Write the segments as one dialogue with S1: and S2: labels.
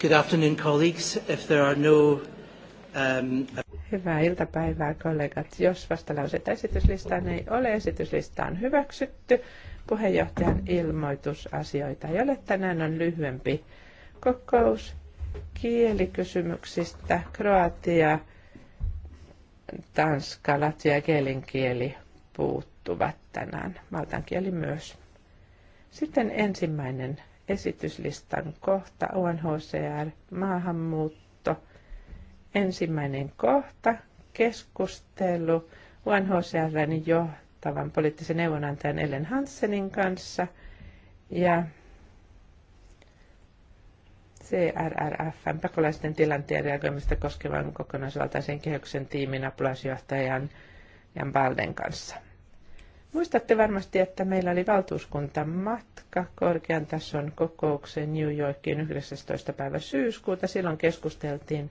S1: Good afternoon, colleagues. If there are no, um... Hyvää iltapäivää, kollegat. Jos vastalauseita esityslistaan ei ole, esityslista on hyväksytty. Puheenjohtajan asioita ei ole. Tänään on lyhyempi kokous kielikysymyksistä. Kroatia, tanska, latvia ja kieli puuttuvat tänään. Maltan kieli myös. Sitten ensimmäinen esityslistan kohta UNHCR maahanmuutto. Ensimmäinen kohta keskustelu UNHCRn johtavan poliittisen neuvonantajan Ellen Hansenin kanssa ja CRRFn pakolaisten tilanteen reagoimista koskevan kokonaisvaltaisen kehyksen tiimin apulaisjohtajan Jan Balden kanssa. Muistatte varmasti, että meillä oli matka korkean tason kokoukseen New Yorkiin 19. päivä syyskuuta. Silloin keskusteltiin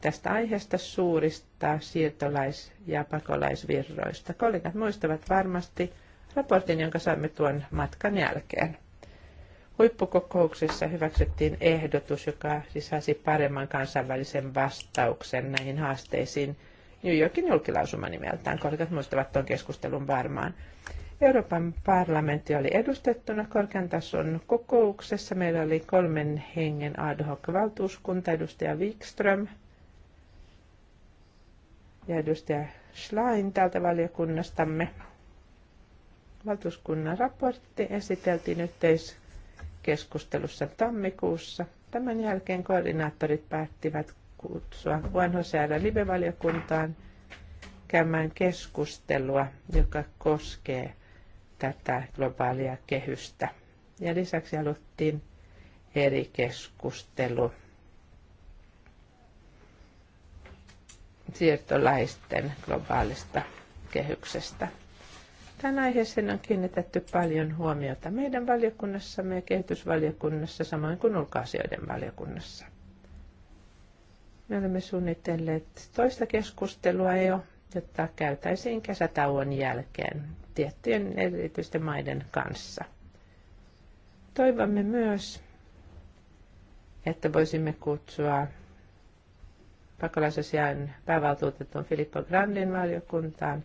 S1: tästä aiheesta suurista siirtolais- ja pakolaisvirroista. Kollegat muistavat varmasti raportin, jonka saimme tuon matkan jälkeen. Huippukokouksessa hyväksyttiin ehdotus, joka sisäsi paremman kansainvälisen vastauksen näihin haasteisiin. New Yorkin julkilausuma nimeltään. Kollegat muistavat tuon keskustelun varmaan. Euroopan parlamentti oli edustettuna korkean tason kokouksessa. Meillä oli kolmen hengen ad hoc-valtuuskunta, edustaja Wikström ja edustaja Schlein täältä valiokunnastamme. Valtuuskunnan raportti esiteltiin yhteiskeskustelussa tammikuussa. Tämän jälkeen koordinaattorit päättivät kutsua UNHCR live-valiokuntaan käymään keskustelua, joka koskee – tätä globaalia kehystä. Ja lisäksi aloittiin eri keskustelu siirtolaisten globaalista kehyksestä. Tämän aiheeseen on kiinnitetty paljon huomiota meidän valiokunnassamme ja kehitysvaliokunnassa, samoin kuin ulkoasioiden valiokunnassa. Me olemme suunnitelleet toista keskustelua jo, jotta käytäisiin kesätauon jälkeen tiettyjen erityisten maiden kanssa. Toivomme myös, että voisimme kutsua pakolaisasian päävaltuutetun Filippo Grandin valiokuntaan.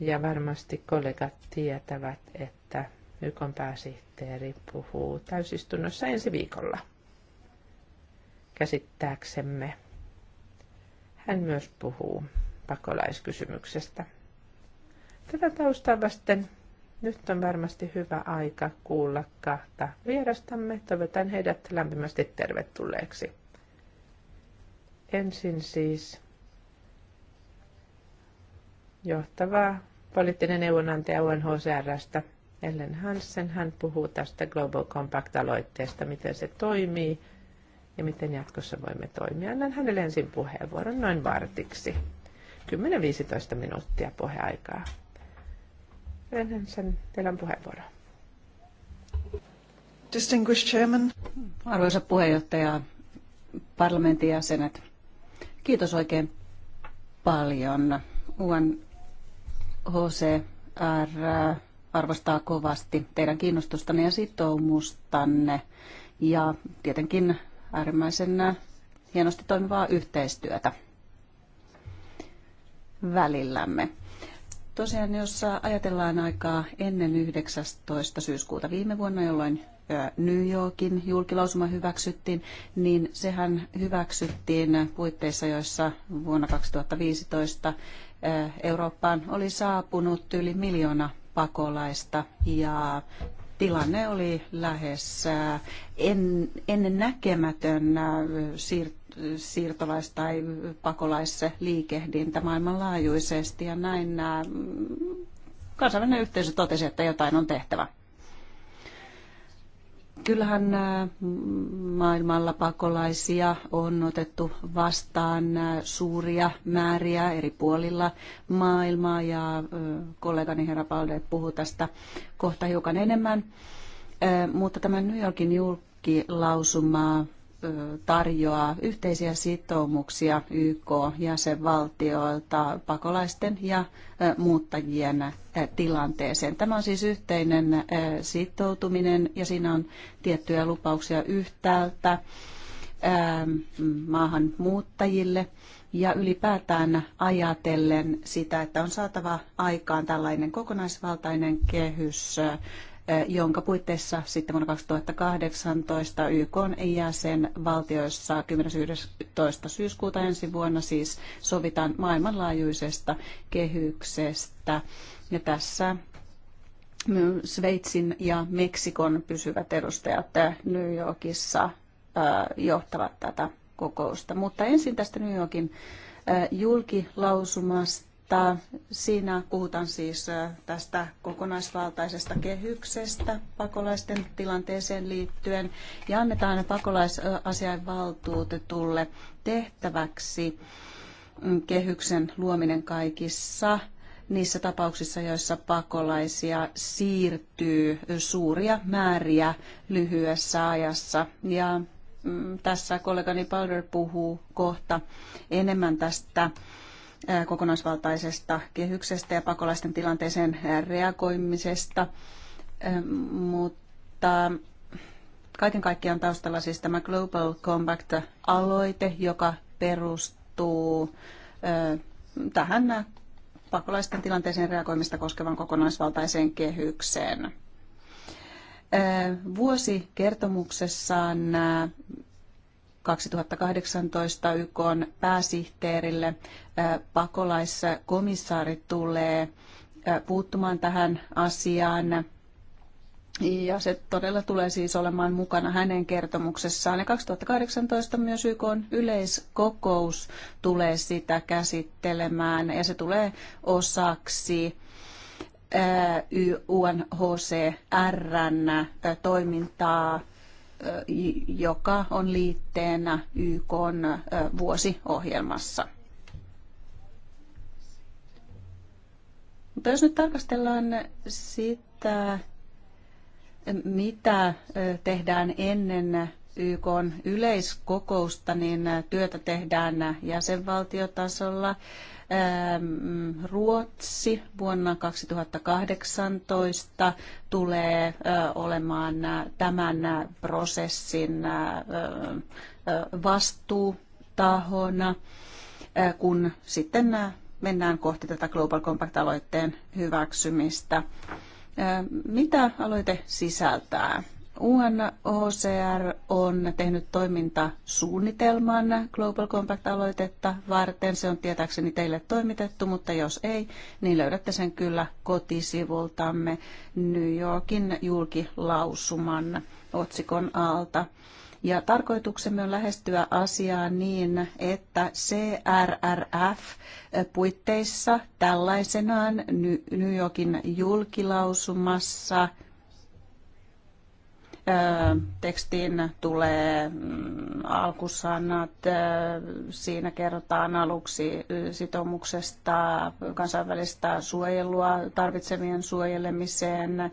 S1: Ja varmasti kollegat tietävät, että YK pääsihteeri puhuu täysistunnossa ensi viikolla. Käsittääksemme hän myös puhuu pakolaiskysymyksestä. Tätä taustaa vasten nyt on varmasti hyvä aika kuulla kahta vierastamme. Toivotan heidät lämpimästi tervetulleeksi. Ensin siis johtava poliittinen neuvonantaja UNHCRstä Ellen Hansen. Hän puhuu tästä Global Compact-aloitteesta, miten se toimii ja miten jatkossa voimme toimia. Annan hänelle ensin puheenvuoron noin vartiksi. 10-15 minuuttia
S2: puheaikaa
S1: teillä on puheenvuoro.
S2: Distinguished Chairman. Arvoisa puheenjohtaja, parlamentin jäsenet, kiitos oikein paljon. UNHCR arvostaa kovasti teidän kiinnostustanne ja sitoumustanne ja tietenkin äärimmäisen hienosti toimivaa yhteistyötä välillämme. Tosiaan, jos ajatellaan aikaa ennen 19. syyskuuta viime vuonna, jolloin New Yorkin julkilausuma hyväksyttiin, niin sehän hyväksyttiin puitteissa, joissa vuonna 2015 Eurooppaan oli saapunut yli miljoona pakolaista ja tilanne oli lähes äh, en, ennen näkemätön äh, siirtymä siirtolais- tai pakolaisliikehdintä maailmanlaajuisesti ja näin äh, kansainvälinen yhteisö totesi, että jotain on tehtävä. Kyllähän äh, maailmalla pakolaisia on otettu vastaan äh, suuria määriä eri puolilla maailmaa ja äh, kollegani herra Palde puhuu tästä kohta hiukan enemmän. Mutta tämä New Yorkin julkilausuma tarjoaa yhteisiä sitoumuksia YK-jäsenvaltioilta pakolaisten ja muuttajien tilanteeseen. Tämä on siis yhteinen sitoutuminen ja siinä on tiettyjä lupauksia yhtäältä maahanmuuttajille ja ylipäätään ajatellen sitä, että on saatava aikaan tällainen kokonaisvaltainen kehys jonka puitteissa sitten vuonna 2018 YK jäsenvaltioissa 10.11. syyskuuta ensi vuonna siis sovitaan maailmanlaajuisesta kehyksestä. Ja tässä Sveitsin ja Meksikon pysyvät edustajat New Yorkissa johtavat tätä kokousta. Mutta ensin tästä New Yorkin julkilausumasta mutta siinä puhutaan siis tästä kokonaisvaltaisesta kehyksestä pakolaisten tilanteeseen liittyen ja annetaan pakolaisasiainvaltuutetulle tehtäväksi mm, kehyksen luominen kaikissa niissä tapauksissa, joissa pakolaisia siirtyy suuria määriä lyhyessä ajassa. Ja mm, tässä kollegani Powder puhuu kohta enemmän tästä kokonaisvaltaisesta kehyksestä ja pakolaisten tilanteeseen reagoimisesta, mutta kaiken kaikkiaan taustalla siis tämä Global Compact-aloite, joka perustuu tähän pakolaisten tilanteeseen reagoimista koskevan kokonaisvaltaiseen kehykseen. Vuosikertomuksessaan 2018 YK pääsihteerille pakolaiskomissaari tulee puuttumaan tähän asiaan. Ja se todella tulee siis olemaan mukana hänen kertomuksessaan. Ja 2018 myös YK yleiskokous tulee sitä käsittelemään ja se tulee osaksi UNHCRn toimintaa joka on liitteenä YK vuosiohjelmassa. Mutta jos nyt tarkastellaan sitä, mitä tehdään ennen YK yleiskokousta, niin työtä tehdään jäsenvaltiotasolla. Mm, Ruotsi vuonna 2018 tulee olemaan tämän prosessin vastuutahona, kun sitten mennään kohti tätä Global Compact-aloitteen hyväksymistä. Mitä aloite sisältää? UNHCR on tehnyt toimintasuunnitelman Global Compact-aloitetta varten. Se on tietääkseni teille toimitettu, mutta jos ei, niin löydätte sen kyllä kotisivultamme New Yorkin julkilausuman otsikon alta. Ja tarkoituksemme on lähestyä asiaa niin, että CRRF-puitteissa tällaisenaan New Yorkin julkilausumassa – tekstiin tulee mm, alkusanat, siinä kerrotaan aluksi sitoumuksesta, kansainvälistä suojelua tarvitsevien suojelemiseen,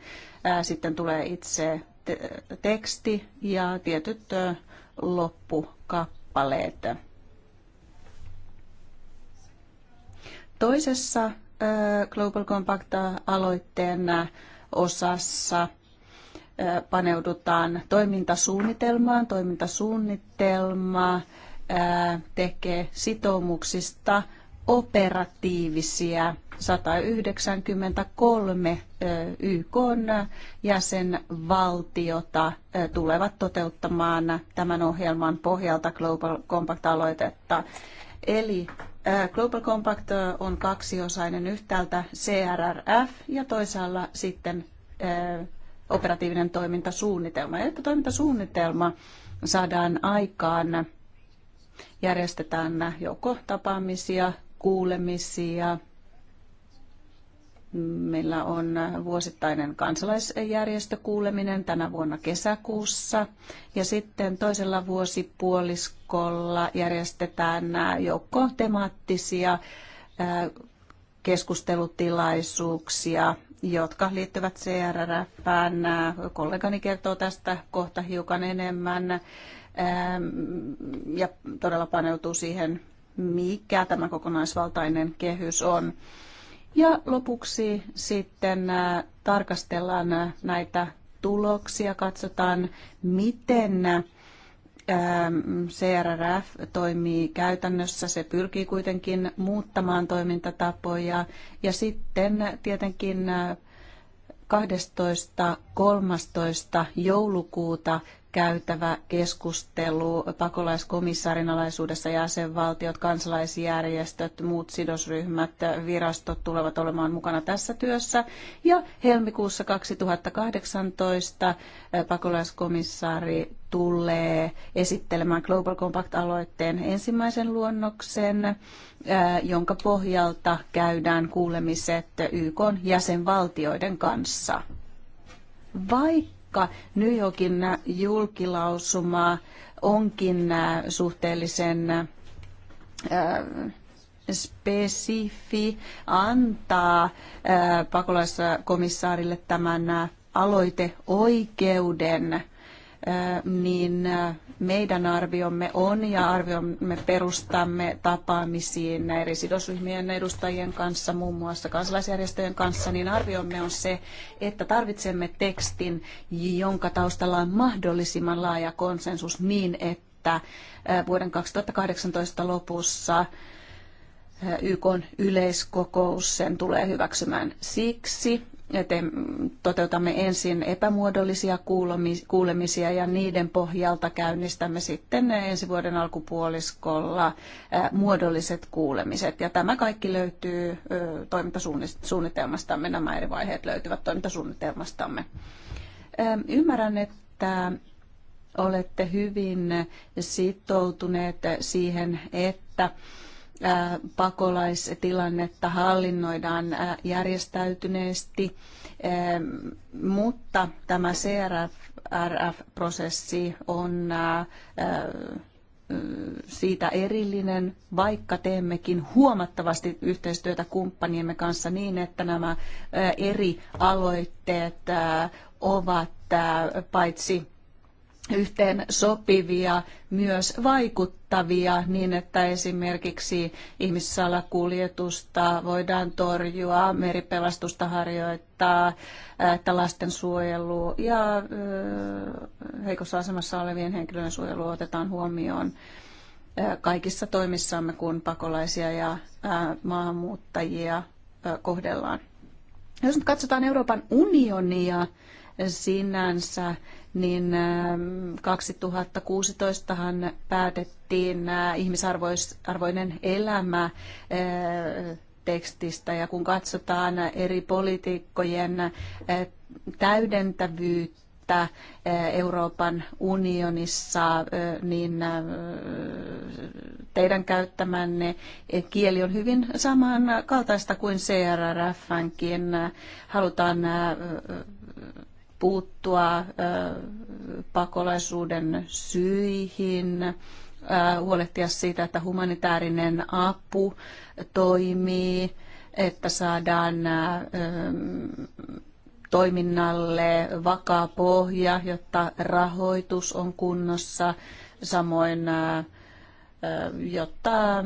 S2: sitten tulee itse teksti ja tietyt loppukappaleet. Toisessa Global Compact-aloitteen osassa paneudutaan toimintasuunnitelmaan. Toimintasuunnitelma tekee sitoumuksista operatiivisia 193 YK jäsenvaltiota tulevat toteuttamaan tämän ohjelman pohjalta Global Compact-aloitetta. Eli Global Compact on kaksiosainen yhtäältä CRRF ja toisaalla sitten operatiivinen toimintasuunnitelma. Ja että toimintasuunnitelma saadaan aikaan, järjestetään joko tapaamisia, kuulemisia, Meillä on vuosittainen kansalaisjärjestökuuleminen tänä vuonna kesäkuussa ja sitten toisella vuosipuoliskolla järjestetään joko temaattisia keskustelutilaisuuksia jotka liittyvät CRRFään. Kollegani kertoo tästä kohta hiukan enemmän ähm, ja todella paneutuu siihen, mikä tämä kokonaisvaltainen kehys on. Ja lopuksi sitten äh, tarkastellaan näitä tuloksia, katsotaan miten Ähm, CRRF toimii käytännössä, se pyrkii kuitenkin muuttamaan toimintatapoja ja sitten tietenkin 12.13. Äh, joulukuuta käytävä keskustelu pakolaiskomissaarin alaisuudessa jäsenvaltiot, kansalaisjärjestöt, muut sidosryhmät, virastot tulevat olemaan mukana tässä työssä. Ja helmikuussa 2018 pakolaiskomissaari tulee esittelemään Global Compact-aloitteen ensimmäisen luonnoksen, äh, jonka pohjalta käydään kuulemiset YK jäsenvaltioiden kanssa. Vaikka vaikka New Yorkin julkilausuma onkin äh, suhteellisen äh, spesifi, antaa äh, pakolaiskomissaarille tämän aloiteoikeuden, niin meidän arviomme on ja arviomme perustamme tapaamisiin eri sidosryhmien edustajien kanssa, muun muassa kansalaisjärjestöjen kanssa, niin arviomme on se, että tarvitsemme tekstin, jonka taustalla on mahdollisimman laaja konsensus niin, että vuoden 2018 lopussa YK yleiskokous sen tulee hyväksymään siksi te, toteutamme ensin epämuodollisia kuulemisia ja niiden pohjalta käynnistämme sitten ensi vuoden alkupuoliskolla muodolliset kuulemiset. Ja tämä kaikki löytyy toimintasuunnitelmastamme, nämä eri vaiheet löytyvät toimintasuunnitelmastamme. Ymmärrän, että olette hyvin sitoutuneet siihen, että pakolaistilannetta hallinnoidaan järjestäytyneesti, mutta tämä CRF-prosessi on siitä erillinen, vaikka teemmekin huomattavasti yhteistyötä kumppaniemme kanssa niin, että nämä eri aloitteet ovat paitsi yhteen sopivia, myös vaikuttavia niin, että esimerkiksi ihmissalakuljetusta voidaan torjua, meripelastusta harjoittaa, että lastensuojelu ja heikossa asemassa olevien henkilöiden suojelu otetaan huomioon kaikissa toimissamme, kun pakolaisia ja maahanmuuttajia kohdellaan. Jos nyt katsotaan Euroopan unionia sinänsä, niin 2016han ähm, päätettiin äh, ihmisarvoinen elämä äh, tekstistä ja kun katsotaan eri poliitikkojen äh, täydentävyyttä Euroopan unionissa, niin teidän käyttämänne kieli on hyvin samankaltaista kuin CRRFnkin. Halutaan puuttua pakolaisuuden syihin, huolehtia siitä, että humanitaarinen apu toimii, että saadaan toiminnalle vakaa pohja, jotta rahoitus on kunnossa, samoin jotta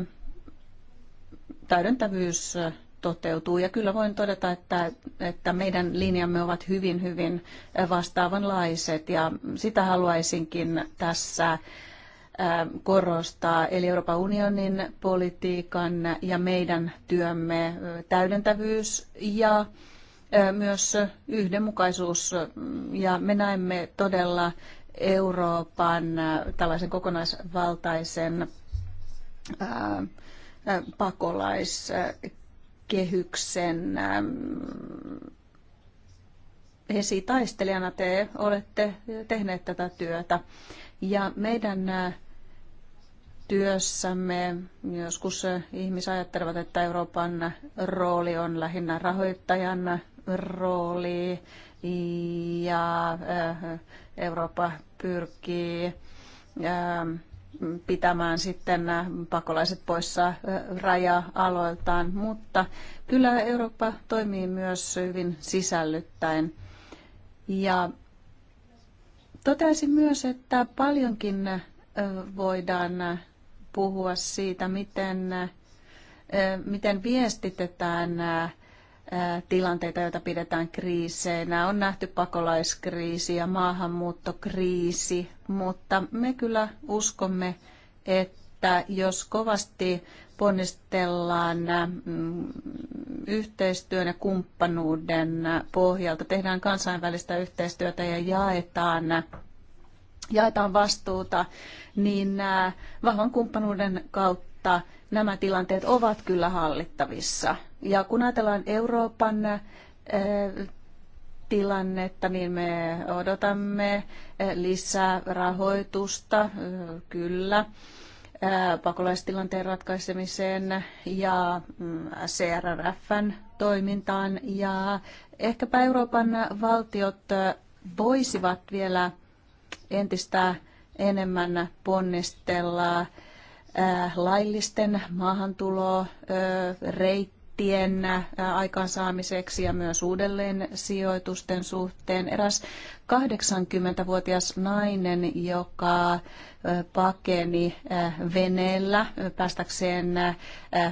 S2: täydentävyys toteutuu. Ja kyllä voin todeta, että, että meidän linjamme ovat hyvin, hyvin vastaavanlaiset ja sitä haluaisinkin tässä korostaa. Eli Euroopan unionin politiikan ja meidän työmme täydentävyys ja myös yhdenmukaisuus. Ja me näemme todella Euroopan tällaisen kokonaisvaltaisen pakolaiskriisin kehyksen ähm, esitaistelijana te olette tehneet tätä työtä. Ja meidän äh, työssämme joskus ihmiset ajattelevat, että Euroopan rooli on lähinnä rahoittajan rooli ja äh, Eurooppa pyrkii ähm, pitämään sitten nämä pakolaiset poissa raja-aloiltaan, mutta kyllä Eurooppa toimii myös hyvin sisällyttäen. Ja toteaisin myös, että paljonkin voidaan puhua siitä, miten, miten viestitetään tilanteita, joita pidetään kriiseinä. On nähty pakolaiskriisi ja maahanmuuttokriisi, mutta me kyllä uskomme, että jos kovasti ponnistellaan mm, yhteistyön ja kumppanuuden pohjalta, tehdään kansainvälistä yhteistyötä ja jaetaan jaetaan vastuuta, niin vahvan kumppanuuden kautta nämä tilanteet ovat kyllä hallittavissa. Ja kun ajatellaan Euroopan eh, tilannetta, niin me odotamme eh, lisää rahoitusta, eh, kyllä, pakolaistilanteen ratkaisemiseen ja mm, CRRFn toimintaan. Ja ehkäpä Euroopan valtiot voisivat vielä entistä enemmän ponnistella Äh, laillisten maahantuloreittien äh, äh, aikaansaamiseksi ja myös uudelleen sijoitusten suhteen. Eräs 80-vuotias nainen, joka pakeni veneellä päästäkseen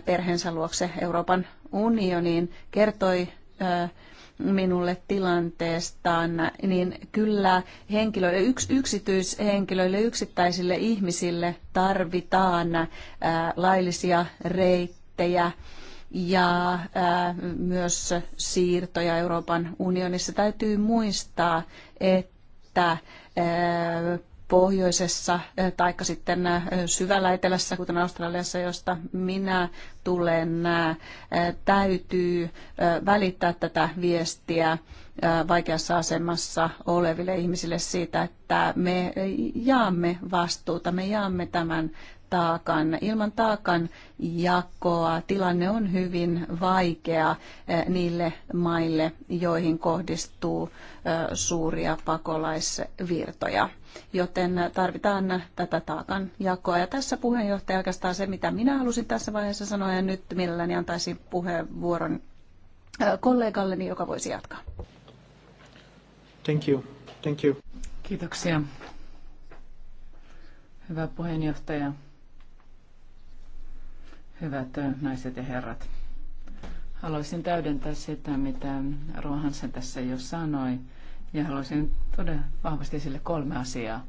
S2: perheensä luokse Euroopan unioniin, kertoi minulle tilanteestaan, niin kyllä henkilöille, yks, yksityishenkilöille, yksittäisille ihmisille tarvitaan ää, äh, laillisia reittejä ja ää, äh, myös siirtoja Euroopan unionissa. Täytyy muistaa, että että äh, pohjoisessa tai sitten syvällä etelässä, kuten Australiassa, josta minä tulen, täytyy välittää tätä viestiä vaikeassa asemassa oleville ihmisille siitä, että me jaamme vastuuta, me jaamme tämän taakan. Ilman taakan jakoa tilanne on hyvin vaikea niille maille, joihin kohdistuu suuria pakolaisvirtoja joten tarvitaan tätä taakan jakoa. Ja tässä puheenjohtaja oikeastaan se, mitä minä halusin tässä vaiheessa sanoa, ja nyt mielelläni antaisin puheenvuoron äh, kollegalleni, joka voisi jatkaa.
S1: Thank you. Thank you.
S2: Kiitoksia.
S3: Hyvä puheenjohtaja. Hyvät naiset ja herrat. Haluaisin täydentää sitä, mitä Ruohansen tässä jo sanoi ja haluaisin todella vahvasti sille kolme asiaa.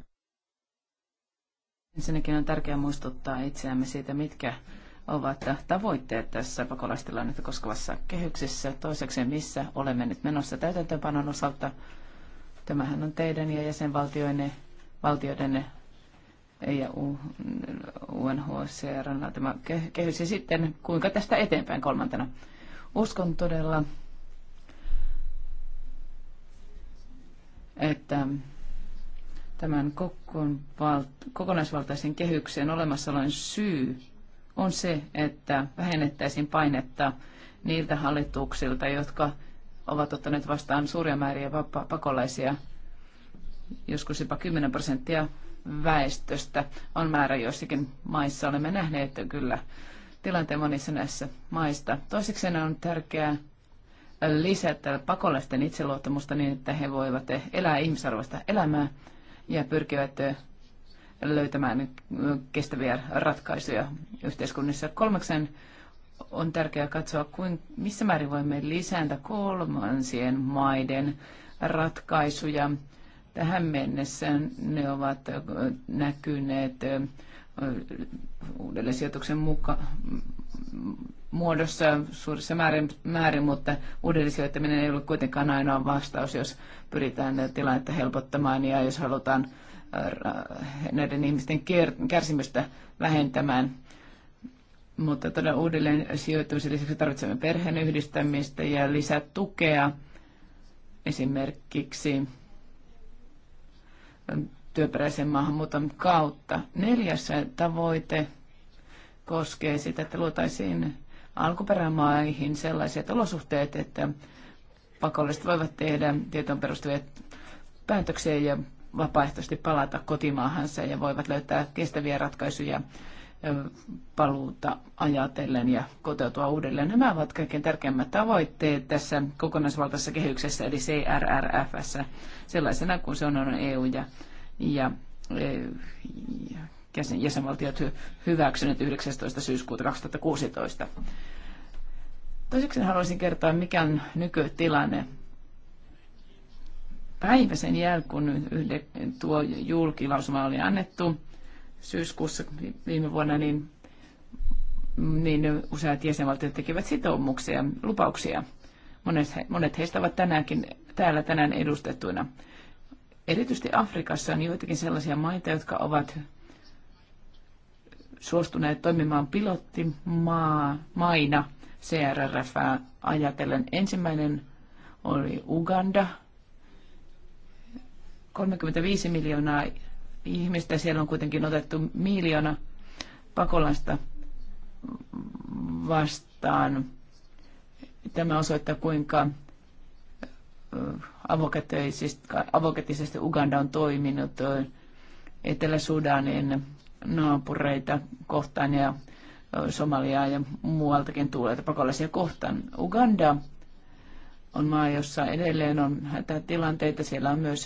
S3: Ensinnäkin on tärkeää muistuttaa itseämme siitä, mitkä ovat tavoitteet tässä pakolaistilannetta koskevassa kehyksessä. Toiseksi, missä olemme nyt menossa täytäntöönpanon osalta. Tämähän on teidän ja jäsenvaltioiden valtioiden ja UNHCR tämä kehys. Ja sitten, kuinka tästä eteenpäin kolmantena. Uskon todella että tämän kokonaisvaltaisen kehyksen olemassaolon syy on se, että vähennettäisiin painetta niiltä hallituksilta, jotka ovat ottaneet vastaan suuria määriä pakolaisia, joskus jopa 10 prosenttia väestöstä on määrä joissakin maissa. Olemme nähneet kyllä tilanteen monissa näissä maista. Toiseksi on tärkeää lisätä pakolaisten itseluottamusta niin, että he voivat elää ihmisarvoista elämää ja pyrkivät löytämään kestäviä ratkaisuja yhteiskunnissa. Kolmeksen on tärkeää katsoa, kuin, missä määrin voimme lisätä kolmansien maiden ratkaisuja. Tähän mennessä ne ovat näkyneet uudelle sijoituksen muka, muodossa suurissa määrin, määrin mutta uudellisijoittaminen ei ole kuitenkaan ainoa vastaus, jos pyritään tilannetta helpottamaan ja jos halutaan äh, näiden ihmisten kärsimystä vähentämään. Mutta todella uudelleen sijoittumisen lisäksi tarvitsemme perheen yhdistämistä ja lisätukea esimerkiksi ähm, työperäisen maahanmuuton kautta. Neljäs tavoite – koskee sitä, että luotaisiin alkuperämaihin sellaiset olosuhteet, että pakolliset voivat tehdä tietoon perustuvia päätöksiä ja vapaaehtoisesti palata kotimaahansa ja voivat löytää kestäviä ratkaisuja paluuta ajatellen ja kotoutua uudelleen. Nämä ovat kaikkein tärkeimmät tavoitteet tässä kokonaisvaltaisessa kehyksessä, eli CRRFssä, sellaisena kuin se on, on EU ja, ja, ja jäsenvaltiot hyväksyneet 19. syyskuuta 2016. Toiseksi haluaisin kertoa, mikä on nykytilanne. Päivä sen jälkeen, kun yhde, tuo julkilausuma oli annettu syyskuussa viime vuonna, niin, niin useat jäsenvaltiot tekivät sitoumuksia, lupauksia. Monet, monet heistä ovat tänäänkin täällä tänään edustettuina. Erityisesti Afrikassa on joitakin sellaisia maita, jotka ovat suostuneet toimimaan pilottimaina maina CRRF ajatellen. Ensimmäinen oli Uganda. 35 miljoonaa ihmistä. Siellä on kuitenkin otettu miljoona pakolaista vastaan. Tämä osoittaa, kuinka avokätisesti Uganda on toiminut Etelä-Sudanin naapureita kohtaan ja Somaliaa ja muualtakin tulee pakolaisia kohtaan. Uganda on maa, jossa edelleen on hätätilanteita. Siellä on myös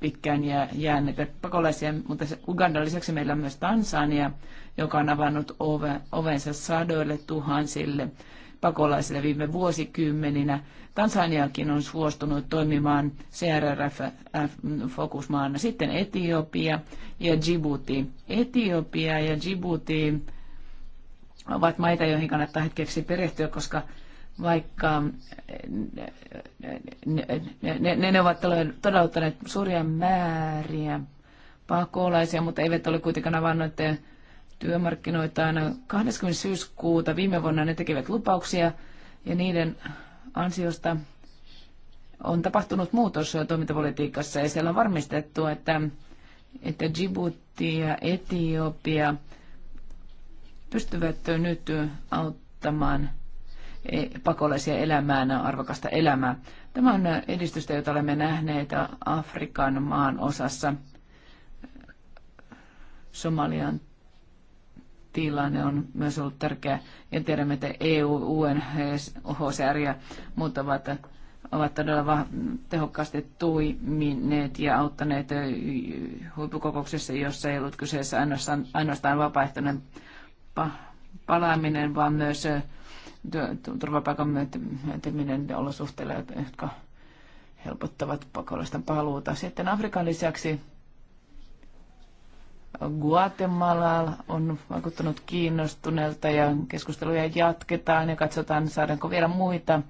S3: pitkään jääneitä pakolaisia, mutta Ugandan lisäksi meillä on myös Tansania, joka on avannut ovensa sadoille tuhansille pakolaisille viime vuosikymmeninä. Tansaniakin on suostunut toimimaan CRRF-fokusmaana. Sitten Etiopia ja Djibouti. Etiopia ja Djibouti ovat maita, joihin kannattaa hetkeksi perehtyä, koska vaikka eh, ne, ne, ne ovat todella ottaneet suuria määriä pakolaisia, mutta eivät ole kuitenkaan avanneet työmarkkinoitaan. 20. syyskuuta viime vuonna ne tekivät lupauksia ja niiden ansiosta on tapahtunut muutos toimintapolitiikassa ja siellä on varmistettu, että, että Djibouti ja Etiopia pystyvät nyt auttamaan e, pakolaisia elämään, arvokasta elämää. Tämä on edistystä, jota olemme nähneet Afrikan maan osassa Somalian tilanne on myös ollut tärkeä. Ja tiedämme, että EU, UNHCR ja muut ovat, ovat todella tehokkaasti tuimineet ja auttaneet huippukokouksessa, jossa ei ollut kyseessä ainoastaan, ainoastaan vapaaehtoinen pa- palaaminen, vaan myös turvapaikan myöntäminen olosuhteilla, jotka helpottavat pakolaisten paluuta. Sitten Afrikan lisäksi Guatemala on vaikuttanut kiinnostuneelta ja keskusteluja jatketaan ja katsotaan, saadaanko vielä muita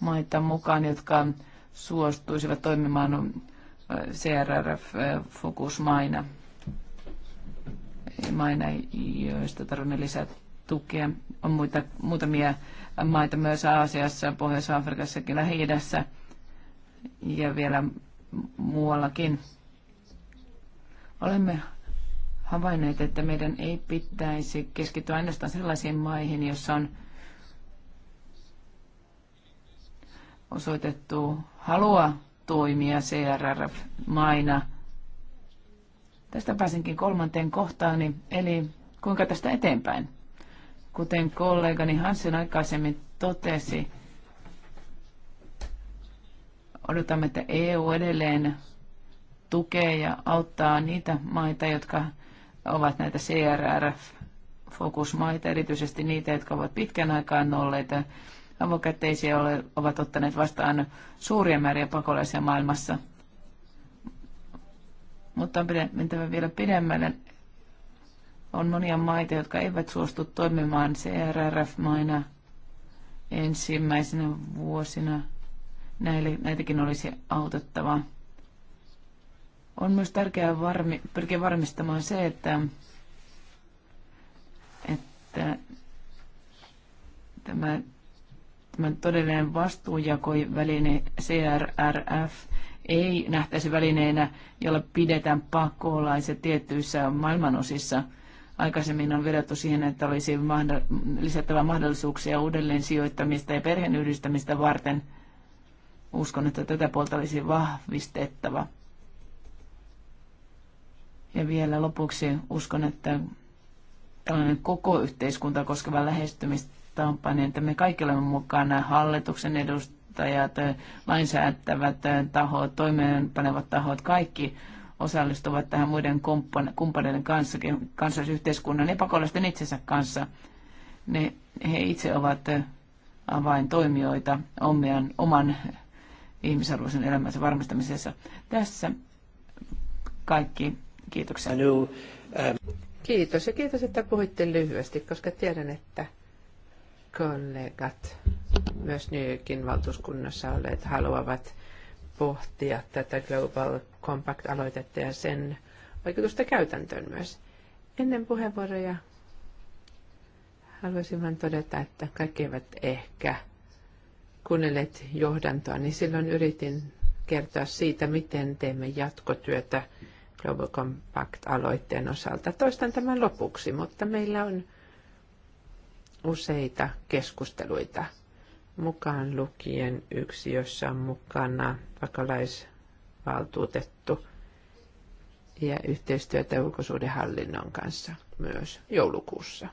S3: maita mukaan, jotka suostuisivat toimimaan äh, CRRF-fokusmaina, äh, maina, joista tarvitsemme lisää tukea. On muita, muutamia maita myös Aasiassa, Pohjois-Afrikassakin, lähi ja vielä muuallakin. Olemme havainneet, että meidän ei pitäisi keskittyä ainoastaan sellaisiin maihin, joissa on osoitettu halua toimia CRRF-maina. Tästä pääsenkin kolmanteen kohtaani, eli kuinka tästä eteenpäin. Kuten kollegani Hansen aikaisemmin totesi, odotamme, että EU edelleen tukee ja auttaa niitä maita, jotka ovat näitä CRRF-fokusmaita, erityisesti niitä, jotka ovat pitkän aikaan olleet avokäteisiä, ovat ottaneet vastaan suuria määriä pakolaisia maailmassa. Mutta on mentävä vielä pidemmälle. On monia maita, jotka eivät suostu toimimaan CRRF-maina ensimmäisenä vuosina. Näille, näitäkin olisi autettava. On myös tärkeää varmi, pyrkiä varmistamaan se, että, että tämä, tämä todellinen vastuunjakoväline CRRF ei nähtäisi välineenä, jolla pidetään pakolaiset tiettyissä maailmanosissa. Aikaisemmin on vedottu siihen, että olisi lisättävä mahdollisuuksia uudelleen sijoittamista ja yhdistämistä varten. Uskon, että tätä puolta olisi vahvistettava. Ja vielä lopuksi uskon, että tällainen koko yhteiskunta koskeva lähestymistapa, niin että me kaikki olemme mukana, hallituksen edustajat, lainsäättävät tahot, toimeenpanevat tahot, kaikki osallistuvat tähän muiden kumppaneiden kanssa, kansallisyhteiskunnan ja pakolaisten itsensä kanssa. Ne, he itse ovat avaintoimijoita omien, oman ihmisarvoisen elämänsä varmistamisessa. Tässä kaikki Kiitoksia. Um, kiitos ja kiitos, että puhuitte lyhyesti, koska
S1: tiedän, että kollegat myös Nykin valtuuskunnassa olleet haluavat pohtia tätä Global Compact-aloitetta ja sen vaikutusta käytäntöön myös. Ennen puheenvuoroja haluaisin vain todeta, että kaikki eivät ehkä kuunnelleet johdantoa, niin silloin yritin kertoa siitä, miten teemme jatkotyötä Global Compact-aloitteen osalta. Toistan tämän lopuksi, mutta meillä on useita keskusteluita mukaan lukien yksi, jossa on mukana pakolaisvaltuutettu ja yhteistyötä ulkosuudenhallinnon kanssa myös joulukuussa.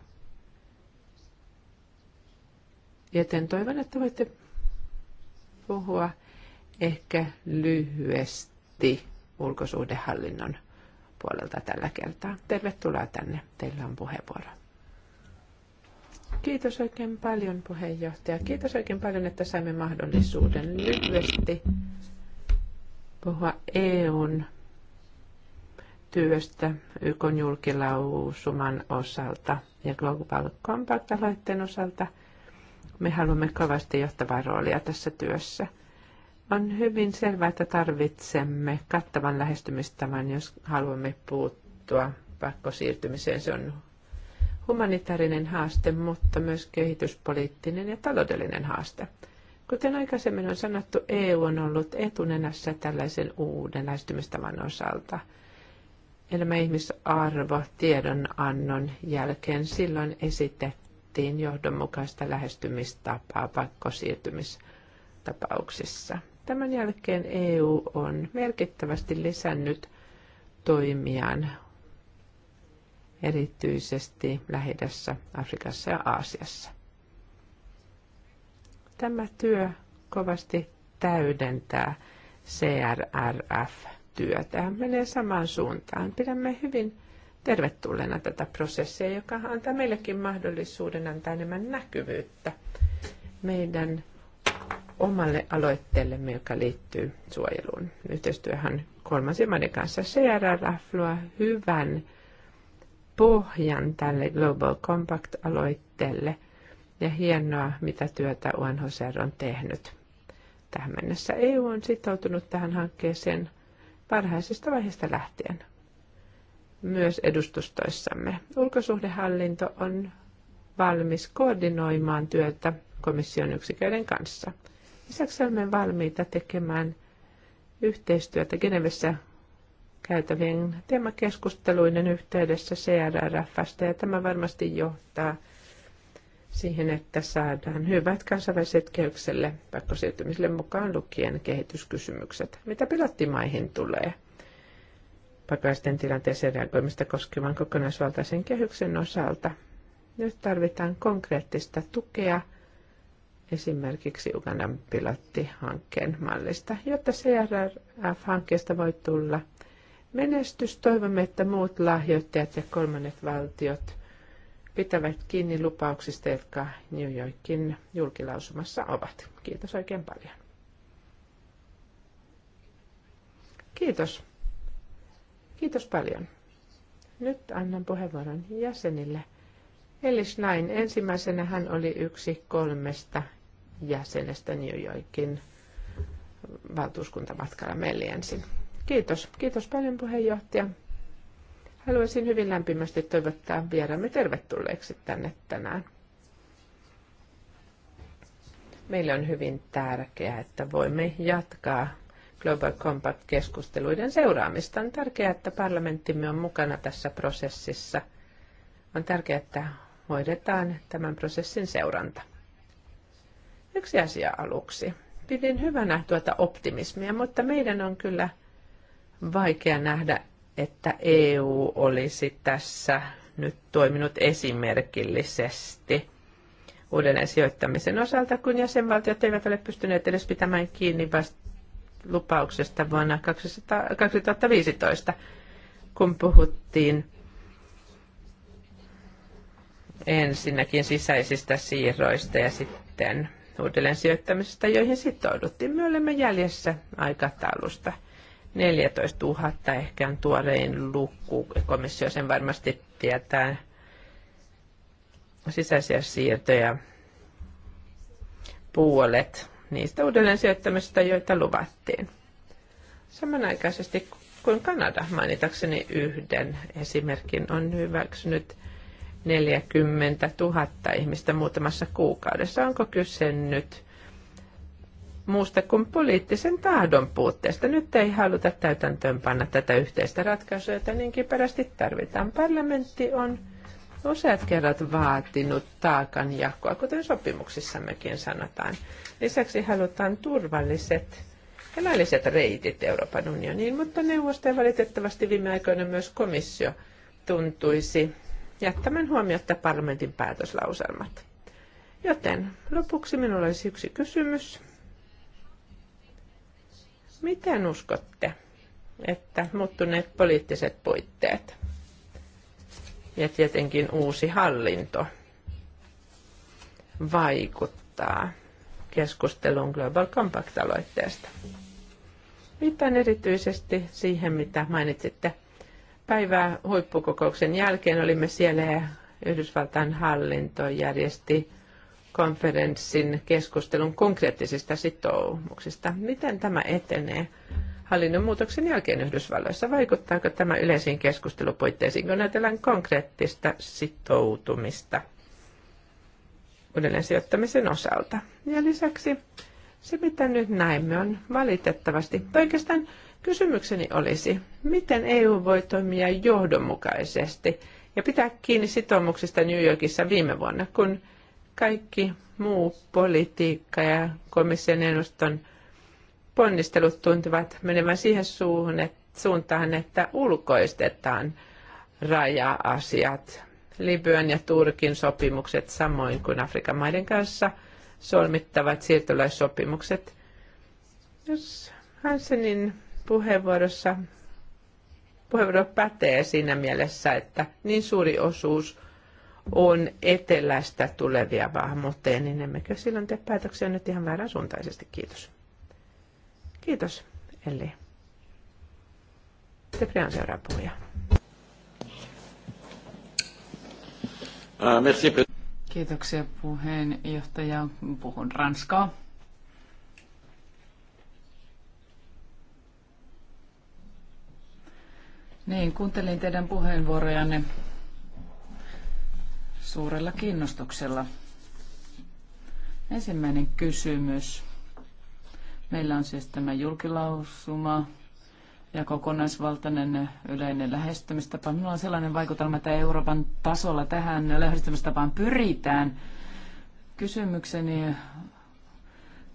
S1: Joten toivon, että voitte puhua ehkä lyhyesti ulkosuhdehallinnon puolelta tällä kertaa. Tervetuloa tänne, teillä on puheenvuoro. Kiitos oikein paljon puheenjohtaja. Kiitos oikein paljon, että saimme mahdollisuuden lyhyesti puhua EUn työstä YK julkilausuman osalta ja Global Compact-aloitteen osalta. Me haluamme kovasti johtavaa roolia tässä työssä – on hyvin selvää, että tarvitsemme kattavan lähestymistavan, jos haluamme puuttua pakkosiirtymiseen. Se on humanitaarinen haaste, mutta myös kehityspoliittinen ja taloudellinen haaste. Kuten aikaisemmin on sanottu, EU on ollut etunenässä tällaisen uuden lähestymistavan osalta. Elämä ihmisarvo tiedonannon jälkeen silloin esitettiin johdonmukaista lähestymistapaa pakkosiirtymistapauksissa. Tämän jälkeen EU on merkittävästi lisännyt toimiaan erityisesti lähidässä Afrikassa ja Aasiassa. Tämä työ kovasti täydentää CRRF-työtä. Menee samaan suuntaan. Pidämme hyvin tervetulleena tätä prosessia, joka antaa meillekin mahdollisuuden antaa enemmän näkyvyyttä meidän omalle aloitteellemme, joka liittyy suojeluun. Yhteistyöhän kolmansien maiden kanssa CRR luo hyvän pohjan tälle Global Compact-aloitteelle ja hienoa, mitä työtä UNHCR on tehnyt. Tähän mennessä EU on sitoutunut tähän hankkeeseen varhaisesta vaiheesta lähtien. Myös edustustoissamme. Ulkosuhdehallinto on valmis koordinoimaan työtä komission yksiköiden kanssa – Lisäksi olemme valmiita tekemään yhteistyötä Genevessä käytävien teemakeskusteluiden yhteydessä CRRFstä ja tämä varmasti johtaa siihen, että saadaan hyvät kansainväliset kehykselle pakkosiirtymiselle mukaan lukien kehityskysymykset. Mitä pilottimaihin tulee? Pakolaisten tilanteeseen reagoimista koskevan kokonaisvaltaisen kehyksen osalta. Nyt tarvitaan konkreettista tukea – esimerkiksi Ugandan pilottihankkeen mallista. Jotta CRF-hankkeesta voi tulla menestys, toivomme, että muut lahjoittajat ja kolmannet valtiot pitävät kiinni lupauksista, jotka New Yorkin julkilausumassa ovat. Kiitos oikein paljon. Kiitos. Kiitos paljon. Nyt annan puheenvuoron jäsenille. Eli näin. Ensimmäisenä hän oli yksi kolmesta jäsenestä New Yorkin valtuuskuntamatkalla meille ensin. Kiitos. Kiitos paljon puheenjohtaja. Haluaisin hyvin lämpimästi toivottaa vieraamme tervetulleeksi tänne tänään. Meille on hyvin tärkeää, että voimme jatkaa Global Compact-keskusteluiden seuraamista. On tärkeää, että parlamenttimme on mukana tässä prosessissa. On tärkeää, että hoidetaan tämän prosessin seuranta. Yksi asia aluksi. Pidin hyvänä tuota optimismia, mutta meidän on kyllä vaikea nähdä, että EU olisi tässä nyt toiminut esimerkillisesti uudelleen sijoittamisen osalta, kun jäsenvaltiot eivät ole pystyneet edes pitämään kiinni vasta lupauksesta vuonna 2015, kun puhuttiin ensinnäkin sisäisistä siirroista ja sitten uudelleen sijoittamisesta, joihin sitouduttiin. Me olemme jäljessä aikataulusta. 14 000 ehkä on tuorein luku. Komissio sen varmasti tietää sisäisiä siirtoja puolet niistä uudelleen sijoittamista, joita luvattiin. Samanaikaisesti kun Kanada, mainitakseni yhden esimerkin, on hyväksynyt 40 000 ihmistä muutamassa kuukaudessa. Onko kyse nyt muusta kuin poliittisen tahdon puutteesta? Nyt ei haluta täytäntöönpanna tätä yhteistä ratkaisua, jota niin kiperästi tarvitaan. Parlamentti on useat kerrat vaatinut jakoa, kuten sopimuksissammekin sanotaan. Lisäksi halutaan turvalliset ja lailliset reitit Euroopan unioniin, mutta neuvosto ja valitettavasti viime aikoina myös komissio tuntuisi jättämään huomiota parlamentin päätöslauselmat. Joten lopuksi minulla olisi yksi kysymys. Miten uskotte, että muuttuneet poliittiset puitteet ja tietenkin uusi hallinto vaikuttaa keskusteluun Global Compact-aloitteesta? Viittaan erityisesti siihen, mitä mainitsitte – päivää huippukokouksen jälkeen olimme siellä ja Yhdysvaltain hallinto järjesti konferenssin keskustelun konkreettisista sitoumuksista. Miten tämä etenee hallinnon muutoksen jälkeen Yhdysvalloissa? Vaikuttaako tämä yleisiin keskustelupuitteisiin, kun ajatellaan konkreettista sitoutumista uudelleen sijoittamisen osalta? Ja lisäksi se, mitä nyt näemme, on valitettavasti, oikeastaan Kysymykseni olisi, miten EU voi toimia johdonmukaisesti ja pitää kiinni sitoumuksista New Yorkissa viime vuonna, kun kaikki muu politiikka ja komission ennuston ponnistelut tuntuvat menevän siihen suuntaan, että ulkoistetaan raja-asiat, Libyan ja Turkin sopimukset samoin kuin Afrikan maiden kanssa solmittavat siirtolaissopimukset. Jos Hansenin puheenvuorossa puheenvuoro pätee siinä mielessä, että niin suuri osuus on etelästä tulevia maahanmuuttajia, niin emmekö silloin tee päätöksiä nyt ihan väärän suuntaisesti. Kiitos. Kiitos, Elli. Sitten on seuraava puhuja.
S2: Äh,
S3: Kiitoksia puheenjohtaja. Puhun ranskaa. Niin, kuuntelin teidän puheenvuorojanne suurella kiinnostuksella. Ensimmäinen kysymys. Meillä on siis tämä julkilausuma ja kokonaisvaltainen yleinen lähestymistapa. Minulla on sellainen vaikutelma, että Euroopan tasolla tähän lähestymistapaan pyritään. Kysymykseni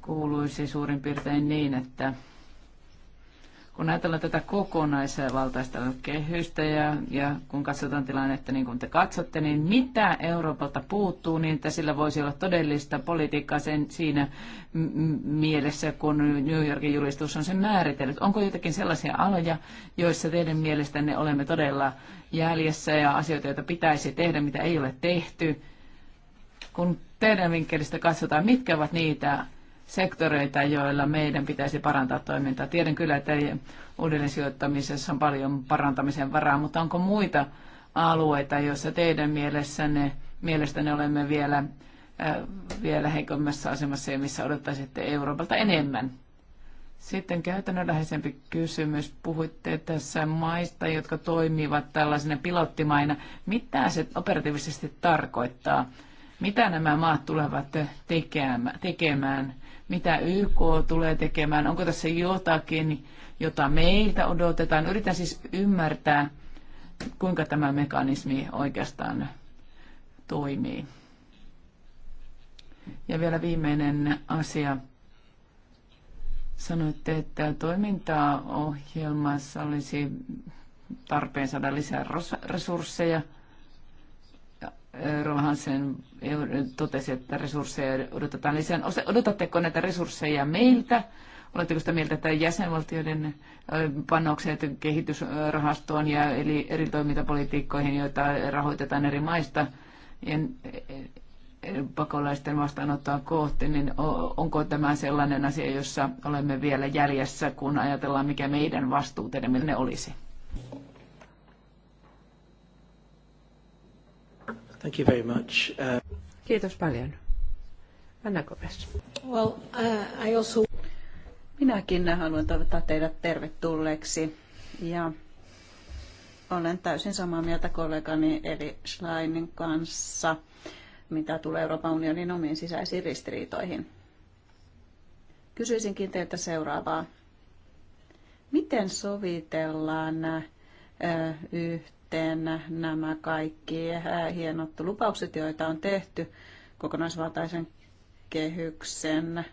S3: kuuluisi suurin piirtein niin, että kun ajatellaan tätä kokonaisvaltaista kehystä ja, ja kun katsotaan tilannetta niin kuin te katsotte, niin mitä Euroopalta puuttuu niin, että sillä voisi olla todellista politiikkaa sen, siinä mielessä, kun New Yorkin julistus on sen määritellyt? Onko jotakin sellaisia aloja, joissa teidän mielestänne olemme todella jäljessä ja asioita, joita pitäisi tehdä, mitä ei ole tehty? Kun teidän vinkkelistä katsotaan, mitkä ovat niitä sektoreita, joilla meidän pitäisi parantaa toimintaa. Tiedän kyllä, että uudelleen sijoittamisessa on paljon parantamisen varaa, mutta onko muita alueita, joissa teidän mielessänne, mielestänne olemme vielä, äh, vielä heikommassa asemassa ja missä odottaisitte Euroopalta enemmän? Sitten käytännönläheisempi kysymys. Puhuitte tässä maista, jotka toimivat tällaisena pilottimaina. Mitä se operatiivisesti tarkoittaa? Mitä nämä maat tulevat tekemään? mitä YK tulee tekemään, onko tässä jotakin, jota meiltä odotetaan. Yritän siis ymmärtää, kuinka tämä mekanismi oikeastaan toimii. Ja vielä viimeinen asia. Sanoitte, että toimintaohjelmassa olisi tarpeen saada lisää resursseja – Rohansen totesi, että resursseja odotetaan lisää. No, odotatteko näitä resursseja meiltä? Oletteko sitä mieltä, että jäsenvaltioiden panokset kehitysrahastoon ja eli eri toimintapolitiikkoihin, joita rahoitetaan eri maista ja e, e, pakolaisten vastaanottoa kohti, niin onko tämä sellainen asia, jossa olemme vielä jäljessä, kun ajatellaan, mikä meidän vastuutemme olisi?
S1: Thank you very much. Uh...
S2: Kiitos paljon. Anna Gomez. Well, uh, I also... Minäkin haluan toivottaa teidät tervetulleeksi ja olen täysin samaa mieltä kollegani Eli Schleinin kanssa, mitä tulee Euroopan unionin omiin sisäisiin ristiriitoihin. Kysyisinkin teiltä seuraavaa. Miten sovitellaan yhteen? sitten nämä kaikki äh, hienot lupaukset, joita on tehty kokonaisvaltaisen kehyksen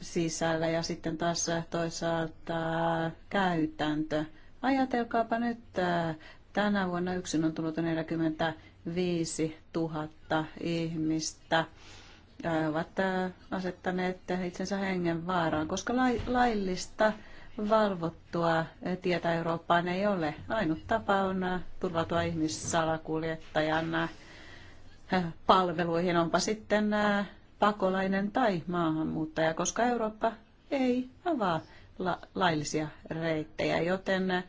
S2: sisällä ja sitten taas toisaalta käytäntö. Ajatelkaapa nyt, äh, tänä vuonna yksin on tullut 45 000 ihmistä äh, ovat asettaneet itsensä hengen vaaraan, koska laillista valvottua tietä Eurooppaan ei ole. Ainut tapa on turvautua ihmissalakuljettajan äh, palveluihin, onpa sitten äh, pakolainen tai maahanmuuttaja, koska Eurooppa ei avaa la- laillisia reittejä, joten äh,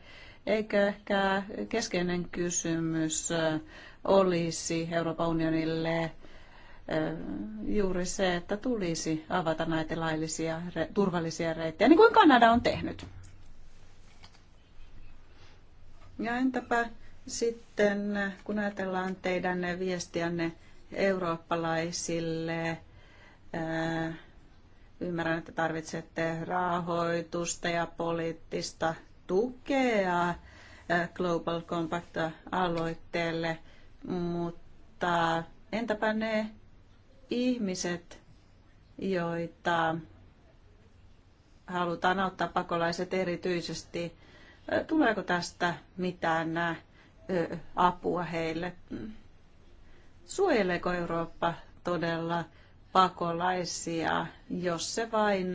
S2: eikö ehkä keskeinen kysymys olisi Euroopan unionille juuri se, että tulisi avata näitä laillisia, turvallisia reittejä, niin kuin Kanada on tehnyt. Ja entäpä sitten, kun ajatellaan teidän viestiänne eurooppalaisille, ymmärrän, että tarvitsette rahoitusta ja poliittista tukea Global Compact-aloitteelle, mutta entäpä ne ihmiset, joita halutaan auttaa pakolaiset erityisesti, tuleeko tästä mitään apua heille? Suojeleeko Eurooppa todella pakolaisia, jos se vain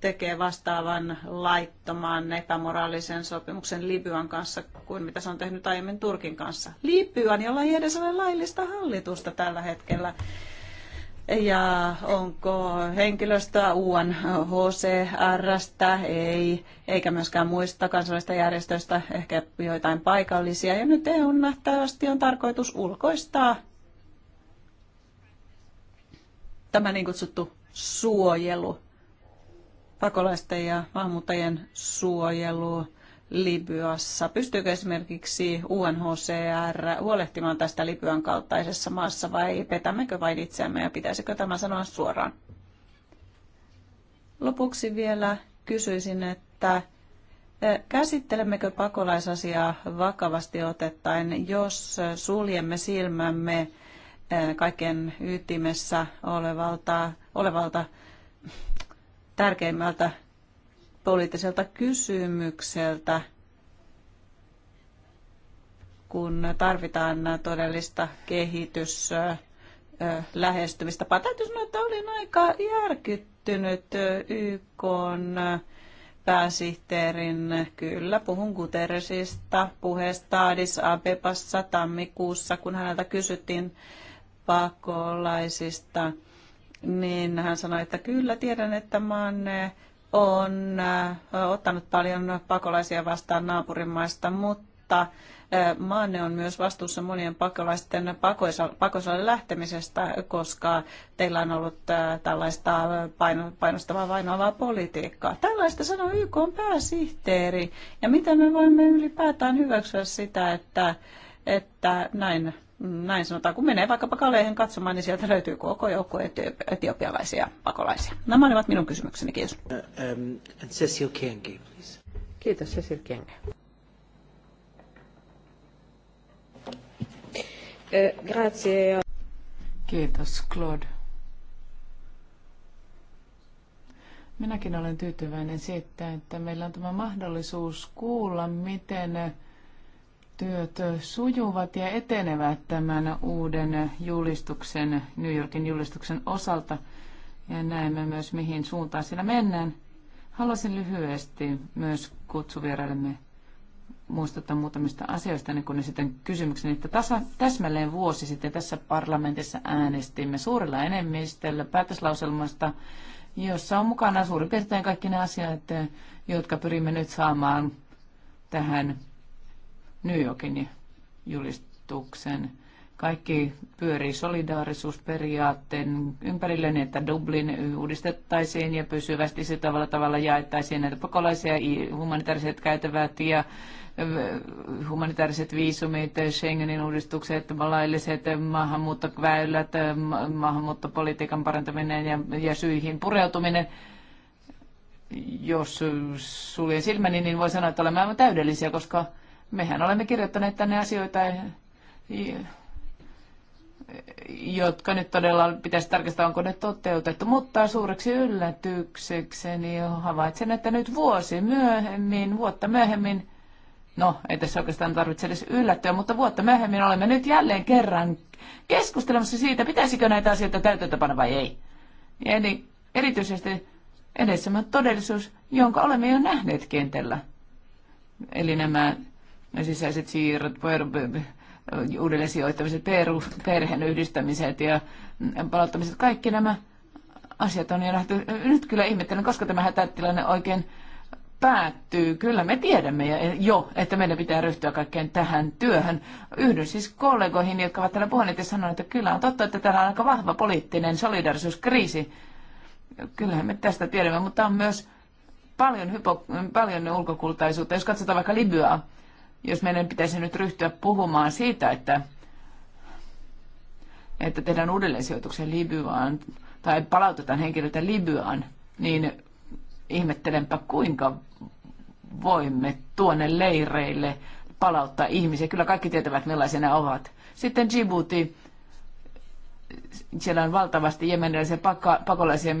S2: tekee vastaavan laittoman epämoraalisen sopimuksen Libyan kanssa kuin mitä se on tehnyt aiemmin Turkin kanssa. Libyan, jolla ei edes ole laillista hallitusta tällä hetkellä. Ja onko henkilöstöä UNHCRstä? Ei. Eikä myöskään muista kansallisista järjestöistä, ehkä joitain paikallisia. Ja nyt EU nähtävästi on tarkoitus ulkoistaa tämä niin kutsuttu suojelu pakolaisten ja maahanmuuttajien suojelu Libyassa? Pystyykö esimerkiksi UNHCR huolehtimaan tästä Libyan kaltaisessa maassa vai petämmekö vain itseämme ja pitäisikö tämä sanoa suoraan? Lopuksi vielä kysyisin, että e, käsittelemmekö pakolaisasiaa vakavasti otettaen, jos suljemme silmämme e, kaiken ytimessä olevalta, olevalta tärkeimmältä poliittiselta kysymykseltä, kun tarvitaan todellista kehitys lähestymistapaa. Täytyy sanoa, että olin aika järkyttynyt YK pääsihteerin, kyllä puhun Guterresista, puheesta Adis Abebassa tammikuussa, kun häneltä kysyttiin pakolaisista niin hän sanoi, että kyllä tiedän, että maan on ottanut paljon pakolaisia vastaan naapurimaista, mutta maanne on myös vastuussa monien pakolaisten pakosalle lähtemisestä, koska teillä on ollut tällaista painostavaa vainoavaa politiikkaa. Tällaista sanoo YK on pääsihteeri. Ja miten me voimme ylipäätään hyväksyä sitä, että, että näin näin sanotaan, kun menee vaikkapa Kaleihin katsomaan, niin sieltä löytyy koko joukko etiopialaisia pakolaisia. Nämä olivat minun kysymykseni, kiitos. Uh, um, Cecil Kienge, Kiitos, Cecil Kienge.
S3: Uh, grazie. Kiitos, Claude. Minäkin olen tyytyväinen siitä, että meillä on tämä mahdollisuus kuulla, miten työt sujuvat ja etenevät tämän uuden julistuksen, New Yorkin julistuksen osalta. Ja näemme myös, mihin suuntaan sillä mennään. Haluaisin lyhyesti myös kutsuvieraillemme muistuttaa muutamista asioista, niin kun sitten kysymykseni, että tasa, täsmälleen vuosi sitten tässä parlamentissa äänestimme suurella enemmistöllä päätöslauselmasta, jossa on mukana suurin piirtein kaikki ne asiat, jotka pyrimme nyt saamaan tähän New Yorkin julistuksen. Kaikki pyörii solidaarisuusperiaatteen ympärille niin, että Dublin uudistettaisiin ja pysyvästi sitovalla tavalla jaettaisiin näitä pakolaisia, humanitaariset käytävät ja humanitaariset viisumit, Schengenin uudistukset, lailliset maahanmuuttoväylät, maahanmuuttopolitiikan parantaminen ja, ja syihin pureutuminen jos suljen silmäni, niin voi sanoa, että olemme aivan täydellisiä, koska Mehän olemme kirjoittaneet tänne asioita, jotka nyt todella pitäisi tarkistaa, onko ne toteutettu. Mutta suureksi yllätyksekseni havaitsen, että nyt vuosi myöhemmin, vuotta myöhemmin, no ei tässä oikeastaan tarvitse edes yllättyä, mutta vuotta myöhemmin olemme nyt jälleen kerran keskustelemassa siitä, pitäisikö näitä asioita täytäntöpana vai ei. Eli erityisesti edessämme todellisuus, jonka olemme jo nähneet kentällä. Eli nämä No sisäiset siirrot, uudelleen sijoittamiset, peru, perheen yhdistämiset ja palauttamiset, kaikki nämä asiat on jo nähty. Nyt kyllä ihmettelen, koska tämä hätätilanne oikein päättyy. Kyllä me tiedämme jo, että meidän pitää ryhtyä kaikkeen tähän työhön. Yhdyn siis kollegoihin, jotka ovat täällä puhuneet ja sanoneet, että kyllä on totta, että täällä on aika vahva poliittinen solidarisuuskriisi. Kyllähän me tästä tiedämme, mutta on myös paljon, hypo, paljon ulkokultaisuutta. Jos katsotaan vaikka Libyaa, jos meidän pitäisi nyt ryhtyä puhumaan siitä, että, että tehdään uudelleensijoituksen Libyaan tai palautetaan henkilöitä Libyaan, niin ihmettelenpä kuinka voimme tuonne leireille palauttaa ihmisiä. Kyllä kaikki tietävät, millaisia ne ovat. Sitten Djibouti. Siellä on valtavasti jemeniläisiä pakolaisia,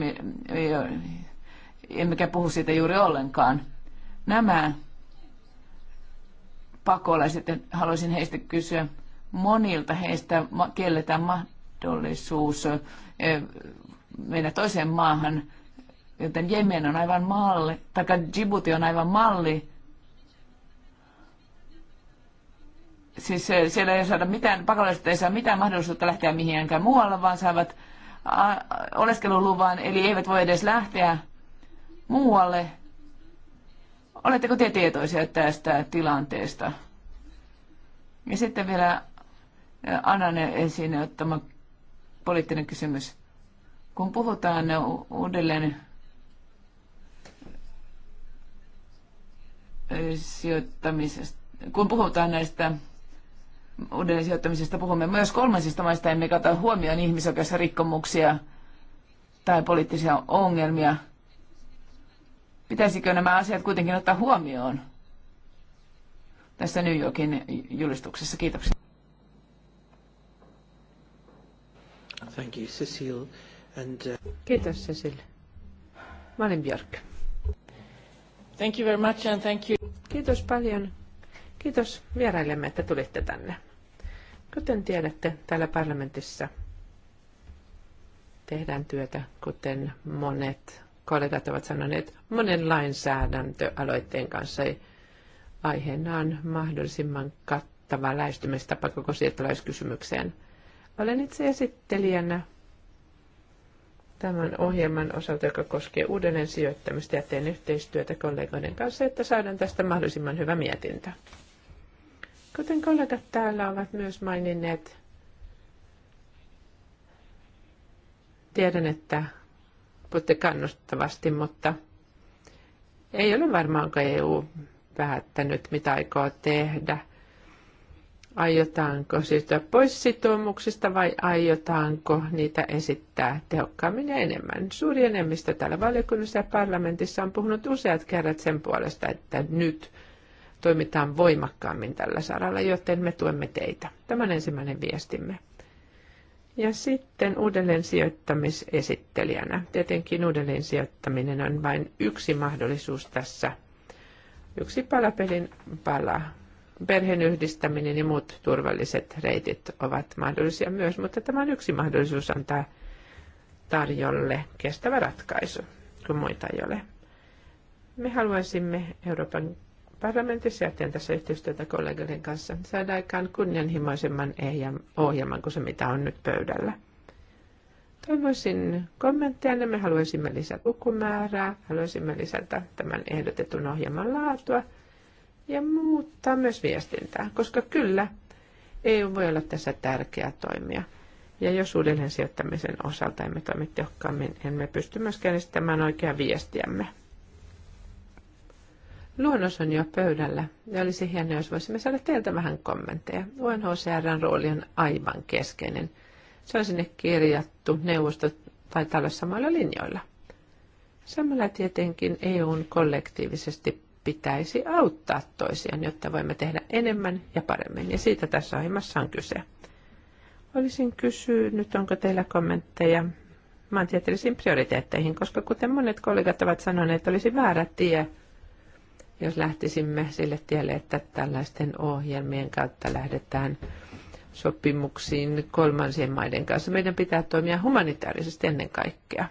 S3: emmekä puhu siitä juuri ollenkaan. Nämä pakolaiset, haluaisin heistä kysyä. Monilta heistä kelle tämä mahdollisuus mennä toiseen maahan, joten Jemen on aivan malli, tai Djibouti on aivan malli. Siis siellä ei saada mitään, pakolaiset ei saa mitään mahdollisuutta lähteä mihinkään muualle, vaan saavat oleskeluluvan, eli eivät voi edes lähteä muualle Oletteko te tietoisia tästä tilanteesta? Ja sitten vielä Annan esiin ottama poliittinen kysymys. Kun puhutaan uudelleen sijoittamisesta, kun puhutaan näistä uudelleen sijoittamisesta, puhumme myös kolmansista maista, emme kata huomioon ihmisoikeusrikkomuksia tai poliittisia ongelmia – Pitäisikö nämä asiat kuitenkin ottaa huomioon tässä New Yorkin julistuksessa? Kiitoksia.
S1: Thank you, Cecil. And, uh... Kiitos, Cecil. Mä olen Björk. Thank you very much and thank you. Kiitos paljon. Kiitos vieraillemme, että tulitte tänne. Kuten tiedätte, täällä parlamentissa tehdään työtä, kuten monet kollegat ovat sanoneet, monen lainsäädäntöaloitteen kanssa aiheena on mahdollisimman kattava lähestymistapa koko siirtolaiskysymykseen. Olen itse esittelijänä tämän ohjelman osalta, joka koskee uudelleen sijoittamista ja teen yhteistyötä kollegoiden kanssa, että saadaan tästä mahdollisimman hyvä mietintä. Kuten kollegat täällä ovat myös maininneet, tiedän, että puhutte kannustavasti, mutta ei ole varmaankaan EU päättänyt, mitä aikoo tehdä. Aiotaanko siirtyä pois sitoumuksista vai aiotaanko niitä esittää tehokkaammin ja enemmän? Suuri enemmistö täällä valiokunnassa ja parlamentissa on puhunut useat kerrat sen puolesta, että nyt toimitaan voimakkaammin tällä saralla, joten me tuemme teitä. Tämä on ensimmäinen viestimme. Ja sitten uudelleen sijoittamisesittelijänä. Tietenkin uudelleen sijoittaminen on vain yksi mahdollisuus tässä. Yksi palapelin pala. Perheen yhdistäminen ja muut turvalliset reitit ovat mahdollisia myös, mutta tämä on yksi mahdollisuus antaa tarjolle kestävä ratkaisu, kun muita ei ole. Me haluaisimme Euroopan parlamentissa ja teen tässä yhteistyötä kollegoiden kanssa, saada aikaan kunnianhimoisemman ohjelman kuin se, mitä on nyt pöydällä. Toivoisin kommentteja, niin me haluaisimme lisätä lukumäärää, haluaisimme lisätä tämän ehdotetun ohjelman laatua ja muuttaa myös viestintää, koska kyllä EU voi olla tässä tärkeä toimija. Ja jos uudelleen sijoittamisen osalta emme toimi tehokkaammin, emme pysty myöskään esittämään oikeaa viestiämme. Luonnos on jo pöydällä ja olisi hienoa, jos voisimme saada teiltä vähän kommentteja. UNHCRn rooli on aivan keskeinen. Se on sinne kirjattu neuvosto tai tällä samoilla linjoilla. Samalla tietenkin EUn kollektiivisesti pitäisi auttaa toisiaan, jotta voimme tehdä enemmän ja paremmin, ja siitä tässä ohjelmassa on kyse. Olisin kysynyt, onko teillä kommentteja maantieteellisiin prioriteetteihin, koska kuten monet kollegat ovat sanoneet, olisi väärä tie – jos lähtisimme sille tielle, että tällaisten ohjelmien kautta lähdetään sopimuksiin kolmansien maiden kanssa. Meidän pitää toimia humanitaarisesti ennen kaikkea.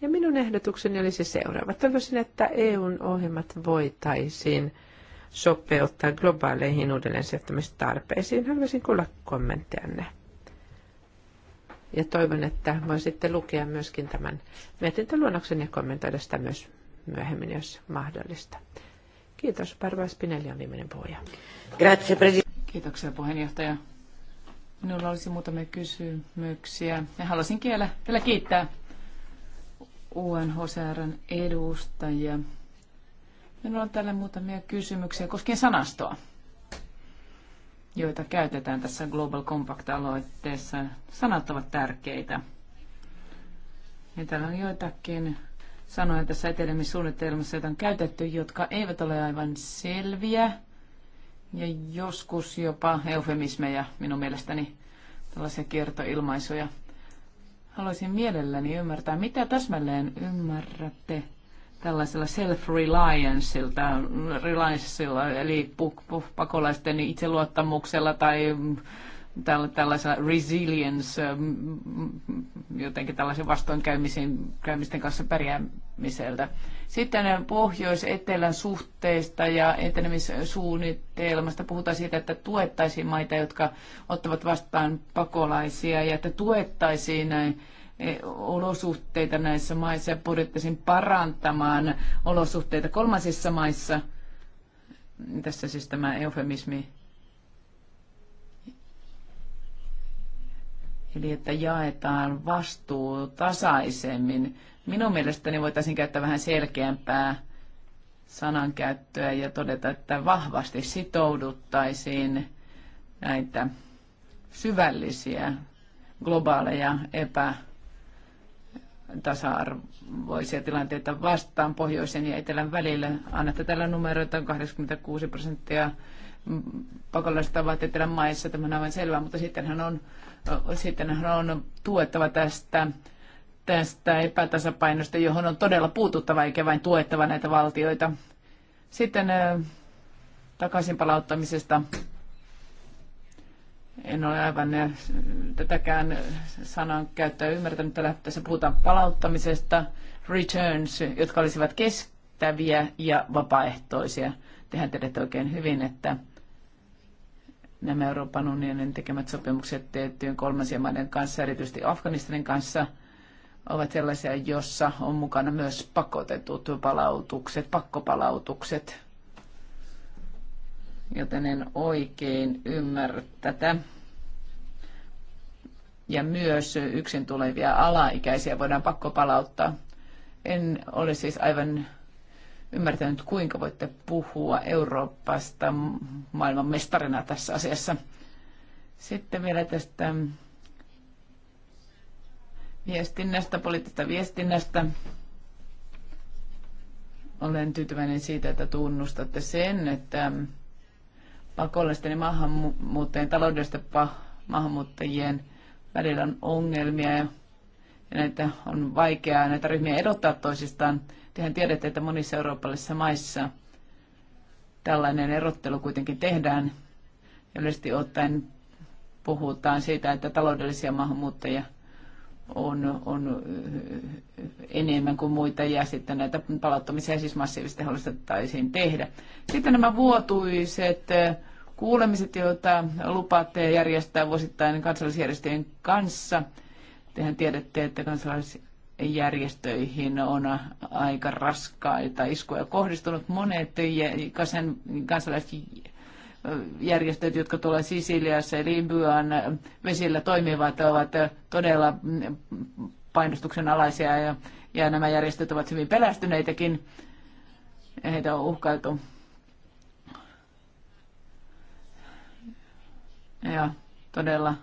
S1: Ja minun ehdotukseni olisi seuraava. Toivoisin, että EUn ohjelmat voitaisiin sopeuttaa globaaleihin uudelleen sijoittamistarpeisiin. Haluaisin kuulla kommenttejanne. Ja toivon, että voisitte lukea myöskin tämän mietintöluonnoksen ja kommentoida sitä myös myöhemmin, jos mahdollista.
S3: Kiitos. Parva Spinelli on viimeinen puhuja. Grazie, Kiitoksia puheenjohtaja. Minulla olisi muutamia kysymyksiä. Ja haluaisin vielä, vielä kiittää UNHCRn edustajia. Minulla on täällä muutamia kysymyksiä koskien sanastoa, joita käytetään tässä Global Compact-aloitteessa. Sanat ovat tärkeitä. Ja täällä on joitakin sanoja tässä etenemissuunnitelmassa, joita on käytetty, jotka eivät ole aivan selviä ja joskus jopa eufemismeja minun mielestäni, tällaisia kiertoilmaisuja. Haluaisin mielelläni ymmärtää, mitä täsmälleen ymmärrätte tällaisella self-relianceilta, relianceilla, eli pakolaisten itseluottamuksella tai tällaisella resilience, jotenkin tällaisen vastoinkäymisten kanssa pärjäämiseltä. Sitten pohjois-etelän suhteista ja etenemissuunnitelmasta puhutaan siitä, että tuettaisiin maita, jotka ottavat vastaan pakolaisia ja että tuettaisiin e, olosuhteita näissä maissa ja pyrittäisiin parantamaan olosuhteita kolmansissa maissa. Tässä siis tämä eufemismi Eli että jaetaan vastuu tasaisemmin. Minun mielestäni voitaisiin käyttää vähän selkeämpää sanankäyttöä ja todeta, että vahvasti sitouduttaisiin näitä syvällisiä, globaaleja epä tasa-arvoisia tilanteita vastaan pohjoisen ja etelän välillä. Annatte tällä numeroita 86 prosenttia pakolaiset ovat etelän maissa, tämä on aivan selvää, mutta sittenhän on sitten on tuettava tästä, tästä epätasapainosta, johon on todella puututtava eikä vain tuettava näitä valtioita. Sitten takaisin palauttamisesta. En ole aivan tätäkään sanan käyttöä ymmärtänyt. Tällä tässä puhutaan palauttamisesta, returns, jotka olisivat kestäviä ja vapaaehtoisia. Tehän tiedätte oikein hyvin, että nämä Euroopan unionin tekemät sopimukset tiettyjen kolmansien maiden kanssa, erityisesti Afganistanin kanssa, ovat sellaisia, jossa on mukana myös pakotetut palautukset, pakkopalautukset. Joten en oikein ymmärrä tätä. Ja myös yksin tulevia alaikäisiä voidaan pakkopalauttaa. En ole siis aivan ymmärtänyt, kuinka voitte puhua Euroopasta maailman mestarina tässä asiassa. Sitten vielä tästä viestinnästä, poliittisesta viestinnästä. Olen tyytyväinen siitä, että tunnustatte sen, että pakollisten ja maahanmuuttajien, taloudellisten maahanmuuttajien välillä on ongelmia ja näitä on vaikeaa näitä ryhmiä erottaa toisistaan. Tehän tiedätte, että monissa eurooppalaisissa maissa tällainen erottelu kuitenkin tehdään. Yleisesti ottaen puhutaan siitä, että taloudellisia maahanmuuttajia on, on enemmän kuin muita ja sitten näitä palauttamisia siis massiivisesti haluttaisiin tehdä. Sitten nämä vuotuiset kuulemiset, joita lupaatte järjestää vuosittain kansallisjärjestöjen kanssa. Tehän tiedätte, että kansalais- järjestöihin on aika raskaita iskuja kohdistunut. Monet kansalaiset järjestöt, jotka tuolla Sisiliassa ja Libyan vesillä toimivat, ovat todella painostuksen alaisia ja, ja nämä järjestöt ovat hyvin pelästyneitäkin. Heitä on uhkailtu. Ja todella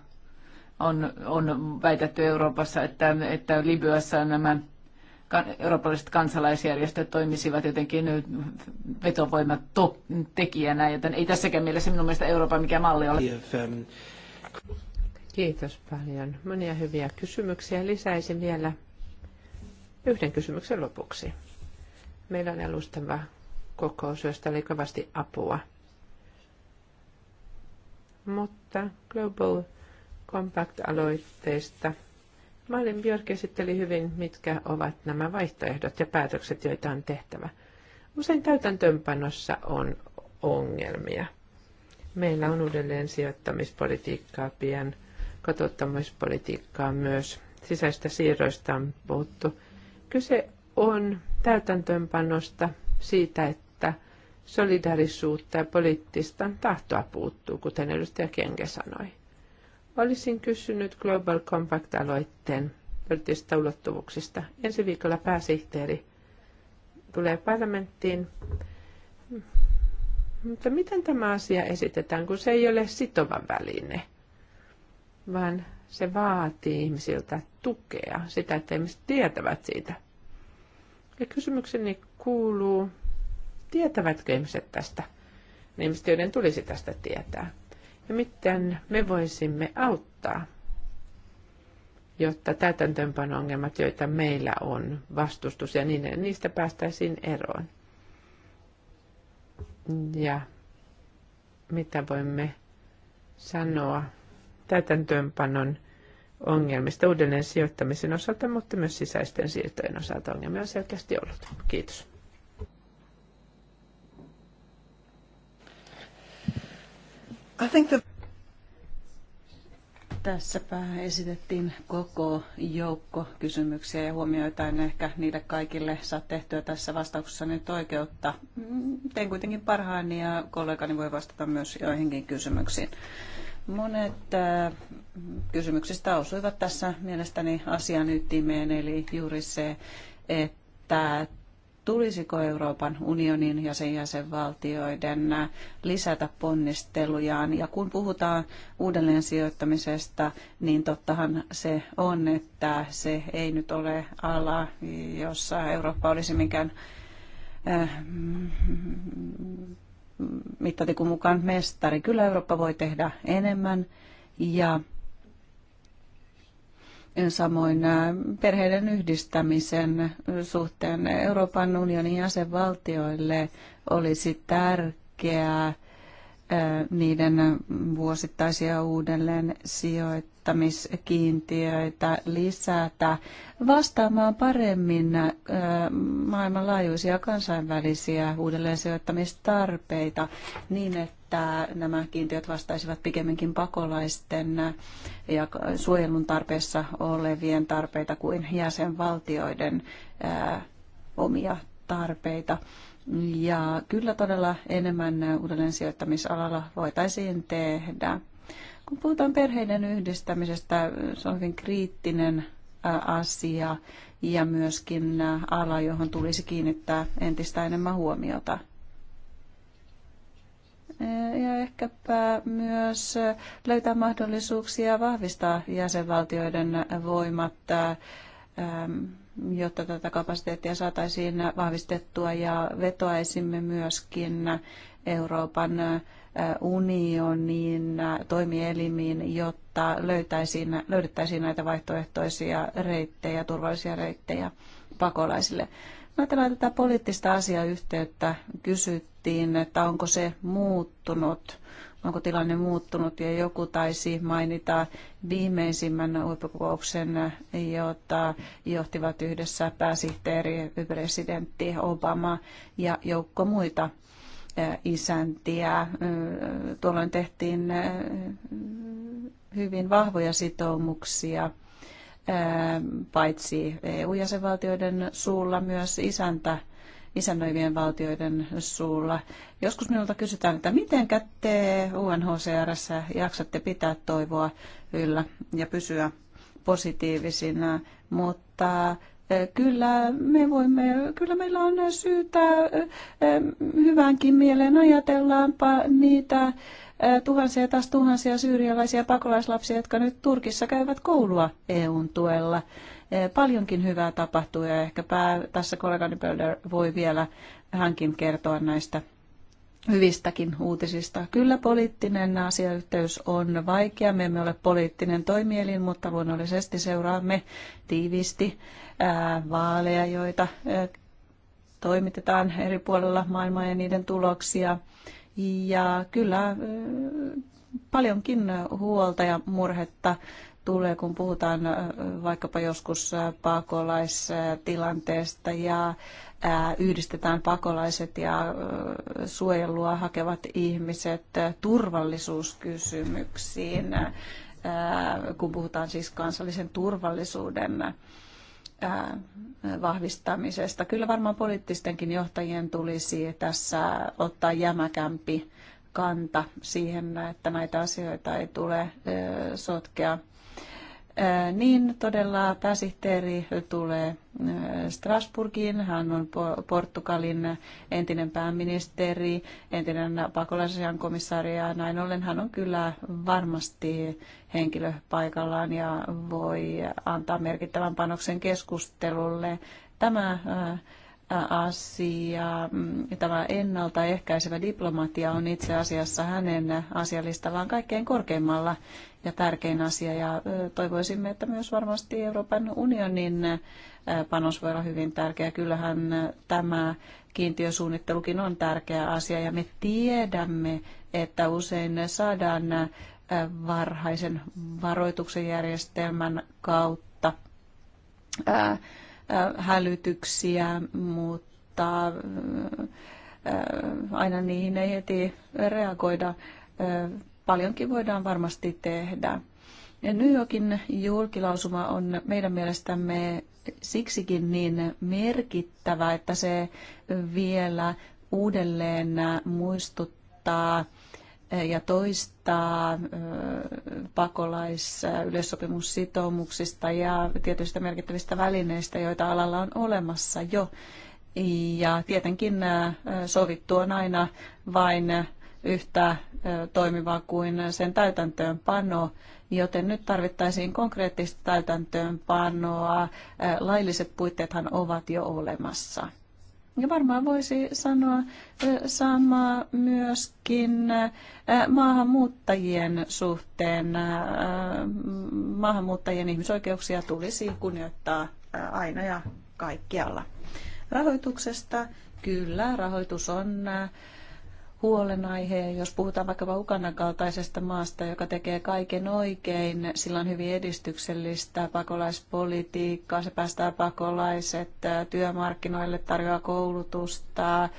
S3: on, on väitetty Euroopassa, että, että Libyassa nämä eurooppalaiset kansalaisjärjestöt toimisivat jotenkin vetovoimatekijänä, joten ei tässäkään mielessä minun mielestä Euroopan mikä malli ole. Um, Kiitos paljon. Monia hyviä
S1: kysymyksiä. Lisäisin vielä yhden kysymyksen lopuksi. Meillä on alustava kokous, josta oli kovasti apua. Mutta Global Compact-aloitteesta. Malin Björk esitteli hyvin, mitkä ovat nämä vaihtoehdot ja päätökset, joita on tehtävä. Usein täytäntöönpanossa on ongelmia. Meillä on uudelleen sijoittamispolitiikkaa pian, kotouttamispolitiikkaa myös. Sisäistä siirroista on puhuttu. Kyse on täytäntöönpanosta siitä, että solidarisuutta ja poliittista tahtoa puuttuu, kuten edustaja Kenke sanoi. Olisin kysynyt Global Compact-aloitteen poliittisista ulottuvuuksista. Ensi viikolla pääsihteeri tulee parlamenttiin. Mutta miten tämä asia esitetään, kun se ei ole sitova väline, vaan se vaatii ihmisiltä tukea, sitä, että ihmiset tietävät siitä. Ja kysymykseni kuuluu, tietävätkö ihmiset tästä, ne ihmiset, joiden tulisi tästä tietää? ja miten me voisimme auttaa, jotta täytäntöönpano-ongelmat, joita meillä on, vastustus ja niin, niistä päästäisiin eroon. Ja mitä voimme sanoa täytäntöönpanon ongelmista uudelleen sijoittamisen osalta, mutta myös sisäisten siirtojen osalta ongelmia on selkeästi ollut. Kiitos.
S2: I think the... Tässäpä esitettiin koko joukko kysymyksiä ja huomioita en ehkä niille kaikille saa tehtyä tässä vastauksessa nyt oikeutta. Mm, teen kuitenkin parhaani ja kollegani voi vastata myös joihinkin kysymyksiin. Monet äh, kysymyksistä osuivat tässä mielestäni asian ytimeen, eli juuri se, että tulisiko Euroopan unionin ja sen jäsenvaltioiden lisätä ponnistelujaan. Ja kun puhutaan uudelleen sijoittamisesta, niin tottahan se on, että se ei nyt ole ala, jossa Eurooppa olisi minkään äh, mittatikun mukaan mestari. Kyllä Eurooppa voi tehdä enemmän ja samoin äh, perheiden yhdistämisen suhteen Euroopan unionin jäsenvaltioille olisi tärkeää äh, niiden vuosittaisia uudelleen sijoittamiskiintiöitä lisätä vastaamaan paremmin äh, maailmanlaajuisia kansainvälisiä uudelleen sijoittamistarpeita niin, että että nämä kiintiöt vastaisivat pikemminkin pakolaisten ja suojelun tarpeessa olevien tarpeita kuin jäsenvaltioiden omia tarpeita. Ja kyllä todella enemmän uudelleen sijoittamisalalla voitaisiin tehdä. Kun puhutaan perheiden yhdistämisestä, se on hyvin kriittinen asia ja myöskin ala, johon tulisi kiinnittää entistä enemmän huomiota. Eh, ja ehkäpä myös löytää mahdollisuuksia vahvistaa jäsenvaltioiden voimat, ehm, jotta tätä kapasiteettia saataisiin vahvistettua ja vetoaisimme myöskin Euroopan eh, unionin toimielimiin, jotta löytäisiin, löydettäisiin näitä vaihtoehtoisia reittejä, turvallisia reittejä pakolaisille. Ajatellaan tätä poliittista asiayhteyttä. Kysyttiin, että onko se muuttunut, onko tilanne muuttunut ja joku taisi mainita viimeisimmän huippukokouksen, jota johtivat yhdessä pääsihteeri, presidentti Obama ja joukko muita isäntiä. Tuolloin tehtiin hyvin vahvoja sitoumuksia – paitsi EU-jäsenvaltioiden suulla myös isäntä isännöivien valtioiden suulla. Joskus minulta kysytään, että miten te UNHCR jaksatte pitää toivoa yllä ja pysyä positiivisina, mutta Kyllä, me voimme, kyllä meillä on syytä hyvänkin mieleen ajatellaanpa niitä tuhansia ja taas tuhansia syyrialaisia pakolaislapsia, jotka nyt Turkissa käyvät koulua EUn tuella. Paljonkin hyvää tapahtuu ja ehkäpä tässä kollegani Pölder voi vielä hänkin kertoa näistä hyvistäkin uutisista. Kyllä poliittinen asiayhteys on vaikea. Me emme ole poliittinen toimielin, mutta luonnollisesti seuraamme tiiviisti vaaleja, joita toimitetaan eri puolilla maailmaa ja niiden tuloksia. Ja kyllä paljonkin huolta ja murhetta tulee, kun puhutaan vaikkapa joskus pakolaistilanteesta ja yhdistetään pakolaiset ja suojelua hakevat ihmiset turvallisuuskysymyksiin, kun puhutaan siis kansallisen turvallisuuden vahvistamisesta. Kyllä varmaan poliittistenkin johtajien tulisi tässä ottaa jämäkämpi kanta siihen, että näitä asioita ei tule sotkea niin todella pääsihteeri tulee Strasburgiin. Hän on Portugalin entinen pääministeri, entinen pakolaisen komissaari ja näin ollen hän on kyllä varmasti henkilö paikallaan ja voi antaa merkittävän panoksen keskustelulle. Tämä asia, mm, tämä ennaltaehkäisevä diplomatia on itse asiassa hänen asialistallaan kaikkein korkeimmalla ja tärkein asia. Ja toivoisimme, että myös varmasti Euroopan unionin panos voi olla hyvin tärkeä. Kyllähän tämä kiintiösuunnittelukin on tärkeä asia ja me tiedämme, että usein saadaan varhaisen varoituksen järjestelmän kautta hälytyksiä, mutta aina niihin ei heti reagoida paljonkin voidaan varmasti tehdä. Ja New Yorkin julkilausuma on meidän mielestämme siksikin niin merkittävä, että se vielä uudelleen muistuttaa eh, ja toistaa eh, pakolaisyleissopimussitoumuksista ja tietyistä merkittävistä välineistä, joita alalla on olemassa jo. Ja tietenkin eh, sovittu on aina vain yhtä toimiva kuin sen täytäntöönpano, joten nyt tarvittaisiin konkreettista täytäntöönpanoa. Lailliset puitteethan ovat jo olemassa. Ja varmaan voisi sanoa samaa myöskin maahanmuuttajien suhteen. Maahanmuuttajien ihmisoikeuksia tulisi kunnioittaa aina ja kaikkialla. Rahoituksesta, kyllä, rahoitus on huolenaihe. Jos puhutaan vaikkapa Ukannan kaltaisesta maasta, joka tekee kaiken oikein, sillä on hyvin edistyksellistä pakolaispolitiikkaa, se päästää pakolaiset työmarkkinoille, tarjoaa koulutusta,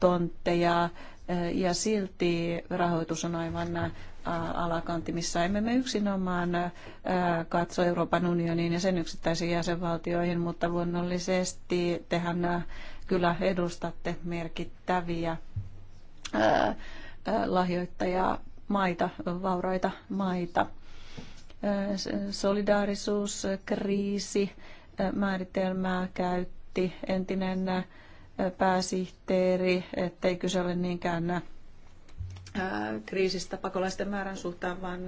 S2: tontteja, ja silti rahoitus on aivan alakantimissa. Emme me yksinomaan katso Euroopan unioniin ja sen yksittäisiin jäsenvaltioihin, mutta luonnollisesti tehän kyllä edustatte merkittäviä lahjoittajia maita, vauraita maita. Solidaarisuuskriisi määritelmää käytti entinen pääsihteeri, ettei kyse ole niinkään kriisistä pakolaisten määrän suhteen, vaan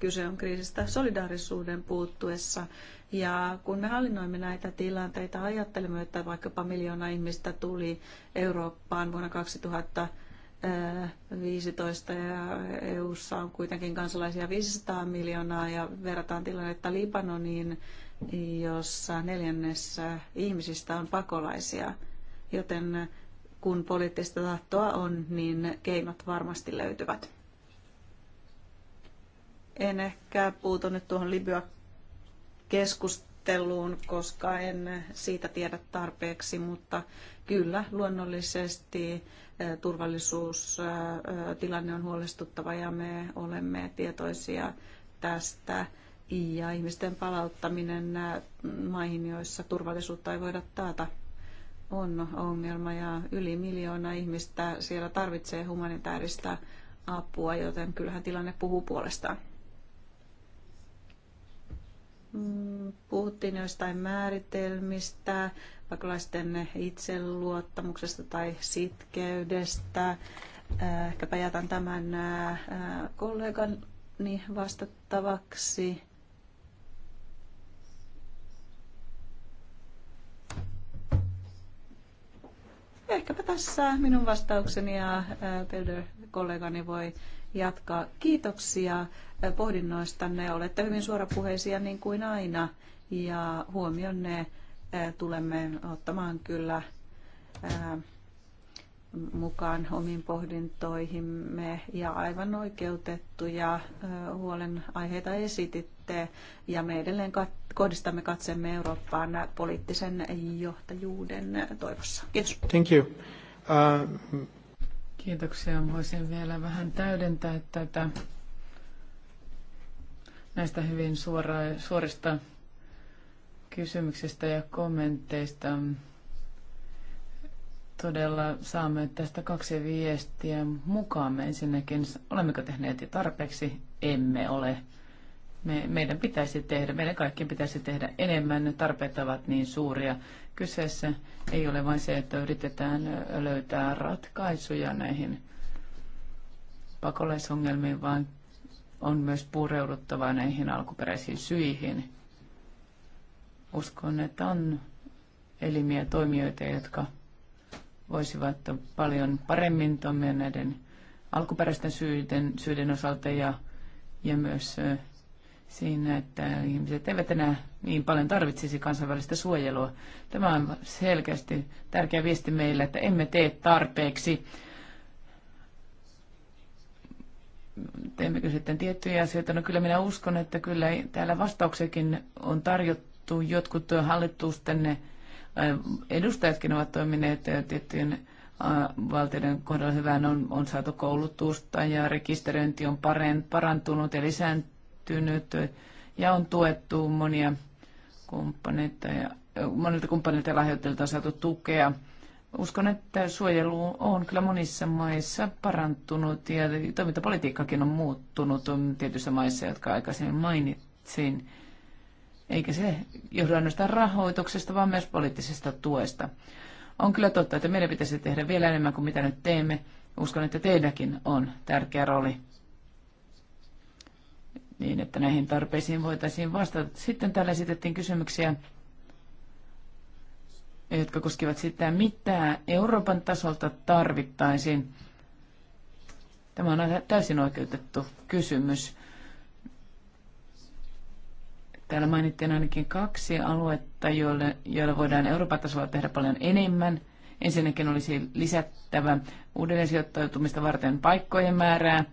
S2: kyse on kriisistä solidaarisuuden puuttuessa. Ja kun me hallinnoimme näitä tilanteita, ajattelemme, että vaikkapa miljoona ihmistä tuli Eurooppaan vuonna 2000 15 ja EU:ssa on kuitenkin kansalaisia 500 miljoonaa ja verrataan tilannetta Libanoniin, jossa neljännessä ihmisistä on pakolaisia. Joten kun poliittista tahtoa on, niin keinot varmasti löytyvät. En ehkä puutu nyt tuohon Libya keskusteluun, koska en siitä tiedä tarpeeksi, mutta kyllä luonnollisesti eh, turvallisuustilanne on huolestuttava ja me olemme tietoisia tästä ja ihmisten palauttaminen eh, maihin, joissa turvallisuutta ei voida taata, on ongelma ja yli miljoona ihmistä siellä tarvitsee humanitaarista apua, joten kyllähän tilanne puhuu puolestaan. Mm, puhuttiin joistain määritelmistä, pakolaisten itseluottamuksesta tai sitkeydestä. Äh, ehkäpä jätän tämän äh, kollegani vastattavaksi. ehkäpä tässä minun vastaukseni ja Pelder äh, kollegani voi jatkaa. Kiitoksia pohdinnoistanne. Olette hyvin suorapuheisia niin kuin aina ja huomionne tulemme ottamaan kyllä mukaan omiin pohdintoihimme ja aivan oikeutettuja huolenaiheita esititte ja me edelleen kohdistamme katsemme Eurooppaan poliittisen johtajuuden toivossa. Kiitos.
S3: Thank you. Uh... Kiitoksia. Voisin vielä vähän täydentää tätä näistä hyvin suora, suorista kysymyksistä ja kommenteista. Todella saamme tästä kaksi viestiä mukaan, Me Ensinnäkin, olemmeko tehneet jo tarpeeksi? Emme ole. Me, meidän pitäisi tehdä, meidän kaikkien pitäisi tehdä enemmän. Ne tarpeet ovat niin suuria. Kyseessä ei ole vain se, että yritetään löytää ratkaisuja näihin pakolaisongelmiin, vaan on myös pureuduttava näihin alkuperäisiin syihin. Uskon, että on elimiä toimijoita, jotka voisivat paljon paremmin toimia näiden alkuperäisten syiden, syiden osalta ja, ja myös siinä, että ihmiset eivät enää niin paljon tarvitsisi kansainvälistä suojelua. Tämä on selkeästi tärkeä viesti meille, että emme tee tarpeeksi teemmekö sitten tiettyjä asioita. No kyllä minä uskon, että kyllä täällä vastauksekin on tarjottu. Jotkut hallitusten edustajatkin ovat toimineet tiettyjen valtioiden kohdalla hyvään. On, on saatu koulutusta ja rekisteröinti on paren, parantunut ja lisääntynyt ja on tuettu monia kumppaneita ja monilta kumppaneilta ja lahjoittajilta on saatu tukea Uskon, että suojelu on kyllä monissa maissa parantunut ja toimintapolitiikkakin on muuttunut tietyissä maissa, jotka aikaisemmin mainitsin. Eikä se johdu ainoastaan rahoituksesta, vaan myös poliittisesta tuesta. On kyllä totta, että meidän pitäisi tehdä vielä enemmän kuin mitä nyt teemme. Uskon, että teidänkin on tärkeä rooli niin, että näihin tarpeisiin voitaisiin vastata. Sitten täällä esitettiin kysymyksiä jotka koskevat sitä, mitä Euroopan tasolta tarvittaisiin. Tämä on täysin oikeutettu kysymys. Täällä mainittiin ainakin kaksi aluetta, joille, joilla voidaan Euroopan tasolla tehdä paljon enemmän. Ensinnäkin olisi lisättävä uudelleen sijoittautumista varten paikkojen määrää.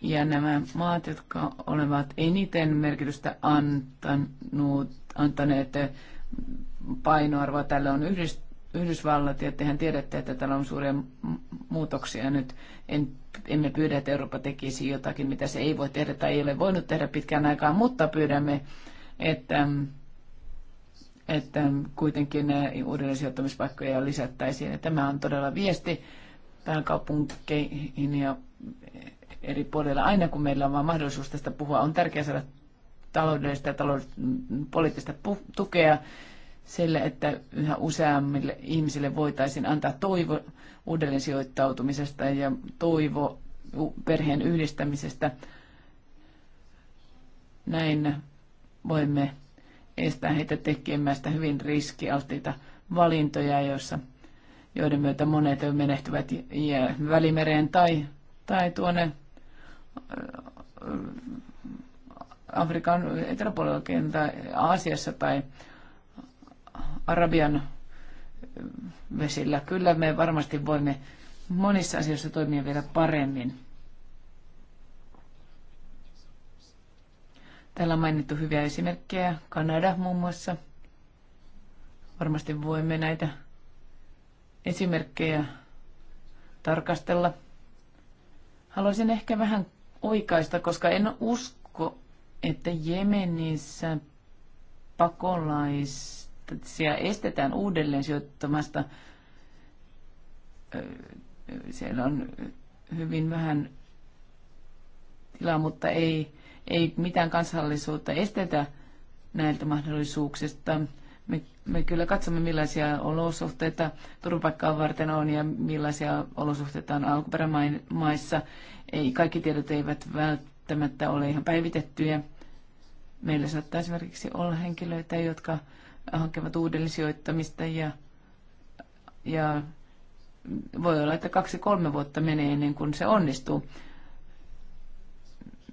S3: Ja nämä maat, jotka olevat eniten merkitystä antanut, antaneet painoarvoa tällä on Yhdysvallat, ja tehän tiedätte, että täällä on suuria muutoksia nyt. En, emme pyydä, että Eurooppa tekisi jotakin, mitä se ei voi tehdä tai ei ole voinut tehdä pitkään aikaan, mutta pyydämme, että, että kuitenkin uudelleen sijoittamispaikkoja lisättäisiin. Ja tämä on todella viesti pääkaupunkeihin ja eri puolilla. Aina kun meillä on vain mahdollisuus tästä puhua, on tärkeää saada taloudellista ja taloud- poliittista tukea sille, että yhä useammille ihmisille voitaisiin antaa toivo uudelleen sijoittautumisesta ja toivo perheen yhdistämisestä. Näin voimme estää heitä tekemästä hyvin riskialtiita valintoja, joissa, joiden myötä monet menehtyvät välimereen tai, tai tuonne Afrikan eteläpuolella tai Aasiassa tai Arabian vesillä. Kyllä me varmasti voimme monissa asioissa toimia vielä paremmin. Täällä on mainittu hyviä esimerkkejä. Kanada muun muassa. Varmasti voimme näitä esimerkkejä tarkastella. Haluaisin ehkä vähän oikaista, koska en usko, että Jemenissä pakolais sijoittajia estetään uudelleen sijoittamasta. Siellä on hyvin vähän tilaa, mutta ei, ei mitään kansallisuutta estetä näiltä mahdollisuuksista. Me, me kyllä katsomme, millaisia olosuhteita turvapaikkaa varten on ja millaisia olosuhteita on alkuperämaissa. Ei, kaikki tiedot eivät välttämättä ole ihan päivitettyjä. Meillä saattaa esimerkiksi olla henkilöitä, jotka hakevat uudelleen sijoittamista ja, ja voi olla, että kaksi-kolme vuotta menee ennen kuin se onnistuu.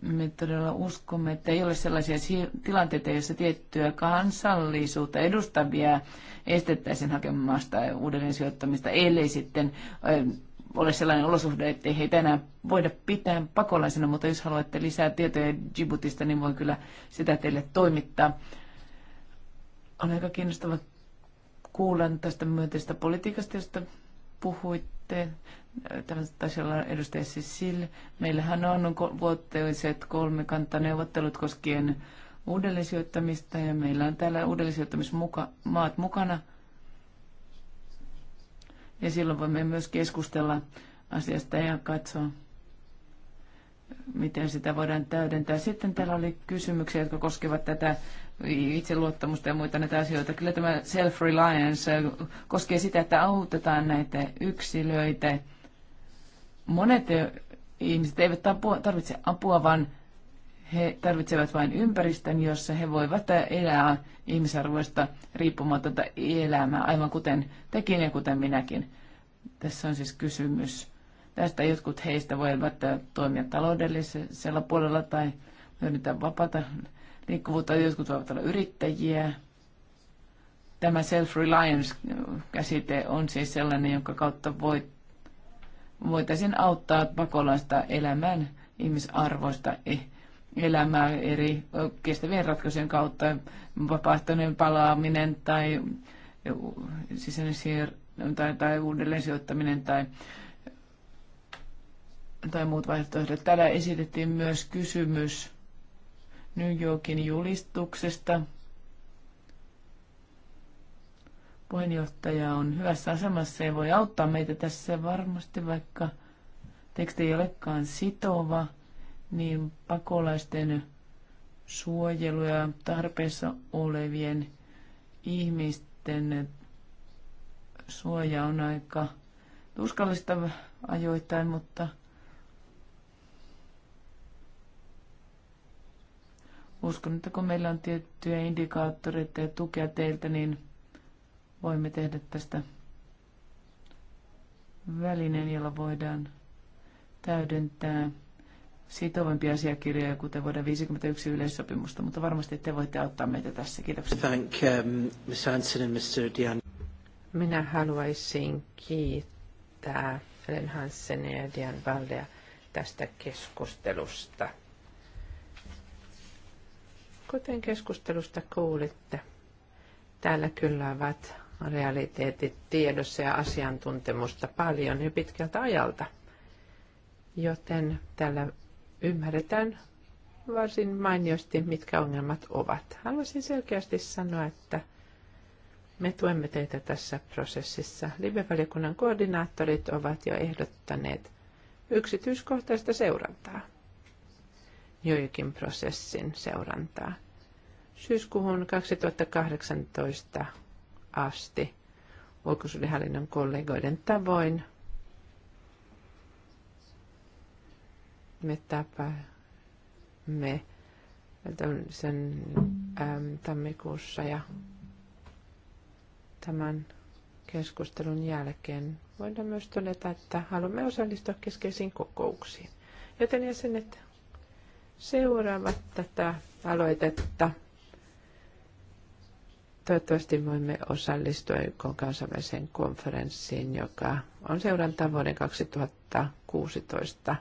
S3: Me todella uskomme, että ei ole sellaisia tilanteita, joissa tiettyä kansallisuutta edustavia estettäisiin hakemasta uudelleen sijoittamista, ellei sitten ole sellainen olosuhde, ettei heitä enää voida pitää pakolaisena, mutta jos haluatte lisää tietoja Djiboutista, niin voin kyllä sitä teille toimittaa. On aika kiinnostava kuulla tästä myönteisestä politiikasta, josta puhuitte. Tämä taisi olla edustaja Sisil. Meillähän on vuotteiset kolmikantaneuvottelut koskien uudellisijoittamista ja meillä on täällä uudellisijoittamismaat mukana. Ja silloin voimme myös keskustella asiasta ja katsoa, miten sitä voidaan täydentää. Sitten täällä oli kysymyksiä, jotka koskevat tätä itseluottamusta ja muita näitä asioita. Kyllä tämä self-reliance koskee sitä, että autetaan näitä yksilöitä. Monet ihmiset eivät tarvitse apua, vaan he tarvitsevat vain ympäristön, jossa he voivat elää ihmisarvoista riippumatonta elämää, aivan kuten tekin ja kuten minäkin. Tässä on siis kysymys. Tästä jotkut heistä voivat toimia taloudellisella puolella tai hyödyntää vapaata liikkuvuutta, jotkut voivat olla yrittäjiä. Tämä self-reliance-käsite on siis sellainen, jonka kautta voi, voitaisiin auttaa pakolaista elämään ihmisarvoista e-, elämää eri kestävien ratkaisujen kautta, vapaaehtoinen palaaminen tai sisäinen siir- tai, tai uudelleen sijoittaminen tai, tai muut vaihtoehdot. Täällä esitettiin myös kysymys New Yorkin julistuksesta. Puheenjohtaja on hyvässä asemassa ja voi auttaa meitä tässä varmasti, vaikka teksti ei olekaan sitova, niin pakolaisten suojelu ja tarpeessa olevien ihmisten suoja on aika tuskallista ajoittain, mutta Uskon, että kun meillä on tiettyjä indikaattoreita ja tukea teiltä, niin voimme tehdä tästä välineen, jolla voidaan täydentää sitovampia asiakirjoja, kuten vuoden 51 yleissopimusta, mutta varmasti te voitte auttaa meitä tässä. Kiitoksia. Thank,
S1: um, Ms. Hansen and Mr. Dian.
S3: Minä haluaisin
S1: kiittää Ellen Hansen ja Dian Valdea tästä keskustelusta. Kuten keskustelusta kuulitte, täällä kyllä ovat realiteetit tiedossa ja asiantuntemusta paljon jo pitkältä ajalta. Joten täällä ymmärretään varsin mainiosti, mitkä ongelmat ovat. Haluaisin selkeästi sanoa, että me tuemme teitä tässä prosessissa. Libevaliokunnan koordinaattorit ovat jo ehdottaneet yksityiskohtaista seurantaa joikin prosessin seurantaa. Syyskuuhun 2018 asti ulkosuudenhallinnon kollegoiden tavoin me tapaamme sen äm, tammikuussa ja tämän keskustelun jälkeen voidaan myös todeta, että haluamme osallistua keskeisiin kokouksiin. Joten jäsenet seuraavat tätä aloitetta. Toivottavasti voimme osallistua YK kansainväliseen konferenssiin, joka on seurantaa vuoden 2016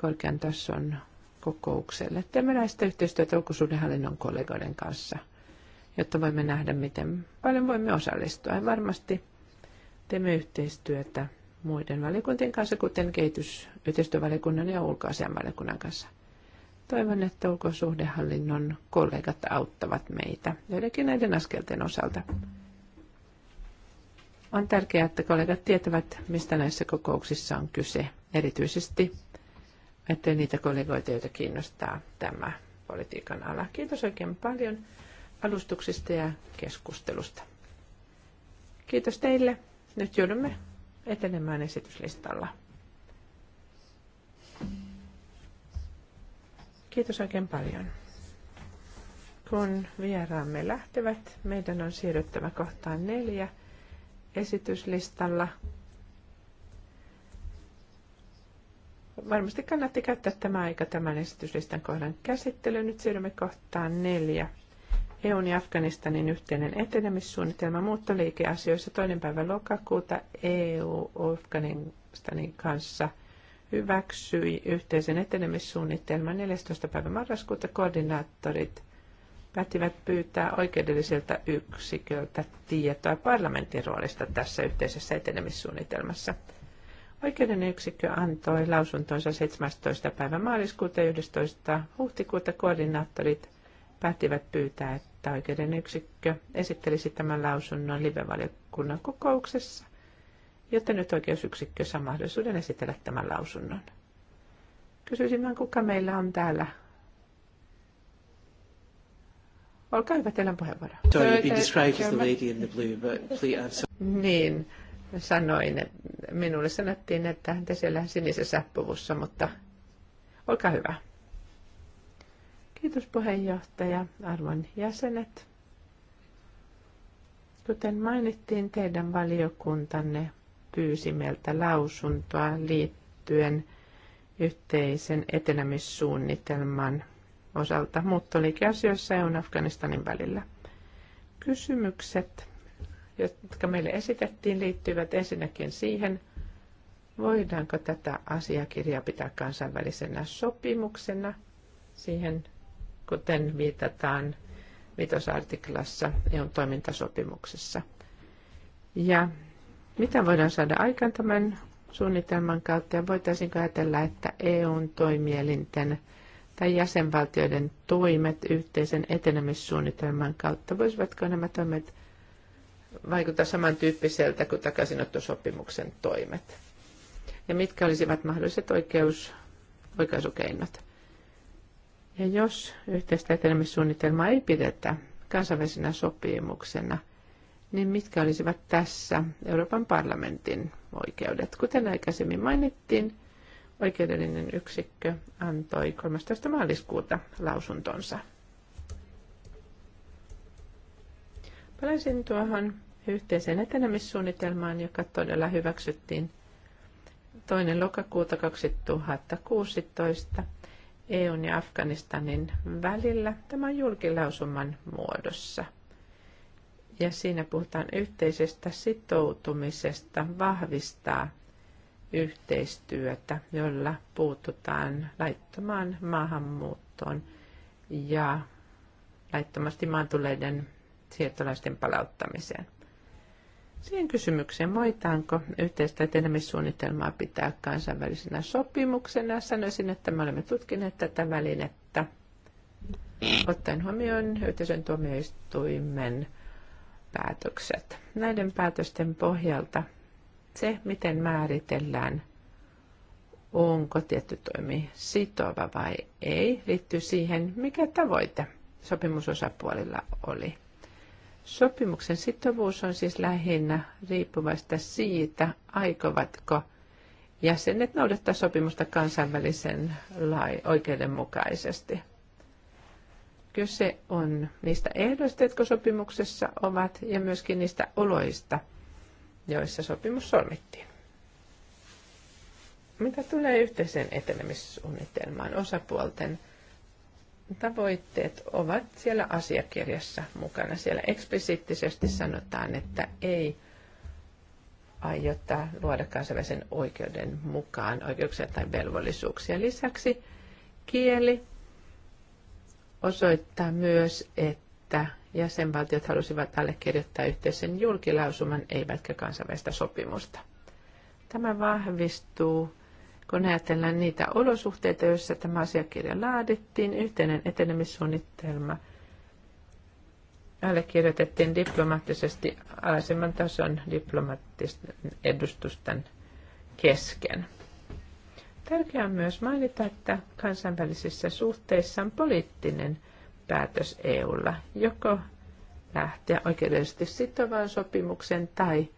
S1: korkean tason kokoukselle. Teemme näistä yhteistyötä ulkosuhdehallinnon kollegoiden kanssa, jotta voimme nähdä, miten paljon voimme osallistua. Ja varmasti teemme yhteistyötä muiden valiokuntien kanssa, kuten kehitysyhteistyövaliokunnan ja ulkoasianvaliokunnan kanssa. Toivon, että ulkosuhdehallinnon kollegat auttavat meitä joidenkin näiden askelten osalta. On tärkeää, että kollegat tietävät, mistä näissä kokouksissa on kyse, erityisesti että niitä kollegoita, joita kiinnostaa tämä politiikan ala. Kiitos oikein paljon alustuksista ja keskustelusta. Kiitos teille. Nyt joudumme etenemään esityslistalla. Kiitos oikein paljon. Kun vieraamme lähtevät, meidän on siirryttävä kohtaan neljä esityslistalla. Varmasti kannatti käyttää tämä aika tämän esityslistan kohdan käsittelyyn. Nyt siirrymme kohtaan neljä. EUn ja Afganistanin yhteinen etenemissuunnitelma muuttoliikeasioissa toinen päivä lokakuuta EU Afganistanin kanssa hyväksyi yhteisen etenemissuunnitelman 14. päivä marraskuuta koordinaattorit päättivät pyytää oikeudelliselta yksiköltä tietoa parlamentin roolista tässä yhteisessä etenemissuunnitelmassa. Oikeuden yksikkö antoi lausuntonsa 17. päivä maaliskuuta ja 11. huhtikuuta koordinaattorit – päättivät pyytää, että oikeuden yksikkö esittelisi tämän lausunnon livevaliokunnan kokouksessa, jotta nyt oikeusyksikkö saa mahdollisuuden esitellä tämän lausunnon. Kysyisin vain, kuka meillä on täällä Olkaa hyvä, teillä on puheenvuoro. Niin, sanoin. Minulle sanottiin, että te siellä sinisessä puvussa, mutta olkaa hyvä. Kiitos puheenjohtaja, arvon jäsenet. Kuten mainittiin, teidän valiokuntanne pyysi meiltä lausuntoa liittyen yhteisen etenemissuunnitelman osalta muuttoliikeasioissa EUn Afganistanin välillä. Kysymykset, jotka meille esitettiin, liittyvät ensinnäkin siihen, voidaanko tätä asiakirjaa pitää kansainvälisenä sopimuksena. Siihen kuten viitataan vitosartiklassa EUn toimintasopimuksessa. Ja mitä voidaan saada aikaan tämän suunnitelman kautta ja voitaisiinko ajatella, että EUn toimielinten tai jäsenvaltioiden toimet yhteisen etenemissuunnitelman kautta, voisivatko nämä toimet vaikuttaa samantyyppiseltä kuin takaisinottosopimuksen toimet? Ja mitkä olisivat mahdolliset oikeus, oikaisukeinot? Ja jos yhteistä etenemissuunnitelmaa ei pidetä kansainvälisenä sopimuksena, niin mitkä olisivat tässä Euroopan parlamentin oikeudet? Kuten aikaisemmin mainittiin, oikeudellinen yksikkö antoi 13. maaliskuuta lausuntonsa. Palaisin tuohon yhteiseen etenemissuunnitelmaan, joka todella hyväksyttiin toinen lokakuuta 2016. EUn ja Afganistanin välillä. Tämä julkilausuman muodossa. Ja siinä puhutaan yhteisestä sitoutumisesta vahvistaa yhteistyötä, jolla puututaan laittomaan maahanmuuttoon ja laittomasti maantuleiden siirtolaisten palauttamiseen. Siihen kysymykseen, voitaanko yhteistä etenemissuunnitelmaa pitää kansainvälisenä sopimuksena, sanoisin, että me olemme tutkineet tätä välinettä. Ottaen huomioon yhteisön tuomioistuimen päätökset. Näiden päätösten pohjalta se, miten määritellään, onko tietty toimi sitova vai ei, liittyy siihen, mikä tavoite sopimusosapuolilla oli. Sopimuksen sitovuus on siis lähinnä riippuvaista siitä, aikovatko jäsenet noudattaa sopimusta kansainvälisen lain oikeudenmukaisesti. Kyse on niistä ehdoista, jotka sopimuksessa ovat, ja myöskin niistä oloista, joissa sopimus solmittiin. Mitä tulee yhteiseen etenemissuunnitelmaan osapuolten – tavoitteet ovat siellä asiakirjassa mukana. Siellä eksplisiittisesti sanotaan, että ei aiota luoda kansainvälisen oikeuden mukaan oikeuksia tai velvollisuuksia. Lisäksi kieli osoittaa myös, että jäsenvaltiot halusivat allekirjoittaa yhteisen julkilausuman eivätkä kansainvälistä sopimusta. Tämä vahvistuu kun ajatellaan niitä olosuhteita, joissa tämä asiakirja laadittiin, yhteinen etenemissuunnitelma allekirjoitettiin diplomaattisesti alaisemman tason diplomaattisten edustusten kesken. Tärkeää on myös mainita, että kansainvälisissä suhteissa on poliittinen päätös EUlla, joko lähteä oikeudellisesti sitovaan sopimukseen tai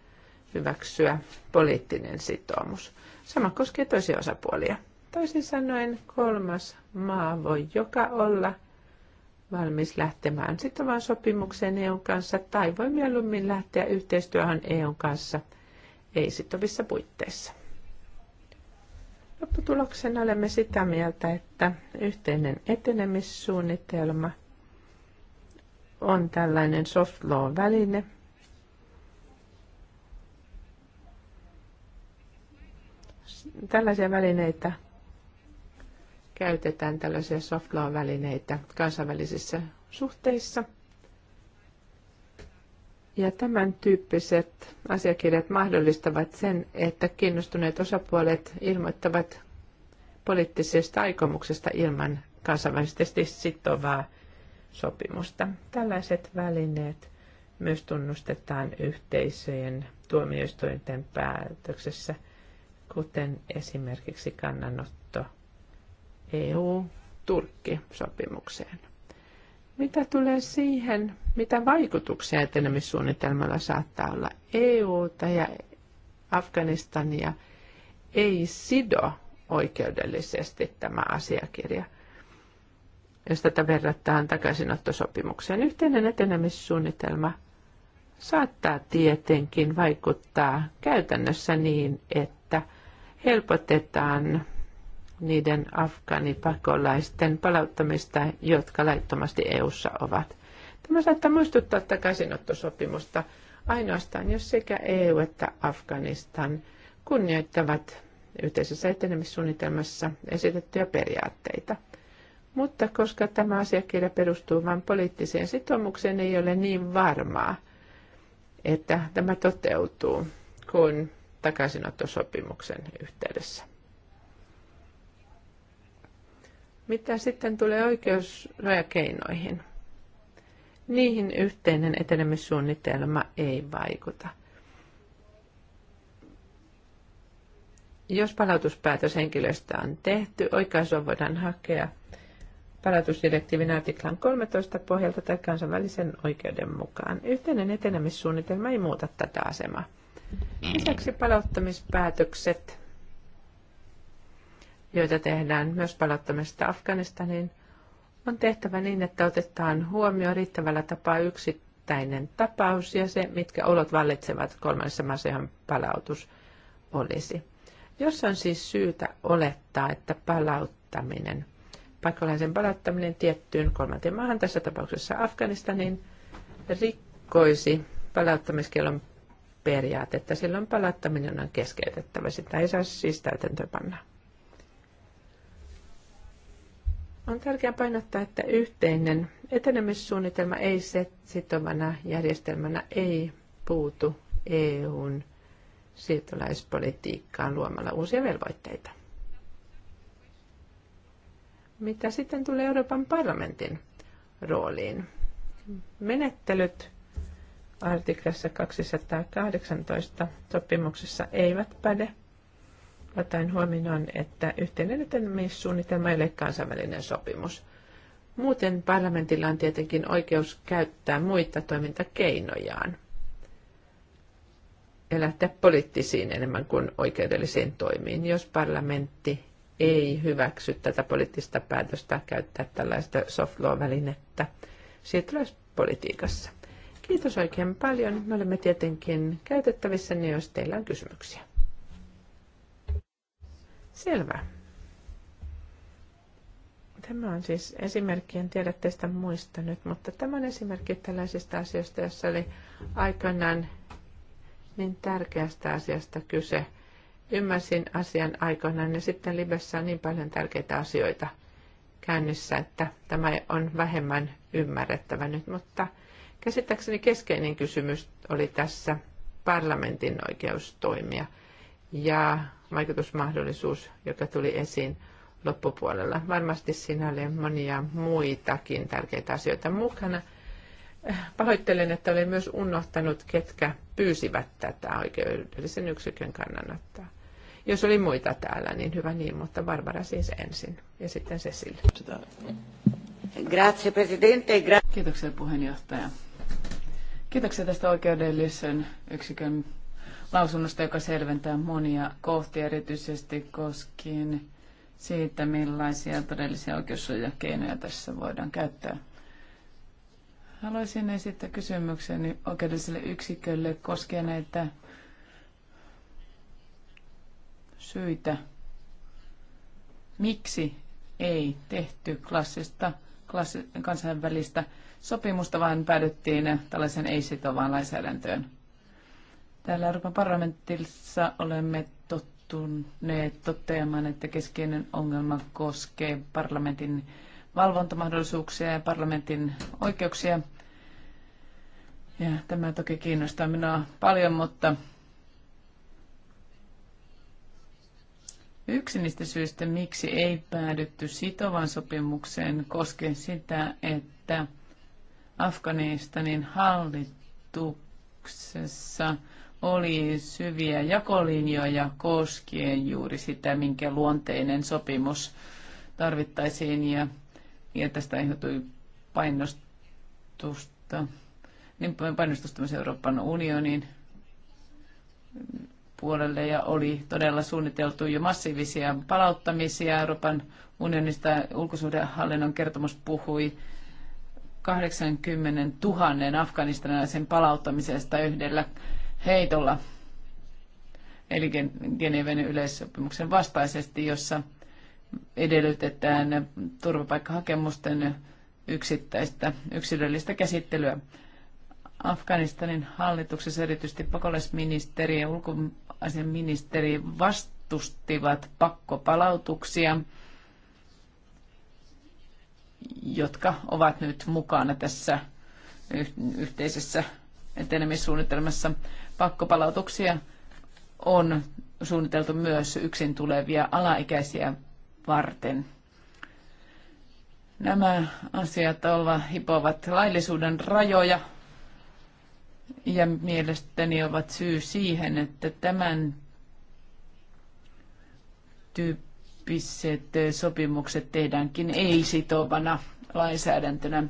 S1: hyväksyä poliittinen sitoumus. Sama koskee toisia osapuolia. Toisin sanoen kolmas maa voi joka olla valmis lähtemään sitovaan sopimukseen EUn kanssa tai voi mieluummin lähteä yhteistyöhön EUn kanssa ei-sitovissa puitteissa. Lopputuloksena olemme sitä mieltä, että yhteinen etenemissuunnitelma on tällainen soft law-väline – Tällaisia välineitä käytetään, tällaisia soft law-välineitä kansainvälisissä suhteissa. Ja tämän tyyppiset asiakirjat mahdollistavat sen, että kiinnostuneet osapuolet ilmoittavat poliittisesta aikomuksesta ilman kansainvälisesti sitovaa sopimusta. Tällaiset välineet myös tunnustetaan yhteisöjen tuomioistuinten päätöksessä – kuten esimerkiksi kannanotto EU-Turkki-sopimukseen. Mitä tulee siihen, mitä vaikutuksia etenemissuunnitelmalla saattaa olla EUta ja Afganistania, ei sido oikeudellisesti tämä asiakirja. Jos tätä verrataan takaisinottosopimukseen, yhteinen etenemissuunnitelma saattaa tietenkin vaikuttaa käytännössä niin, että helpotetaan niiden afgaanipakolaisten palauttamista, jotka laittomasti EU:ssa ovat. Tämä saattaa muistuttaa takaisinottosopimusta ainoastaan, jos sekä EU että Afganistan kunnioittavat yhteisessä etenemissuunnitelmassa esitettyjä periaatteita. Mutta koska tämä asiakirja perustuu vain poliittiseen sitoumukseen, ei ole niin varmaa, että tämä toteutuu, kun takaisinottosopimuksen yhteydessä. Mitä sitten tulee oikeusrajakeinoihin? Niihin yhteinen etenemissuunnitelma ei vaikuta. Jos palautuspäätös henkilöstä on tehty, oikaisua voidaan hakea palautusdirektiivin artiklan 13 pohjalta tai kansainvälisen oikeuden mukaan. Yhteinen etenemissuunnitelma ei muuta tätä asemaa. Lisäksi palauttamispäätökset, joita tehdään myös palauttamista Afganistaniin, on tehtävä niin, että otetaan huomioon riittävällä tapaa yksittäinen tapaus ja se, mitkä olot vallitsevat kolmannessa maassa, palautus olisi. Jos on siis syytä olettaa, että palauttaminen, pakolaisen palauttaminen tiettyyn kolmanteen maahan, tässä tapauksessa Afganistaniin, rikkoisi palauttamiskielon periaatetta. Silloin palauttaminen on keskeytettävä. Sitä ei saa siis täytäntöpanna. On tärkeää painottaa, että yhteinen etenemissuunnitelma ei se sitovana järjestelmänä ei puutu EUn siirtolaispolitiikkaan luomalla uusia velvoitteita. Mitä sitten tulee Euroopan parlamentin rooliin? Menettelyt artiklassa 218 sopimuksessa eivät päde, ottaen huomioon, että yhteinen etenemissuunnitelma ei ole kansainvälinen sopimus. Muuten parlamentilla on tietenkin oikeus käyttää muita toimintakeinojaan ja lähteä poliittisiin enemmän kuin oikeudellisiin toimiin, jos parlamentti ei hyväksy tätä poliittista päätöstä käyttää tällaista soft law-välinettä siirtolaispolitiikassa. Kiitos oikein paljon. Me olemme tietenkin käytettävissä, niin jos teillä on kysymyksiä. Selvä. Tämä on siis esimerkki, en tiedä teistä muista nyt, mutta tämä on esimerkki tällaisista asioista, jossa oli aikanaan niin tärkeästä asiasta kyse. Ymmärsin asian aikoinaan ja sitten Libessä on niin paljon tärkeitä asioita käynnissä, että tämä on vähemmän ymmärrettävä nyt, mutta – Käsittääkseni keskeinen kysymys oli tässä parlamentin oikeus toimia ja vaikutusmahdollisuus, joka tuli esiin loppupuolella. Varmasti siinä oli monia muitakin tärkeitä asioita mukana. Äh, pahoittelen, että olen myös unohtanut, ketkä pyysivät tätä oikeudellisen yksikön kannanottaa. Jos oli muita täällä, niin hyvä niin, mutta Barbara siis ensin
S3: ja sitten Cecil. Grazie, presidente. Gra- Kiitoksia puheenjohtaja. Kiitoksia tästä oikeudellisen yksikön lausunnosta, joka selventää monia kohtia, erityisesti koskien siitä, millaisia todellisia oikeussuojakeinoja tässä voidaan käyttää. Haluaisin esittää kysymykseni oikeudelliselle yksikölle koskien näitä syitä, miksi ei tehty klassista, klassi, kansainvälistä sopimusta, vaan päädyttiin tällaisen ei-sitovaan lainsäädäntöön. Täällä Euroopan parlamentissa olemme tottuneet toteamaan, että keskeinen ongelma koskee parlamentin valvontamahdollisuuksia ja parlamentin oikeuksia. Ja tämä toki kiinnostaa minua paljon, mutta Yksi niistä syistä, miksi ei päädytty sitovan sopimukseen, koskee sitä, että Afganistanin hallituksessa oli syviä jakolinjoja koskien juuri sitä, minkä luonteinen sopimus tarvittaisiin ja, ja tästä aiheutui painostusta, niin painostusta myös Euroopan unionin puolelle ja oli todella suunniteltu jo massiivisia palauttamisia. Euroopan unionista ulkosuhdehallinnon kertomus puhui 80 000 afganistanilaisen palauttamisesta yhdellä heitolla, eli Geneven yleissopimuksen vastaisesti, jossa edellytetään turvapaikkahakemusten yksittäistä yksilöllistä käsittelyä. Afganistanin hallituksessa erityisesti pakolaisministeri ja ulkoasiaministeri vastustivat pakkopalautuksia jotka ovat nyt mukana tässä yhteisessä etenemissuunnitelmassa. Pakkopalautuksia on suunniteltu myös yksin tulevia alaikäisiä varten. Nämä asiat ovat hipovat laillisuuden rajoja ja mielestäni ovat syy siihen, että tämän tyyppi tyyppiset eh, sopimukset tehdäänkin ei-sitovana lainsäädäntönä,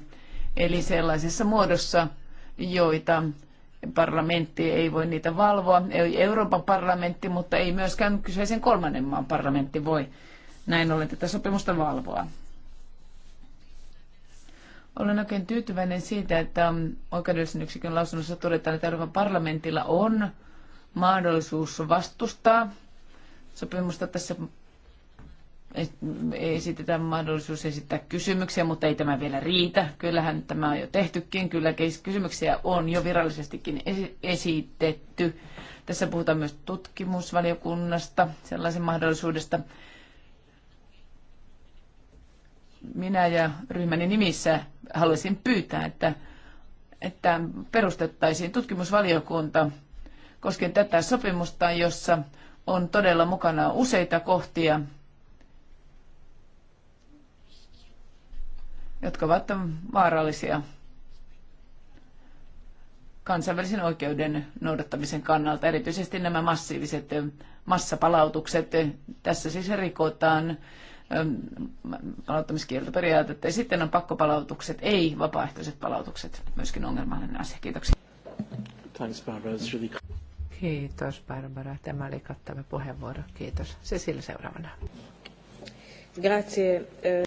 S3: eli sellaisessa muodossa, joita parlamentti ei voi niitä valvoa, ei Euroopan parlamentti, mutta ei myöskään kyseisen kolmannen maan parlamentti voi näin ollen tätä sopimusta valvoa. Olen oikein tyytyväinen siitä, että oikeudellisen yksikön lausunnossa todetaan, että Euroopan parlamentilla on mahdollisuus vastustaa sopimusta. Tässä esitetään mahdollisuus esittää kysymyksiä, mutta ei tämä vielä riitä. Kyllähän tämä on jo tehtykin, kyllä kysymyksiä on jo virallisestikin esitetty. Tässä puhutaan myös tutkimusvaliokunnasta, sellaisen mahdollisuudesta. Minä ja ryhmäni nimissä haluaisin pyytää, että, että perustettaisiin tutkimusvaliokunta koskien tätä sopimusta, jossa on todella mukana useita kohtia, jotka ovat vaarallisia kansainvälisen oikeuden noudattamisen kannalta. Erityisesti nämä massiiviset massapalautukset. Tässä siis rikotaan ähm, palauttamiskieltoperiaatetta. Ja sitten on pakkopalautukset, ei vapaaehtoiset palautukset. Myöskin ongelmallinen asia. Kiitoksia. Thanks, Barbara.
S1: Kiitos Barbara. Tämä oli kattava puheenvuoro. Kiitos. Cecilia seuraavana.
S2: Grazie. Eh.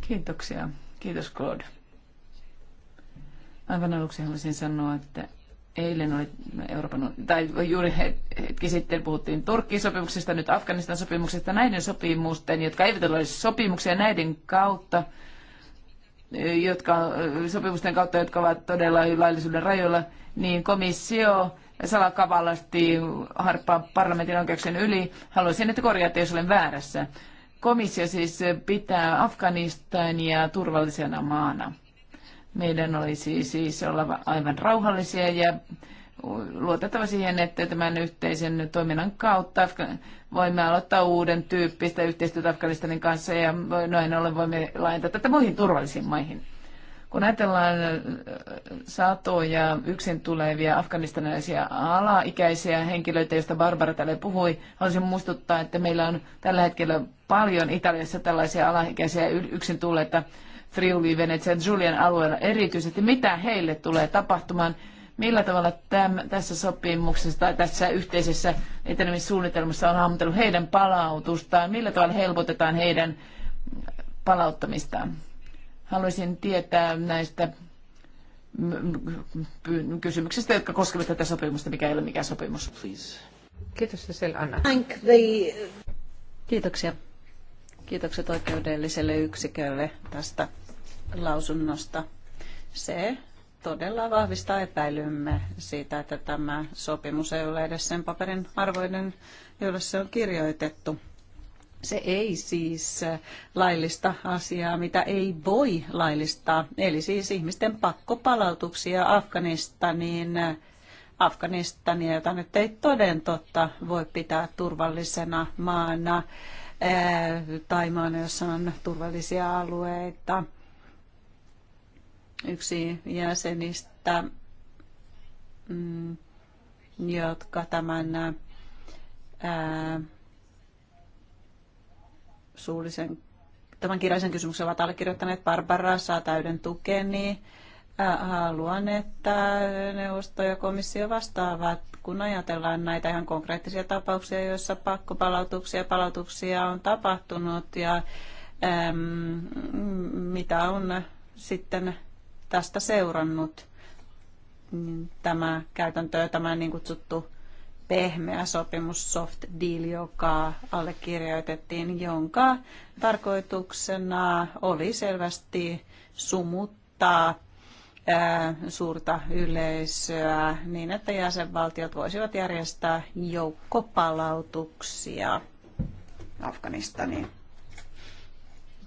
S3: Kiitoksia Kiitos Claude. Aivan aluksi haluaisin sanoa, että eilen oli Euroopan, tai juuri hetki sitten puhuttiin Turkkiin sopimuksesta, nyt Afganistan sopimuksesta, näiden sopimusten, jotka eivät ole sopimuksia näiden kautta, jotka, sopimusten kautta, jotka ovat todella laillisuuden rajoilla, niin komissio salakavallasti harppaa parlamentin oikeuksien yli. Haluaisin, että korjaatte, jos olen väärässä. Komissio siis pitää Afganistania turvallisena maana. Meidän olisi siis olla aivan rauhallisia ja luotettava siihen, että tämän yhteisen toiminnan kautta voimme aloittaa uuden tyyppistä yhteistyötä Afganistanin kanssa ja noin ollen voimme laajentaa tätä muihin turvallisiin maihin. Kun ajatellaan äh, satoja yksin tulevia afganistanilaisia alaikäisiä henkilöitä, joista Barbara täällä puhui, haluaisin muistuttaa, että meillä on tällä hetkellä paljon Italiassa tällaisia alaikäisiä yksin tulleita Friuli, Venetsia ja Julian alueella erityisesti. Mitä heille tulee tapahtumaan? Millä tavalla täm, tässä sopimuksessa tai tässä yhteisessä etenemissuunnitelmassa on hahmotellut heidän palautustaan? Millä tavalla helpotetaan heidän palauttamistaan? Haluaisin tietää näistä mm, mm, mm, kysymyksistä, jotka koskevat tätä sopimusta, mikä ei ole mikään sopimus. Please.
S2: Kiitos Cecil Anna. Thank the. Kiitoksia. Kiitokset oikeudelliselle yksikölle tästä lausunnosta. Se todella vahvistaa epäilymme siitä, että tämä sopimus ei ole edes sen paperin arvoinen, jolle se on kirjoitettu. Se ei siis laillista asiaa, mitä ei voi laillistaa, eli siis ihmisten pakkopalautuksia Afganistaniin, Afganistania, jota nyt ei toden totta voi pitää turvallisena maana eh, tai maana, jossa on turvallisia alueita. Yksi jäsenistä, mm, jotka tämän eh, suullisen, tämän kirjallisen kysymyksen ovat allekirjoittaneet Barbara, saa täyden tukeni. Haluan, että neuvosto ja komissio vastaavat, kun ajatellaan näitä ihan konkreettisia tapauksia, joissa pakkopalautuksia palautuksia on tapahtunut ja äm, mitä on sitten tästä seurannut tämä käytäntö ja tämä niin kutsuttu pehmeä sopimus, soft deal, joka allekirjoitettiin, jonka tarkoituksena oli selvästi sumuttaa suurta yleisöä niin, että jäsenvaltiot voisivat järjestää joukkopalautuksia Afganistaniin.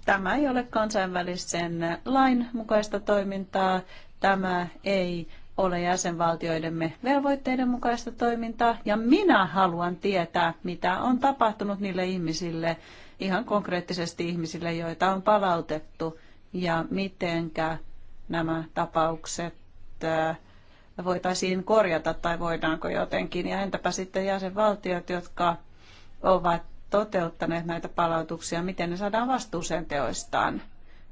S2: Tämä ei ole kansainvälisen lain mukaista toimintaa. Tämä ei ole jäsenvaltioidemme velvoitteiden mukaista toimintaa ja minä haluan tietää, mitä on tapahtunut niille ihmisille, ihan konkreettisesti ihmisille, joita on palautettu ja mitenkä nämä tapaukset äh, voitaisiin korjata tai voidaanko jotenkin. Ja entäpä sitten jäsenvaltiot, jotka ovat toteuttaneet näitä palautuksia, miten ne saadaan vastuuseen teoistaan.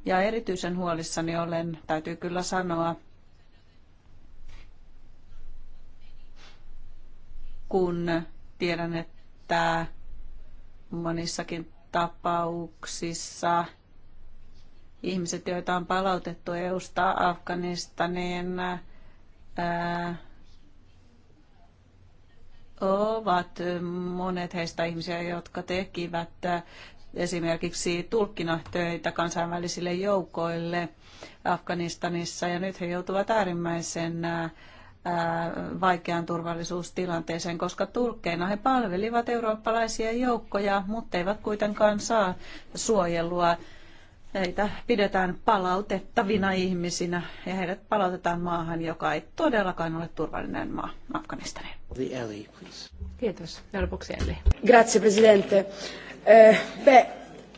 S2: Ja erityisen huolissani olen, täytyy kyllä sanoa, kun tiedän, että monissakin tapauksissa ihmiset, joita on palautettu EUsta Afganistaniin, ää, ovat monet heistä ihmisiä, jotka tekivät esimerkiksi tulkkina töitä kansainvälisille joukoille Afganistanissa ja nyt he joutuvat äärimmäisen vaikean turvallisuustilanteeseen, koska tulkkeina he palvelivat eurooppalaisia joukkoja, mutta eivät kuitenkaan saa suojelua. Heitä pidetään palautettavina ihmisinä ja heidät palautetaan maahan, joka ei todellakaan ole turvallinen maa Afganistaniin. Kiitos. Ja lopuksi Eli. Grazie, presidente. Eh,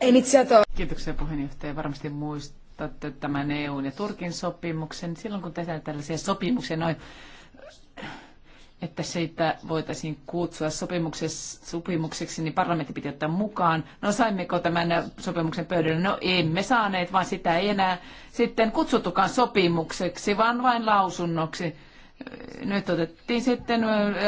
S2: iniziato... Kiitoksia
S3: puheenjohtaja. Varmasti muistatte tämän EUn ja Turkin sopimuksen. Silloin kun tehdään tällaisia sopimuksia, noin että sitä voitaisiin kutsua sopimukseksi, niin parlamentti piti ottaa mukaan. No saimmeko tämän sopimuksen pöydälle? No emme saaneet, vaan sitä ei enää sitten kutsutukaan sopimukseksi, vaan vain lausunnoksi. Nyt otettiin sitten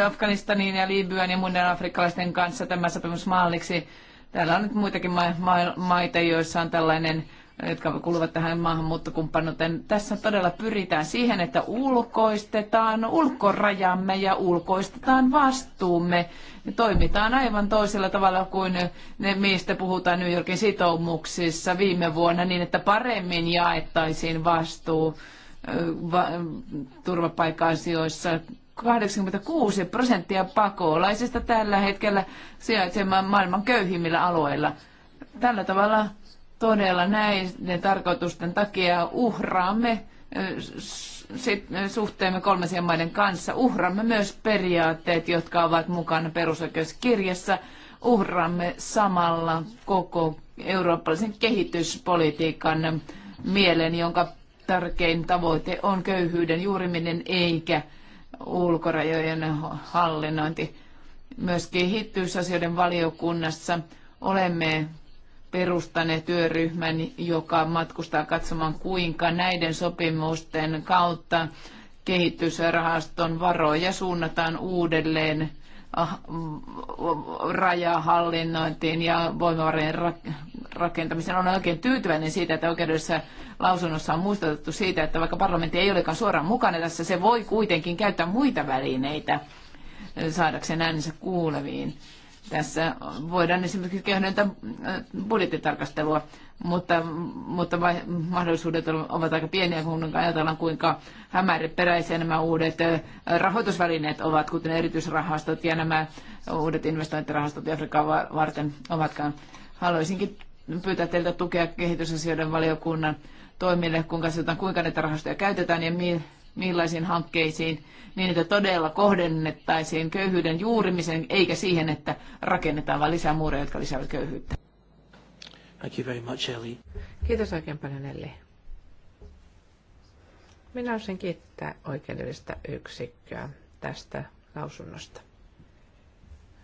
S3: Afganistanin ja Libyan ja muiden afrikkalaisten kanssa tämä sopimus maalliksi. Täällä on nyt muitakin ma- ma- maita, joissa on tällainen jotka kuuluvat tähän maahanmuuttokumppanuuteen. Tässä todella pyritään siihen, että ulkoistetaan ulkorajamme ja ulkoistetaan vastuumme. Me toimitaan aivan toisella tavalla kuin ne, mistä puhutaan New Yorkin sitoumuksissa viime vuonna, niin että paremmin jaettaisiin vastuu va- turvapaikka-asioissa 86 prosenttia pakolaisista tällä hetkellä sijaitsemaan maailman köyhimmillä alueilla. Tällä tavalla todella näiden tarkoitusten takia uhraamme suhteemme kolmansien maiden kanssa. Uhraamme myös periaatteet, jotka ovat mukana perusoikeuskirjassa. Uhraamme samalla koko eurooppalaisen kehityspolitiikan mielen, jonka tärkein tavoite on köyhyyden juuriminen eikä ulkorajojen hallinnointi. Myös kehitysasioiden valiokunnassa olemme perustaneet työryhmän, joka matkustaa katsomaan, kuinka näiden sopimusten kautta kehitysrahaston varoja suunnataan uudelleen ah, rajahallinnointiin ja voimavarojen rakentamiseen. Olen oikein tyytyväinen siitä, että oikeudellisessa lausunnossa on muistutettu siitä, että vaikka parlamentti ei olekaan suoraan mukana tässä, se voi kuitenkin käyttää muita välineitä saadakseen äänensä kuuleviin. Tässä voidaan esimerkiksi käydä äh, budjettitarkastelua, mutta, mutta vai, mahdollisuudet ovat aika pieniä, kun ajatellaan kuinka hämäriperäisiä nämä uudet äh, rahoitusvälineet ovat, kuten erityisrahastot ja nämä uudet investointirahastot Afrikan varten ovatkaan. Haluaisinkin pyytää teiltä tukea kehitysasioiden valiokunnan toimille, kun katsotaan kuinka näitä rahastoja käytetään ja mi- millaisiin hankkeisiin, niin että todella kohdennettaisiin köyhyyden juurimisen, eikä siihen, että rakennetaan vain lisää muureja, jotka lisäävät köyhyyttä.
S1: Thank you very much, Ellie. Kiitos oikein paljon, Elli. Minä olisin kiittää oikeudellista yksikköä tästä lausunnosta.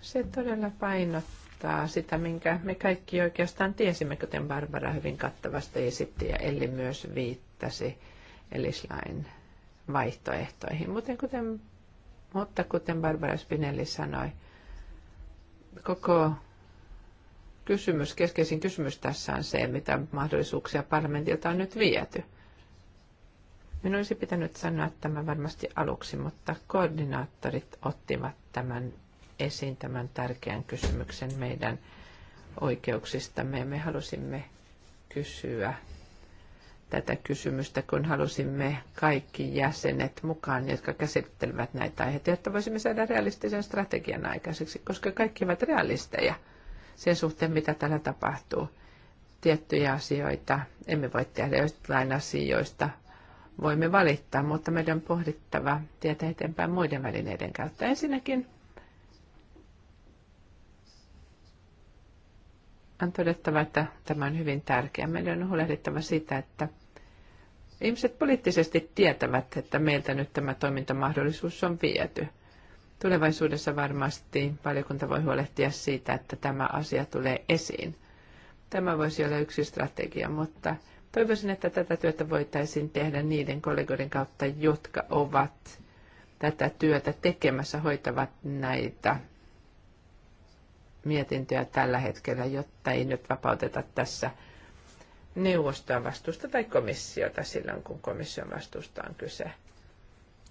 S1: Se todella painottaa sitä, minkä me kaikki oikeastaan tiesimme, kuten Barbara hyvin kattavasti esitti ja Elli myös viittasi, Elislain vaihtoehtoihin. muten kuten, mutta kuten Barbara Spinelli sanoi, koko kysymys, keskeisin kysymys tässä on se, mitä mahdollisuuksia parlamentilta on nyt viety. Minun olisi pitänyt sanoa tämä varmasti aluksi, mutta koordinaattorit ottivat tämän esiin tämän tärkeän kysymyksen meidän oikeuksistamme. Me halusimme kysyä tätä kysymystä, kun halusimme kaikki jäsenet mukaan, jotka käsittelevät näitä aiheita, jotta voisimme saada realistisen strategian aikaiseksi, koska kaikki ovat realisteja sen suhteen, mitä täällä tapahtuu. Tiettyjä asioita emme voi tehdä, joistain asioista voimme valittaa, mutta meidän on pohdittava tietä eteenpäin muiden välineiden kautta. Ensinnäkin on todettava, että tämä on hyvin tärkeää. Meidän on huolehdittava siitä, että ihmiset poliittisesti tietävät, että meiltä nyt tämä toimintamahdollisuus on viety. Tulevaisuudessa varmasti valiokunta voi huolehtia siitä, että tämä asia tulee esiin. Tämä voisi olla yksi strategia, mutta toivoisin, että tätä työtä voitaisiin tehdä niiden kollegoiden kautta, jotka ovat tätä työtä tekemässä, hoitavat näitä mietintöjä tällä hetkellä, jotta ei nyt vapauteta tässä – neuvostoa vastuusta tai komissiota silloin, kun komission vastuusta on kyse.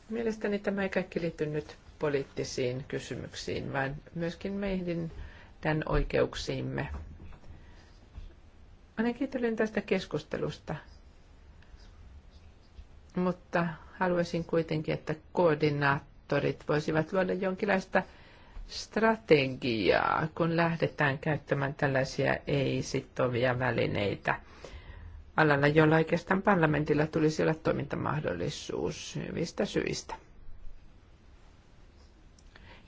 S1: Mielestäni tämä ei kaikki liity nyt poliittisiin kysymyksiin, vaan myöskin meidän tämän oikeuksiimme. Olen kiitollinen tästä keskustelusta, mutta haluaisin kuitenkin, että koordinaattorit voisivat luoda jonkinlaista – strategiaa, kun lähdetään käyttämään tällaisia ei-sittovia välineitä alalla, jolla oikeastaan parlamentilla tulisi olla toimintamahdollisuus hyvistä syistä.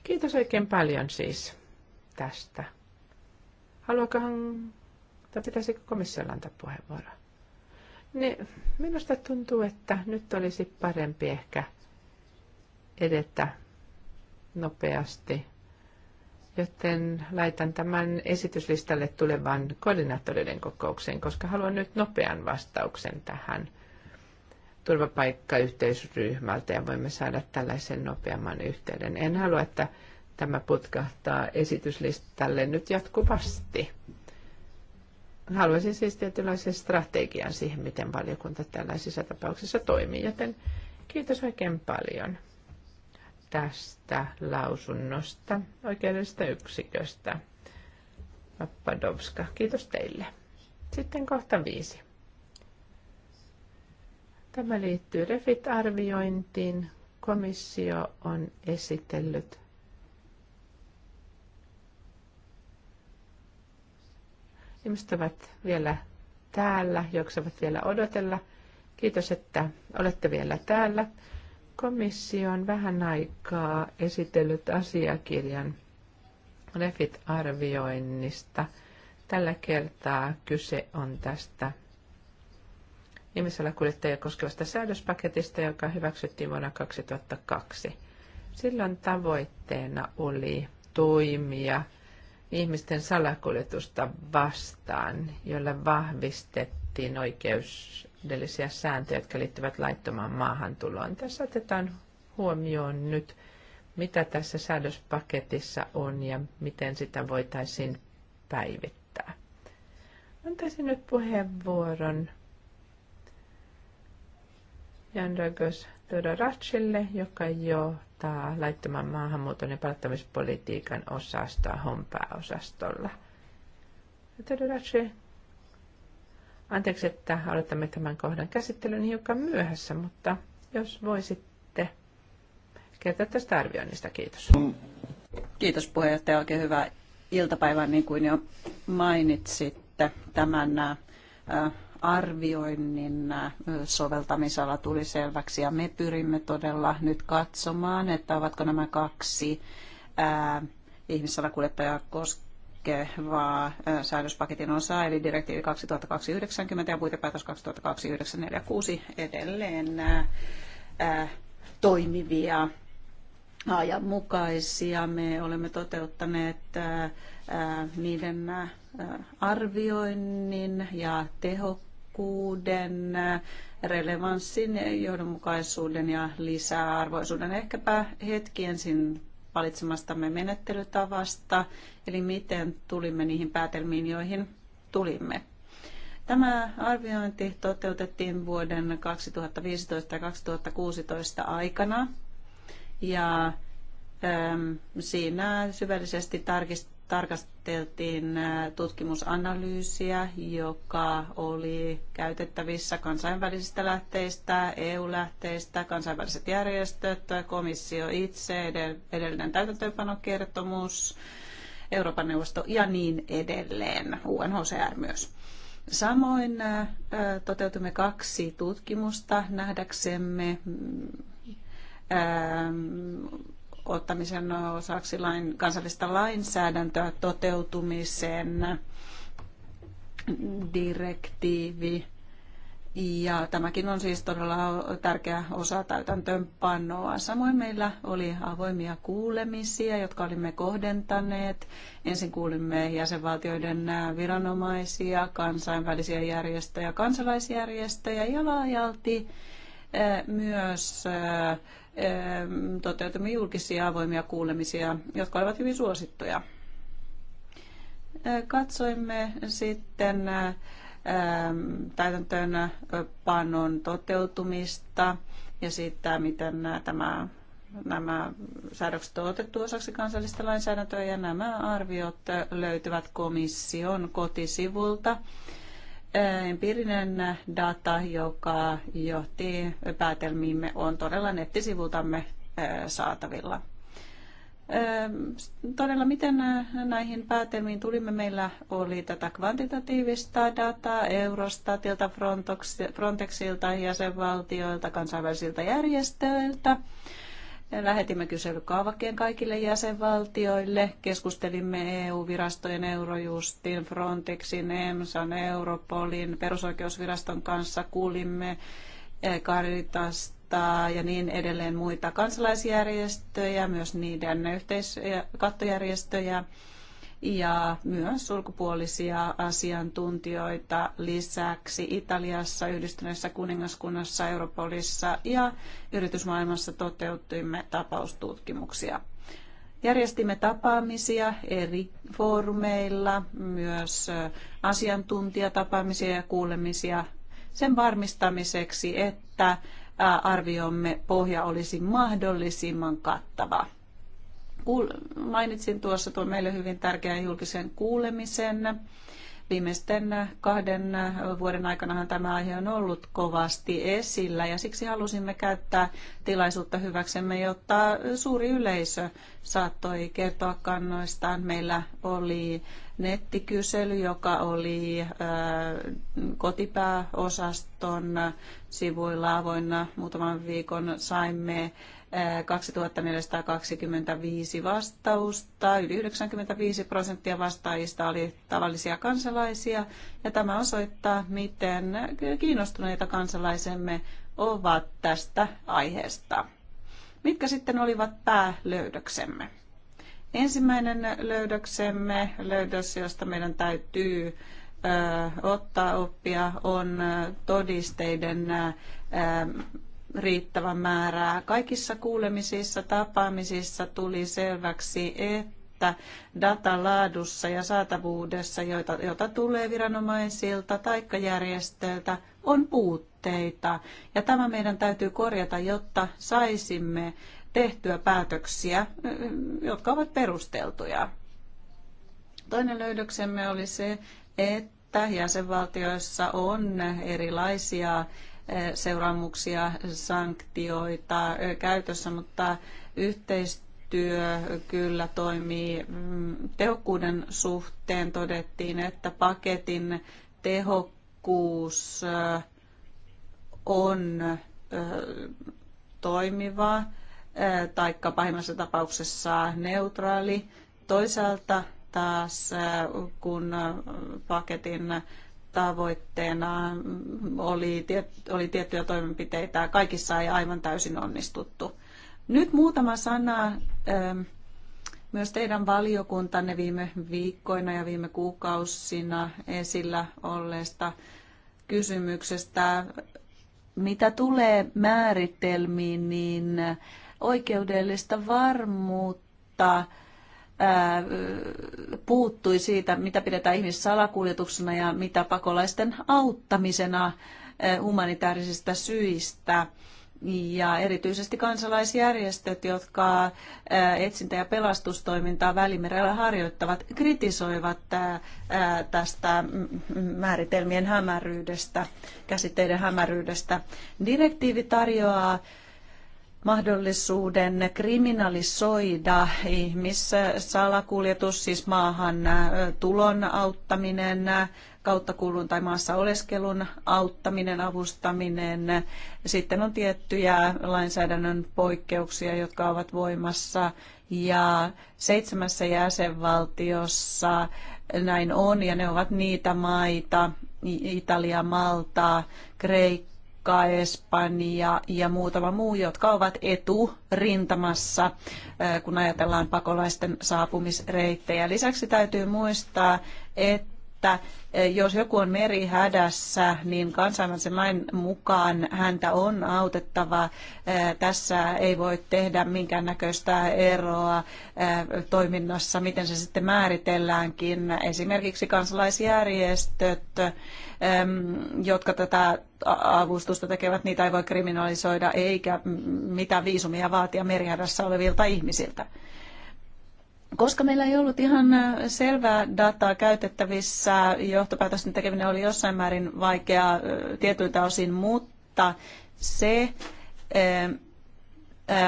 S1: Kiitos oikein paljon siis tästä. Haluakohan, tai pitäisikö komissiolla antaa puheenvuoroa? Niin, minusta tuntuu, että nyt olisi parempi ehkä edetä nopeasti joten laitan tämän esityslistalle tulevan koordinaattoreiden kokoukseen, koska haluan nyt nopean vastauksen tähän turvapaikkayhteisryhmältä ja voimme saada tällaisen nopeamman yhteyden. En halua, että tämä putkahtaa esityslistalle nyt jatkuvasti. Haluaisin siis tietynlaisen strategian siihen, miten valiokunta tällaisissa tapauksissa toimii, joten kiitos oikein paljon tästä lausunnosta oikeudellisesta yksiköstä. Papadovska, kiitos teille. Sitten kohta viisi. Tämä liittyy REFIT-arviointiin. Komissio on esitellyt Ihmiset ovat vielä täällä, jaksavat vielä odotella. Kiitos, että olette vielä täällä. Komissio on vähän aikaa esitellyt asiakirjan REFIT-arvioinnista. Tällä kertaa kyse on tästä kuljettajia koskevasta säädöspaketista, joka hyväksyttiin vuonna 2002. Silloin tavoitteena oli toimia ihmisten salakuljetusta vastaan, jolla vahvistettiin oikeus taloudellisia sääntöjä, jotka liittyvät laittomaan maahantuloon. Tässä otetaan huomioon nyt, mitä tässä säädöspaketissa on ja miten sitä voitaisiin päivittää. Antaisin nyt puheenvuoron Jandragos Todoracille, joka johtaa laittoman maahanmuuton ja palattamispolitiikan osastoa HOM osastolla. Todorace Anteeksi, että aloitamme tämän kohdan käsittelyn hiukan myöhässä, mutta jos voisitte
S2: kertoa tästä arvioinnista. Kiitos. Kiitos puheenjohtaja. Oikein hyvää iltapäivää, niin kuin jo mainitsitte. Tämän äh, arvioinnin äh, soveltamisala tuli selväksi ja me pyrimme todella nyt katsomaan, että ovatko nämä kaksi äh, ihmissalakuljettajaa koskevaa koskeva säädöspaketin osa, eli direktiivi 2290 ja puitepäätös 2246 edelleen toimivia ajanmukaisia. Me olemme toteuttaneet niiden arvioinnin ja tehokkuuden, relevanssin, johdonmukaisuuden ja lisäarvoisuuden. Ehkäpä hetki ensin valitsemastamme menettelytavasta, eli miten tulimme niihin päätelmiin, joihin tulimme. Tämä arviointi toteutettiin vuoden 2015 ja 2016 aikana ja Siinä syvällisesti tarkist, tarkasteltiin tutkimusanalyysiä, joka oli käytettävissä kansainvälisistä lähteistä, EU-lähteistä, kansainväliset järjestöt, komissio itse, edellinen täytäntöönpanokertomus, Euroopan neuvosto ja niin edelleen, UNHCR myös. Samoin toteutimme kaksi tutkimusta nähdäksemme ottamisen osaksi lain, kansallista lainsäädäntöä toteutumisen direktiivi. Ja tämäkin on siis todella tärkeä osa täytäntöönpanoa. Samoin meillä oli avoimia kuulemisia, jotka olimme kohdentaneet. Ensin kuulimme jäsenvaltioiden viranomaisia, kansainvälisiä järjestöjä, kansalaisjärjestöjä ja laajalti eh, myös eh, toteutimme julkisia avoimia kuulemisia, jotka olivat hyvin suosittuja. Katsoimme sitten täytäntöönpanon toteutumista ja sitä, miten tämä, nämä säädökset on otettu osaksi kansallista lainsäädäntöä ja nämä arviot löytyvät komission kotisivulta empiirinen data, joka johti päätelmiimme, on todella nettisivultamme saatavilla. Todella, miten näihin päätelmiin tulimme? Meillä oli tätä kvantitatiivista dataa Eurostatilta, Frontexilta, jäsenvaltioilta, kansainvälisiltä järjestöiltä. Lähetimme kyselykaavakkeen kaikille jäsenvaltioille, keskustelimme EU-virastojen, Eurojustin, Frontexin, EMSan, Europolin, perusoikeusviraston kanssa, kuulimme Karitasta, eh, ja niin edelleen muita kansalaisjärjestöjä, myös niiden yhteiskattojärjestöjä ja myös ulkopuolisia asiantuntijoita lisäksi Italiassa, Yhdistyneessä kuningaskunnassa, Europolissa ja yritysmaailmassa toteuttimme tapaustutkimuksia. Järjestimme tapaamisia eri foorumeilla, myös asiantuntijatapaamisia ja kuulemisia sen varmistamiseksi, että arviomme pohja olisi mahdollisimman kattava mainitsin tuossa tuon meille hyvin tärkeän julkisen kuulemisen. Viimeisten kahden vuoden aikana tämä aihe on ollut kovasti esillä ja siksi halusimme käyttää tilaisuutta hyväksemme, jotta suuri yleisö saattoi kertoa kannoistaan. Meillä oli nettikysely, joka oli äh, kotipääosaston sivuilla avoinna muutaman viikon. Saimme 2425 vastausta, yli 95 prosenttia vastaajista oli tavallisia kansalaisia, ja tämä osoittaa, miten kiinnostuneita kansalaisemme ovat tästä aiheesta. Mitkä sitten olivat päälöydöksemme? Ensimmäinen löydöksemme, löydös, josta meidän täytyy ottaa oppia, on todisteiden riittävä määrää. Kaikissa kuulemisissa, tapaamisissa tuli selväksi, että datalaadussa ja saatavuudessa, joita, jota tulee viranomaisilta tai järjestöiltä, on puutteita. Ja tämä meidän täytyy korjata, jotta saisimme tehtyä päätöksiä, jotka ovat perusteltuja. Toinen löydöksemme oli se, että jäsenvaltioissa on erilaisia seuraamuksia, sanktioita käytössä, mutta yhteistyö kyllä toimii. Mm, tehokkuuden suhteen todettiin, että paketin tehokkuus on toimiva tai pahimmassa tapauksessa neutraali. Toisaalta taas kun paketin tavoitteena oli, oli tiettyjä toimenpiteitä. Kaikissa ei aivan täysin onnistuttu. Nyt muutama sana ähm, myös teidän valiokuntanne viime viikkoina ja viime kuukausina esillä olleesta kysymyksestä. Mitä tulee määritelmiin, niin oikeudellista varmuutta puuttui siitä, mitä pidetään ihmissalakuljetuksena ja mitä pakolaisten auttamisena humanitaarisista syistä. Ja erityisesti kansalaisjärjestöt, jotka etsintä- ja pelastustoimintaa Välimerellä harjoittavat, kritisoivat tästä määritelmien hämäryydestä, käsitteiden hämäryydestä. Direktiivi tarjoaa mahdollisuuden kriminalisoida ihmissalakuljetus, siis maahan tulon auttaminen, kauttakulun tai maassa oleskelun auttaminen, avustaminen. Sitten on tiettyjä lainsäädännön poikkeuksia, jotka ovat voimassa ja seitsemässä jäsenvaltiossa näin on ja ne ovat niitä maita, Italia, Malta, Kreikka, Kreikka, Espanja ja muutama muu, jotka ovat eturintamassa, kun ajatellaan pakolaisten saapumisreittejä. Lisäksi täytyy muistaa, että että eh, jos joku on merihädässä, niin kansainvälisen lain mukaan häntä on autettava. Eh, tässä ei voi tehdä minkäännäköistä eroa eh, toiminnassa, miten se sitten määritelläänkin. Esimerkiksi kansalaisjärjestöt, jotka tätä avustusta tekevät, niitä ei voi kriminalisoida eikä mitään viisumia vaatia merihädässä olevilta ihmisiltä koska meillä ei ollut ihan äh, selvää dataa käytettävissä, johtopäätösten tekeminen oli jossain määrin vaikeaa äh, tietyiltä osin, mutta se äh,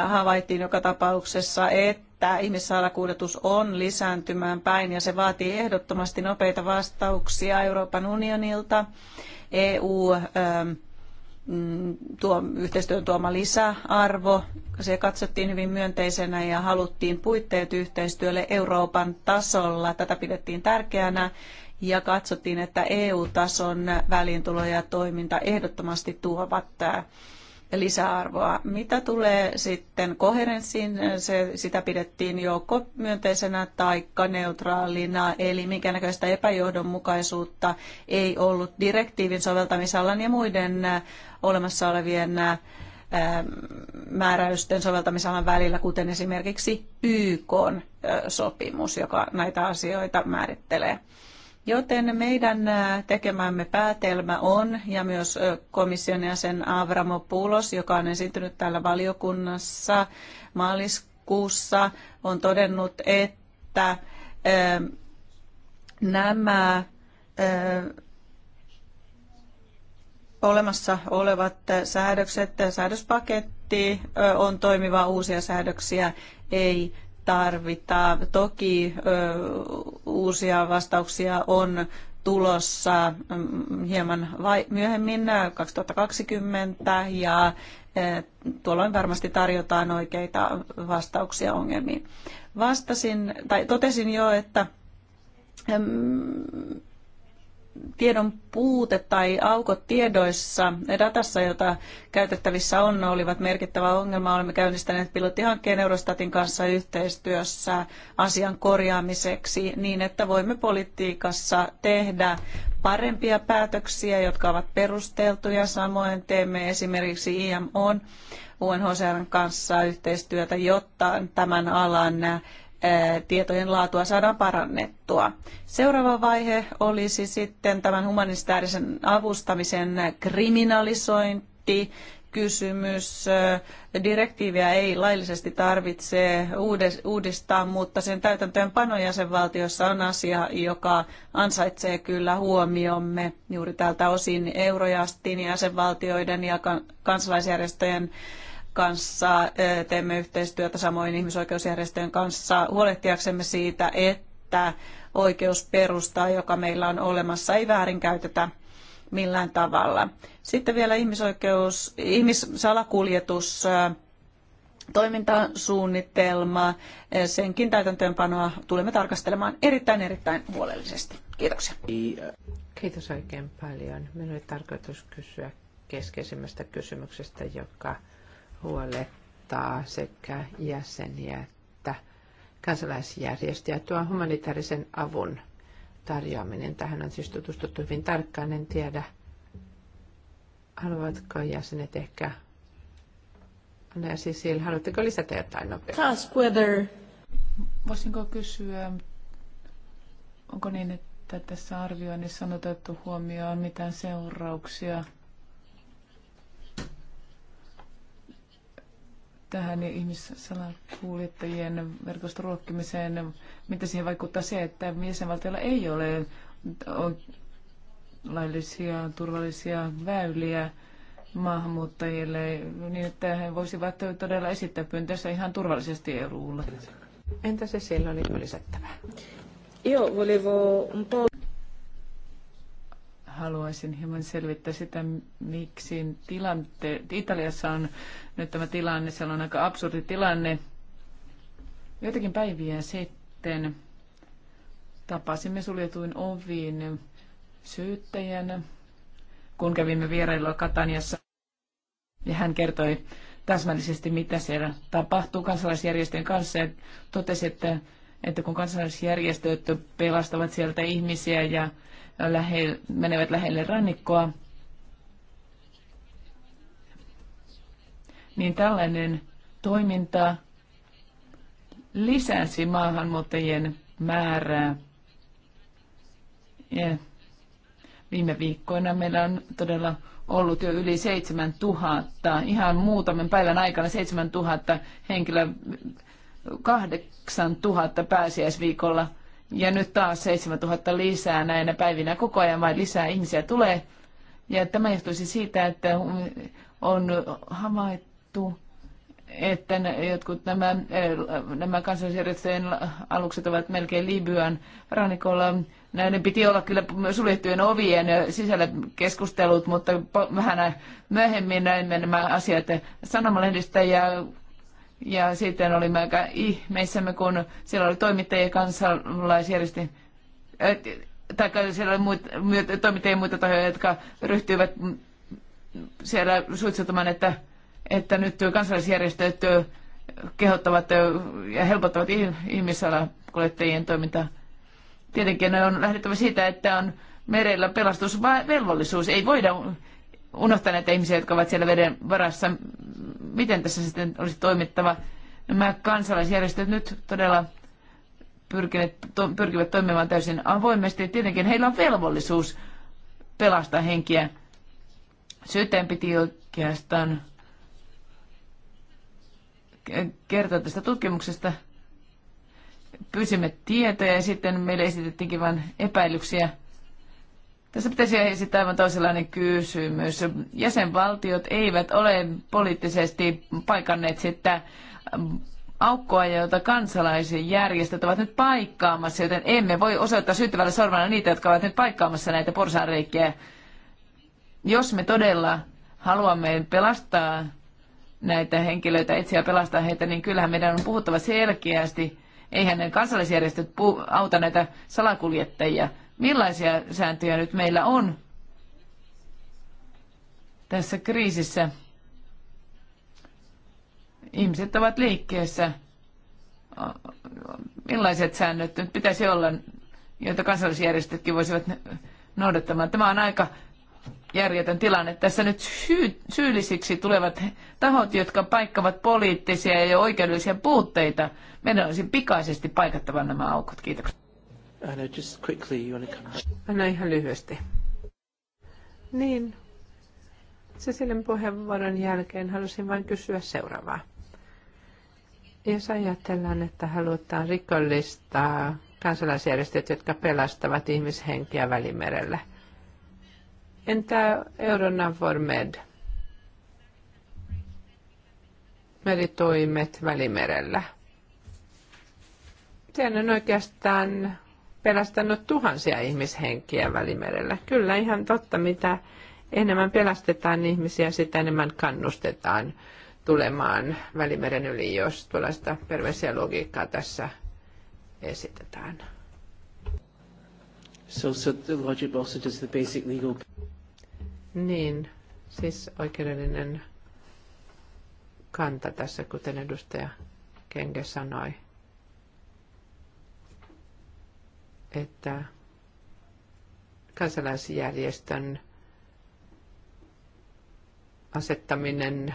S2: havaittiin joka tapauksessa, että ihmissalakuljetus on lisääntymään päin ja se vaatii ehdottomasti nopeita vastauksia Euroopan unionilta. EU ähm, Mm, tuo yhteistyön tuoma lisäarvo. Se katsottiin hyvin myönteisenä ja haluttiin puitteet yhteistyölle Euroopan tasolla. Tätä pidettiin tärkeänä ja katsottiin, että EU-tason väliintulo ja toiminta ehdottomasti tuovat äh, lisäarvoa. Mitä tulee sitten koherenssiin, se, sitä pidettiin joko myönteisenä tai neutraalina, eli minkäännäköistä epäjohdonmukaisuutta ei ollut direktiivin soveltamisalan ja muiden äh, olemassa olevien äh, määräysten soveltamisalan välillä, kuten esimerkiksi YK-sopimus, äh, joka näitä asioita määrittelee. Joten meidän tekemämme päätelmä on, ja myös komission jäsen Avramopoulos, joka on esiintynyt täällä valiokunnassa maaliskuussa, on todennut, että nämä olemassa olevat säädökset, säädöspaketti on toimiva, uusia säädöksiä ei tarvitaan. Toki uusia vastauksia on tulossa mm, hieman vai, myöhemmin 2020 ja tuolloin varmasti tarjotaan oikeita vastauksia ongelmiin. Vastasin, tai totesin jo, että mm, tiedon puute tai aukot tiedoissa datassa, jota käytettävissä on, olivat merkittävä ongelma. Olemme käynnistäneet pilottihankkeen Eurostatin kanssa yhteistyössä asian korjaamiseksi niin, että voimme politiikassa tehdä parempia päätöksiä, jotka ovat perusteltuja. Samoin teemme esimerkiksi IMO UNHCRn kanssa yhteistyötä, jotta tämän alan tietojen laatua saadaan parannettua. Seuraava vaihe olisi sitten tämän humanitaarisen avustamisen kriminalisointi. Kysymys. Direktiiviä ei laillisesti tarvitse uudistaa, mutta sen täytäntöönpano jäsenvaltiossa on asia, joka ansaitsee kyllä huomiomme juuri tältä osin eurojastin jäsenvaltioiden ja kansalaisjärjestöjen kanssa teemme yhteistyötä samoin ihmisoikeusjärjestöjen kanssa huolehtiaksemme siitä, että oikeusperustaa, joka meillä on olemassa, ei väärinkäytetä millään tavalla. Sitten vielä ihmisoikeus, ihmissalakuljetus, toimintasuunnitelma, senkin täytäntöönpanoa tulemme tarkastelemaan erittäin erittäin huolellisesti. Kiitoksia.
S1: Kiitos oikein paljon. Minulla oli tarkoitus kysyä keskeisimmästä kysymyksestä, joka huolettaa sekä jäseniä että kansalaisjärjestöjä tuo humanitaarisen avun tarjoaminen. Tähän on siis tutustuttu hyvin tarkkaan, en tiedä Haluatko jäsenet ehkä Anna Sisil, haluatteko lisätä jotain nopeasti?
S3: Voisinko kysyä, onko niin, että tässä arvioinnissa on otettu huomioon mitään seurauksia tähän ihmissalakuljettajien verkoston ruokkimiseen, miten siihen vaikuttaa se, että jäsenvaltioilla ei ole laillisia, turvallisia väyliä maahanmuuttajille, niin että he voisivat todella esittää pyyntössä ihan turvallisesti EUlle. Entä se siellä oli lisättävää? Joo, volevo un po' haluaisin hieman selvittää sitä, miksi tilante, Italiassa on nyt tämä tilanne, siellä on aika absurdi tilanne. Joitakin päiviä sitten tapasimme suljetuin oviin syyttäjän, kun kävimme vierailua Kataniassa. Ja hän kertoi täsmällisesti, mitä siellä tapahtuu kansalaisjärjestöjen kanssa ja totesi, että, että kun kansalaisjärjestöt pelastavat sieltä ihmisiä ja lähe, menevät lähelle rannikkoa, niin tällainen toiminta lisäsi maahanmuuttajien määrää. Ja viime viikkoina meillä on todella ollut jo yli 7000, ihan muutaman päivän aikana 7000 henkilöä, 8000 pääsiäisviikolla – ja nyt taas 7000 lisää näinä päivinä. Koko ajan vain lisää ihmisiä tulee. Ja tämä johtuisi siitä, että on havaittu, että jotkut nämä, eh, nämä kansallisjärjestöjen alukset ovat melkein Libyan rannikolla. Näiden piti olla kyllä suljettujen ovien sisällä keskustelut, mutta vähän myöhemmin näimme nämä asiat sanomalehdistä ja ja sitten olimme aika ihmeissämme, kun siellä oli toimittajia kansalaisjärjestö, tai siellä oli muut, toimittajia muita tahoja, jotka ryhtyivät siellä suitsutamaan, että, että nyt kansalaisjärjestöt kehottavat ja helpottavat ihmisalakuljettajien toimintaa. Tietenkin on lähdettävä siitä, että on merellä pelastusvelvollisuus. Ei voida unohtaa näitä ihmisiä, jotka ovat siellä veden varassa miten tässä sitten olisi toimittava. Nämä kansalaisjärjestöt nyt todella pyrkivät, to, pyrkivät toimimaan täysin avoimesti. Tietenkin heillä on velvollisuus pelastaa henkiä. Syyteen piti oikeastaan kertoa tästä tutkimuksesta. Pyysimme tietoja ja sitten meille esitettiinkin vain epäilyksiä – tässä pitäisi esittää aivan toisenlainen kysymys. Jäsenvaltiot eivät ole poliittisesti paikanneet sitä aukkoa, jota kansalaisen järjestöt ovat nyt paikkaamassa, joten emme voi osoittaa syyttävällä sormella niitä, jotka ovat nyt paikkaamassa näitä porsaanreikiä. Jos me todella haluamme pelastaa näitä henkilöitä, etsiä pelastaa heitä, niin kyllähän meidän on puhuttava selkeästi. Eihän ne kansalaisjärjestöt auta näitä salakuljettajia. Millaisia sääntöjä nyt meillä on tässä kriisissä? Ihmiset ovat liikkeessä. Millaiset säännöt nyt pitäisi olla, joita kansallisjärjestötkin voisivat noudattamaan? Tämä on aika järjetön tilanne. Tässä nyt syy, syyllisiksi tulevat tahot, jotka paikkavat poliittisia ja oikeudellisia puutteita. Meidän olisi pikaisesti paikattava nämä aukot. Kiitoksia. Anna, uh, no, just quickly, you want to come Anna uh, no, ihan lyhyesti.
S1: Niin, Cecilin puheenvuoron jälkeen halusin vain kysyä seuraavaa. Jos ajatellaan, että halutaan rikollistaa kansalaisjärjestöt, jotka pelastavat ihmishenkiä välimerellä. Entä Euronavor Med? Meritoimet välimerellä. Sehän on oikeastaan pelastanut tuhansia ihmishenkiä välimerellä. Kyllä ihan totta, mitä enemmän pelastetaan ihmisiä, sitä enemmän kannustetaan tulemaan välimeren yli, jos tuollaista perversiä logiikkaa tässä esitetään. So, so the logic also does the basic legal... Niin, siis oikeudellinen kanta tässä, kuten edustaja Kenke sanoi. että kansalaisjärjestön asettaminen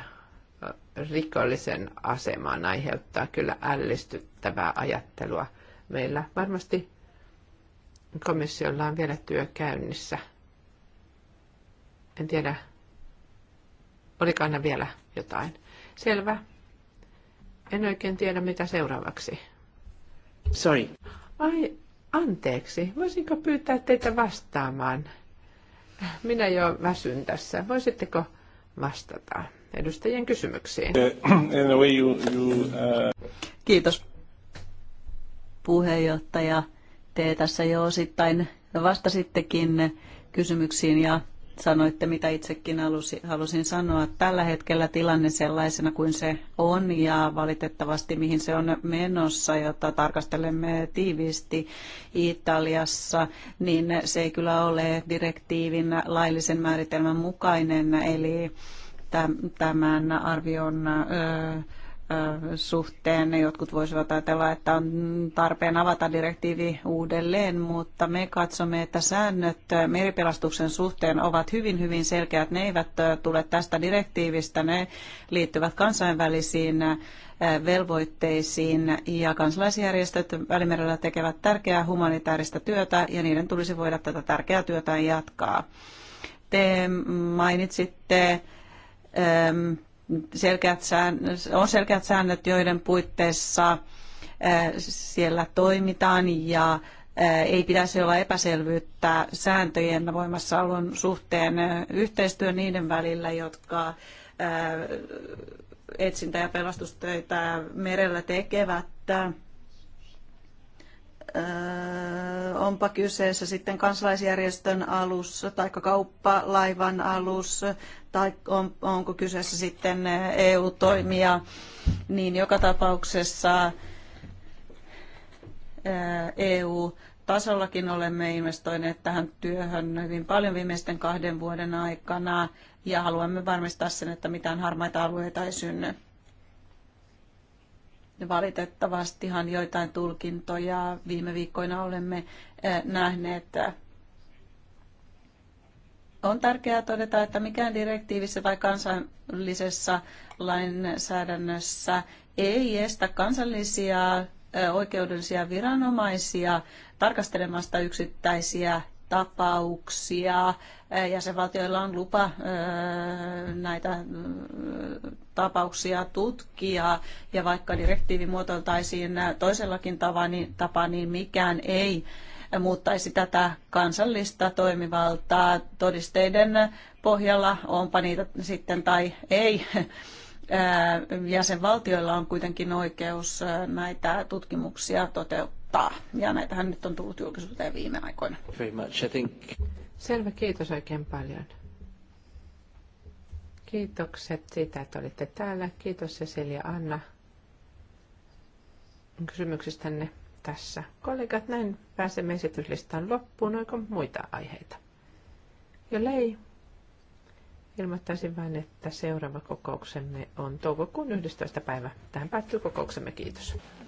S1: rikollisen asemaan aiheuttaa kyllä ällistyttävää ajattelua. Meillä varmasti komissiolla on vielä työ käynnissä. En tiedä, oliko aina vielä jotain. Selvä. En oikein tiedä, mitä seuraavaksi. Sorry. Ai, Anteeksi, voisinko pyytää teitä vastaamaan? Minä jo väsyn tässä. Voisitteko vastata edustajien kysymyksiin? Eh,
S3: eh.
S2: Kiitos puheenjohtaja. Te tässä jo osittain vastasittekin kysymyksiin ja sanoitte, mitä itsekin halusi, halusin sanoa. Tällä hetkellä tilanne sellaisena kuin se on ja valitettavasti mihin se on menossa, jota tarkastelemme tiiviisti Italiassa, niin se ei kyllä ole direktiivin laillisen määritelmän mukainen, eli tämän arvion suhteen. Jotkut voisivat ajatella, että on tarpeen avata direktiivi uudelleen, mutta me katsomme, että säännöt meripelastuksen suhteen ovat hyvin, hyvin selkeät. Ne eivät tule tästä direktiivistä, ne liittyvät kansainvälisiin velvoitteisiin ja kansalaisjärjestöt Välimerellä tekevät tärkeää humanitaarista työtä ja niiden tulisi voida tätä tärkeää työtä jatkaa. Te mainitsitte ähm, selkeät säännöt, on selkeät säännöt, joiden puitteissa siellä toimitaan ja ei pitäisi olla epäselvyyttä sääntöjen voimassaolon suhteen yhteistyö niiden välillä, jotka etsintä- ja pelastustöitä merellä tekevät onpa kyseessä sitten kansalaisjärjestön alus tai kauppalaivan alus tai on, onko kyseessä sitten EU-toimija, niin joka tapauksessa EU tasollakin olemme investoineet tähän työhön hyvin paljon viimeisten kahden vuoden aikana ja haluamme varmistaa sen, että mitään harmaita alueita ei synny. Valitettavastihan joitain tulkintoja viime viikkoina olemme eh, nähneet. On tärkeää todeta, että mikään direktiivissä tai kansallisessa lainsäädännössä ei estä kansallisia eh, oikeudellisia viranomaisia tarkastelemasta yksittäisiä tapauksia. Jäsenvaltioilla on lupa näitä tapauksia tutkia ja vaikka direktiivi muotoiltaisiin toisellakin niin, tapaa, niin mikään ei muuttaisi tätä kansallista toimivaltaa todisteiden pohjalla, onpa niitä sitten tai ei jäsenvaltioilla on kuitenkin oikeus näitä tutkimuksia toteuttaa auttaa. Ja näitähän nyt on tullut julkisuuteen viime aikoina. Very much, I think. Selvä, kiitos oikein paljon.
S1: Kiitokset siitä, että olitte täällä. Kiitos Cecilia Anna kysymyksistänne tässä. Kollegat, näin pääsemme esityslistan loppuun. Oiko muita aiheita? ei. ilmoittaisin vain, että seuraava kokouksemme on toukokuun 11. päivä. Tähän päättyy kokouksemme. Kiitos.